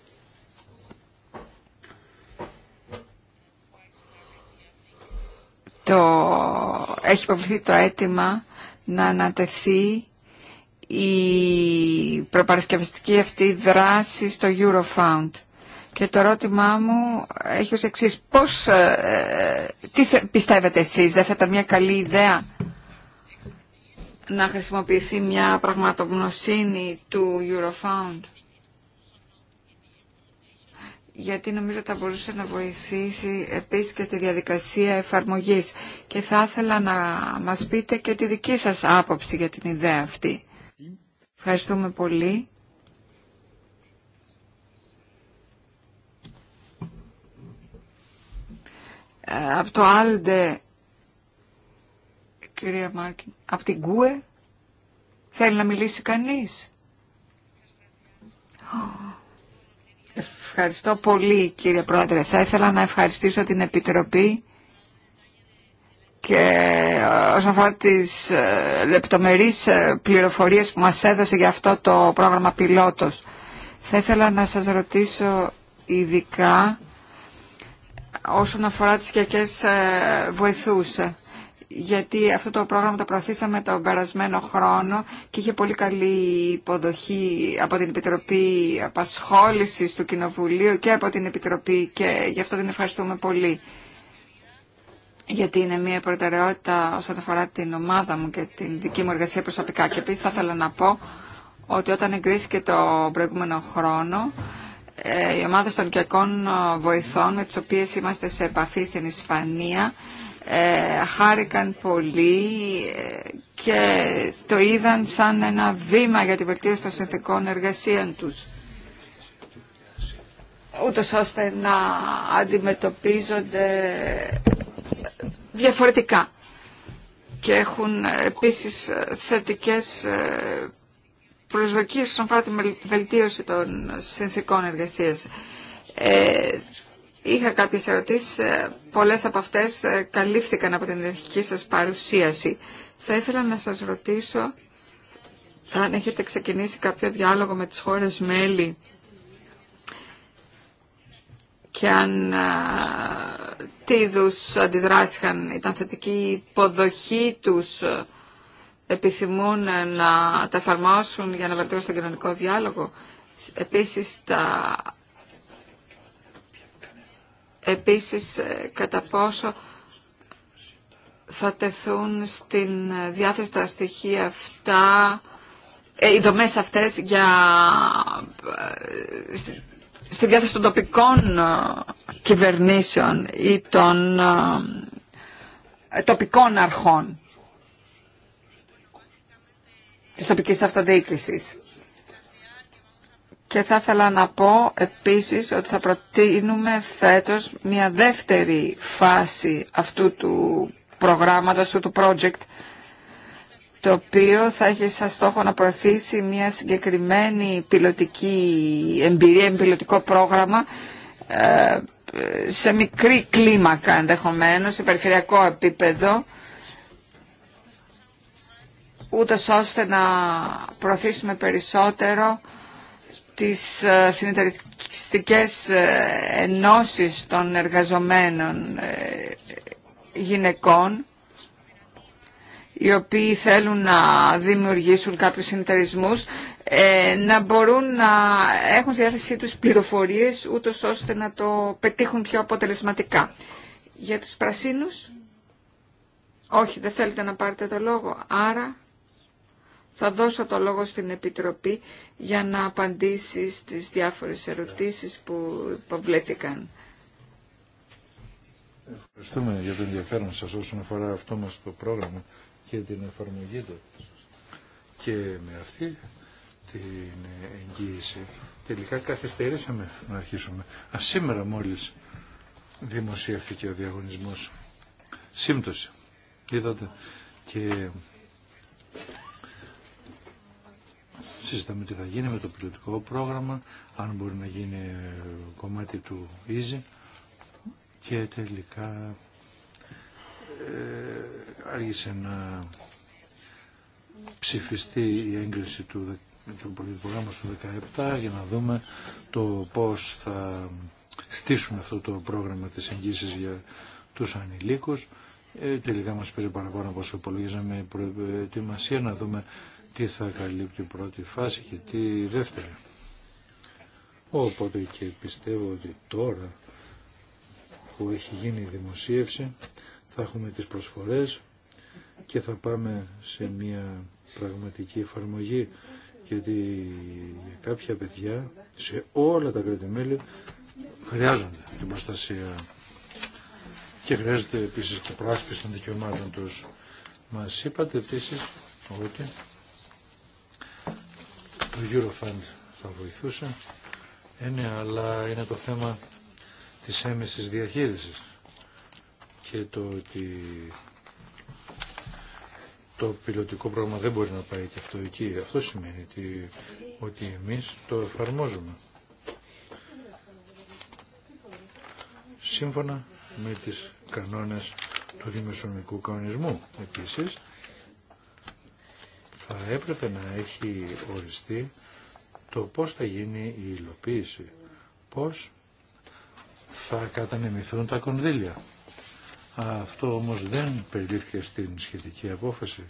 το, έχει υποβληθεί το αίτημα να ανατεθεί η προπαρασκευαστική αυτή δράση στο Eurofound. Και το ερώτημά μου έχει ως εξής. Πώς, ε, ε, τι πιστεύετε εσείς, δεν θα ήταν μια καλή ιδέα να χρησιμοποιηθεί μια πραγματογνωσύνη του Eurofound γιατί νομίζω θα μπορούσε να βοηθήσει επίσης και στη διαδικασία εφαρμογής. Και θα ήθελα να μας πείτε και τη δική σας άποψη για την ιδέα αυτή. Ευχαριστούμε πολύ. Ε, από το Άλντε, κυρία Μάρκιν, από την Κούε, θέλει να μιλήσει κανείς. Ευχαριστώ πολύ κύριε Πρόεδρε. Θα ήθελα να ευχαριστήσω την Επιτροπή και ε, όσον αφορά τις ε, λεπτομερείς ε, πληροφορίες που μας έδωσε για αυτό το πρόγραμμα πιλότος. Θα ήθελα να σας ρωτήσω ειδικά όσον αφορά τις κερκές βοηθούς γιατί αυτό το πρόγραμμα το προωθήσαμε τον περασμένο χρόνο και είχε πολύ καλή υποδοχή από την Επιτροπή Απασχόλησης του Κοινοβουλίου και από την Επιτροπή και γι' αυτό την ευχαριστούμε πολύ. Γιατί είναι μια προτεραιότητα όσον αφορά την ομάδα μου και την δική μου εργασία προσωπικά. Και επίσης θα ήθελα να πω ότι όταν εγκρίθηκε το προηγούμενο χρόνο ε, οι ομάδες των οικιακών ε, βοηθών με τις οποίες είμαστε σε επαφή στην Ισπανία ε, χάρηκαν πολύ και το είδαν σαν ένα βήμα για τη βελτίωση των συνθηκών εργασίων τους ούτως ώστε να αντιμετωπίζονται διαφορετικά και έχουν επίσης θετικές προσδοκίες όσον αφορά τη βελτίωση των συνθήκων εργασία. Ε, είχα κάποιες ερωτήσεις, ε, πολλές από αυτές ε, καλύφθηκαν από την αρχική σας παρουσίαση. Θα ήθελα να σα ρωτήσω αν έχετε ξεκινήσει κάποιο διάλογο με τις χώρες μέλη και αν τι είδου αντιδράσχαν, ήταν θετική υποδοχή τους επιθυμούν να τα εφαρμόσουν για να βελτιώσουν τον κοινωνικό διάλογο. Επίσης, τα... Επίσης ε, κατά πόσο θα τεθούν στην διάθεση τα στοιχεία αυτά, ε, οι αυτές για, ε, στη διάθεση των τοπικών κυβερνήσεων ή των τοπικών αρχών της τοπικής αυτοδιοίκησης. Και θα ήθελα να πω επίσης ότι θα προτείνουμε φέτος μια δεύτερη φάση αυτού του προγράμματος, του project, το οποίο θα έχει σαν στόχο να προωθήσει μια συγκεκριμένη πιλωτική εμπειρία, πιλωτικό πρόγραμμα ε, σε μικρή κλίμακα ενδεχομένως, σε περιφερειακό επίπεδο, ούτω ώστε να προωθήσουμε περισσότερο τις ε, συνεταιριστικές ε, ενώσεις των εργαζομένων ε, γυναικών οι οποίοι θέλουν να δημιουργήσουν κάποιους συνεταιρισμούς να μπορούν να έχουν στη διάθεσή τους πληροφορίες ούτως ώστε να το πετύχουν πιο αποτελεσματικά. Για τους πρασίνους, όχι δεν θέλετε να πάρετε το λόγο, άρα θα δώσω το λόγο στην Επιτροπή για να απαντήσει στις διάφορες ερωτήσεις που υποβλέθηκαν. Ευχαριστούμε για το ενδιαφέρον σας όσον αφορά αυτό μας το πρόγραμμα και την εφαρμογή του. Και με αυτή την εγγύηση τελικά καθυστερήσαμε να αρχίσουμε. Α, σήμερα μόλις δημοσιεύθηκε ο διαγωνισμός. Σύμπτωση. Είδατε. Και Συζητάμε τι θα γίνει με το πιλωτικό πρόγραμμα, αν μπορεί να γίνει κομμάτι του EASY και τελικά ε, άργησε να ψηφιστεί η έγκριση του, του προγράμματος του 2017 για να δούμε το πώς θα στήσουμε αυτό το πρόγραμμα της εγγύησης για τους ανηλίκους. Ε, τελικά μας πήρε παραπάνω όπως υπολογίζαμε η προετοιμασία, να δούμε τι θα καλύπτει η πρώτη φάση και τι δεύτερη. Οπότε και πιστεύω ότι τώρα που έχει γίνει η δημοσίευση θα έχουμε τις προσφορές και θα πάμε σε μια πραγματική εφαρμογή γιατί για κάποια παιδιά σε όλα τα κρατη χρειάζονται την προστασία και χρειάζεται επίσης και πράσπιση των δικαιωμάτων τους. Μας είπατε επίσης ότι το Eurofund θα βοηθούσε. Ε, ναι, αλλά είναι το θέμα της έμεσης διαχείρισης και το ότι το πιλωτικό πρόγραμμα δεν μπορεί να πάει και αυτό εκεί. Αυτό σημαίνει ότι, ότι εμείς το εφαρμόζουμε. Σύμφωνα με τις κανόνες του δημοσιονομικού κανονισμού επίσης θα έπρεπε να έχει οριστεί το πώς θα γίνει η υλοποίηση, πώς θα κατανεμηθούν τα κονδύλια. Αυτό όμως δεν περιλήφθηκε στην σχετική απόφαση,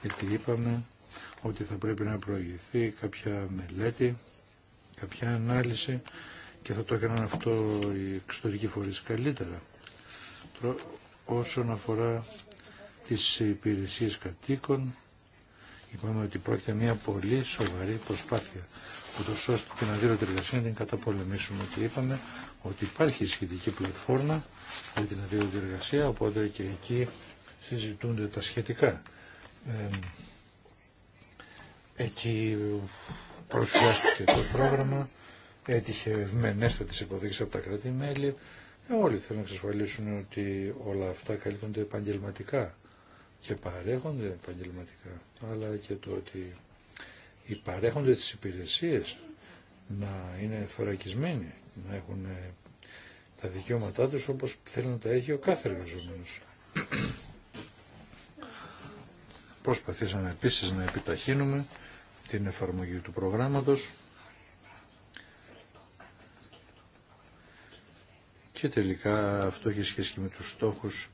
γιατί είπαμε ότι θα πρέπει να προηγηθεί κάποια μελέτη, κάποια ανάλυση και θα το έκαναν αυτό οι εξωτερικοί φορείς καλύτερα. Όσον αφορά τις υπηρεσίες κατοίκων, είπαμε ότι πρόκειται μια πολύ σοβαρή προσπάθεια ούτω ώστε την αδύρωτη εργασία να την καταπολεμήσουμε και είπαμε ότι υπάρχει σχετική πλατφόρμα για την αδύρωτη εργασία οπότε και εκεί συζητούνται τα σχετικά. Ε, εκεί παρουσιάστηκε το πρόγραμμα, έτυχε ευμενέστατες υποδείξεις από τα κράτη-μέλη. Ε, όλοι θέλουν να εξασφαλίσουν ότι όλα αυτά καλύπτονται επαγγελματικά και παρέχονται επαγγελματικά, αλλά και το ότι οι παρέχονται τις υπηρεσίες να είναι θωρακισμένοι, να έχουν ε, τα δικαιώματά τους όπως θέλει να τα έχει ο κάθε εργαζόμενος. Προσπαθήσαμε επίσης να επιταχύνουμε την εφαρμογή του προγράμματος και τελικά αυτό έχει σχέση και με τους στόχους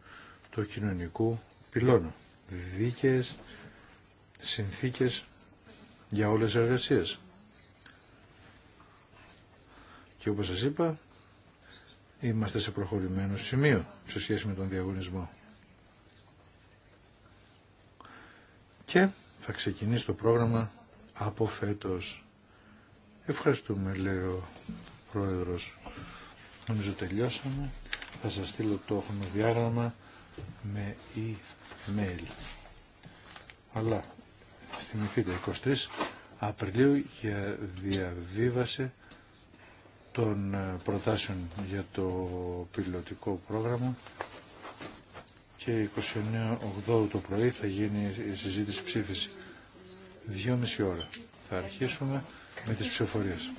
του κοινωνικού πυλώνα. Δίκαιες συνθήκες για όλες τις εργασίες. Και όπως σας είπα, είμαστε σε προχωρημένο σημείο σε σχέση με τον διαγωνισμό. Και θα ξεκινήσει το πρόγραμμα από φέτος. Ευχαριστούμε, λέει ο Πρόεδρος. Νομίζω τελειώσαμε. Θα σας στείλω το χρονοδιάγραμμα με email. Αλλά θυμηθείτε 23 Απριλίου για διαβίβαση των ε, προτάσεων για το πιλωτικό πρόγραμμα και 29 το πρωί θα γίνει η συζήτηση ψήφιση. Δυόμιση ώρα θα αρχίσουμε με τις ψηφοφορίες.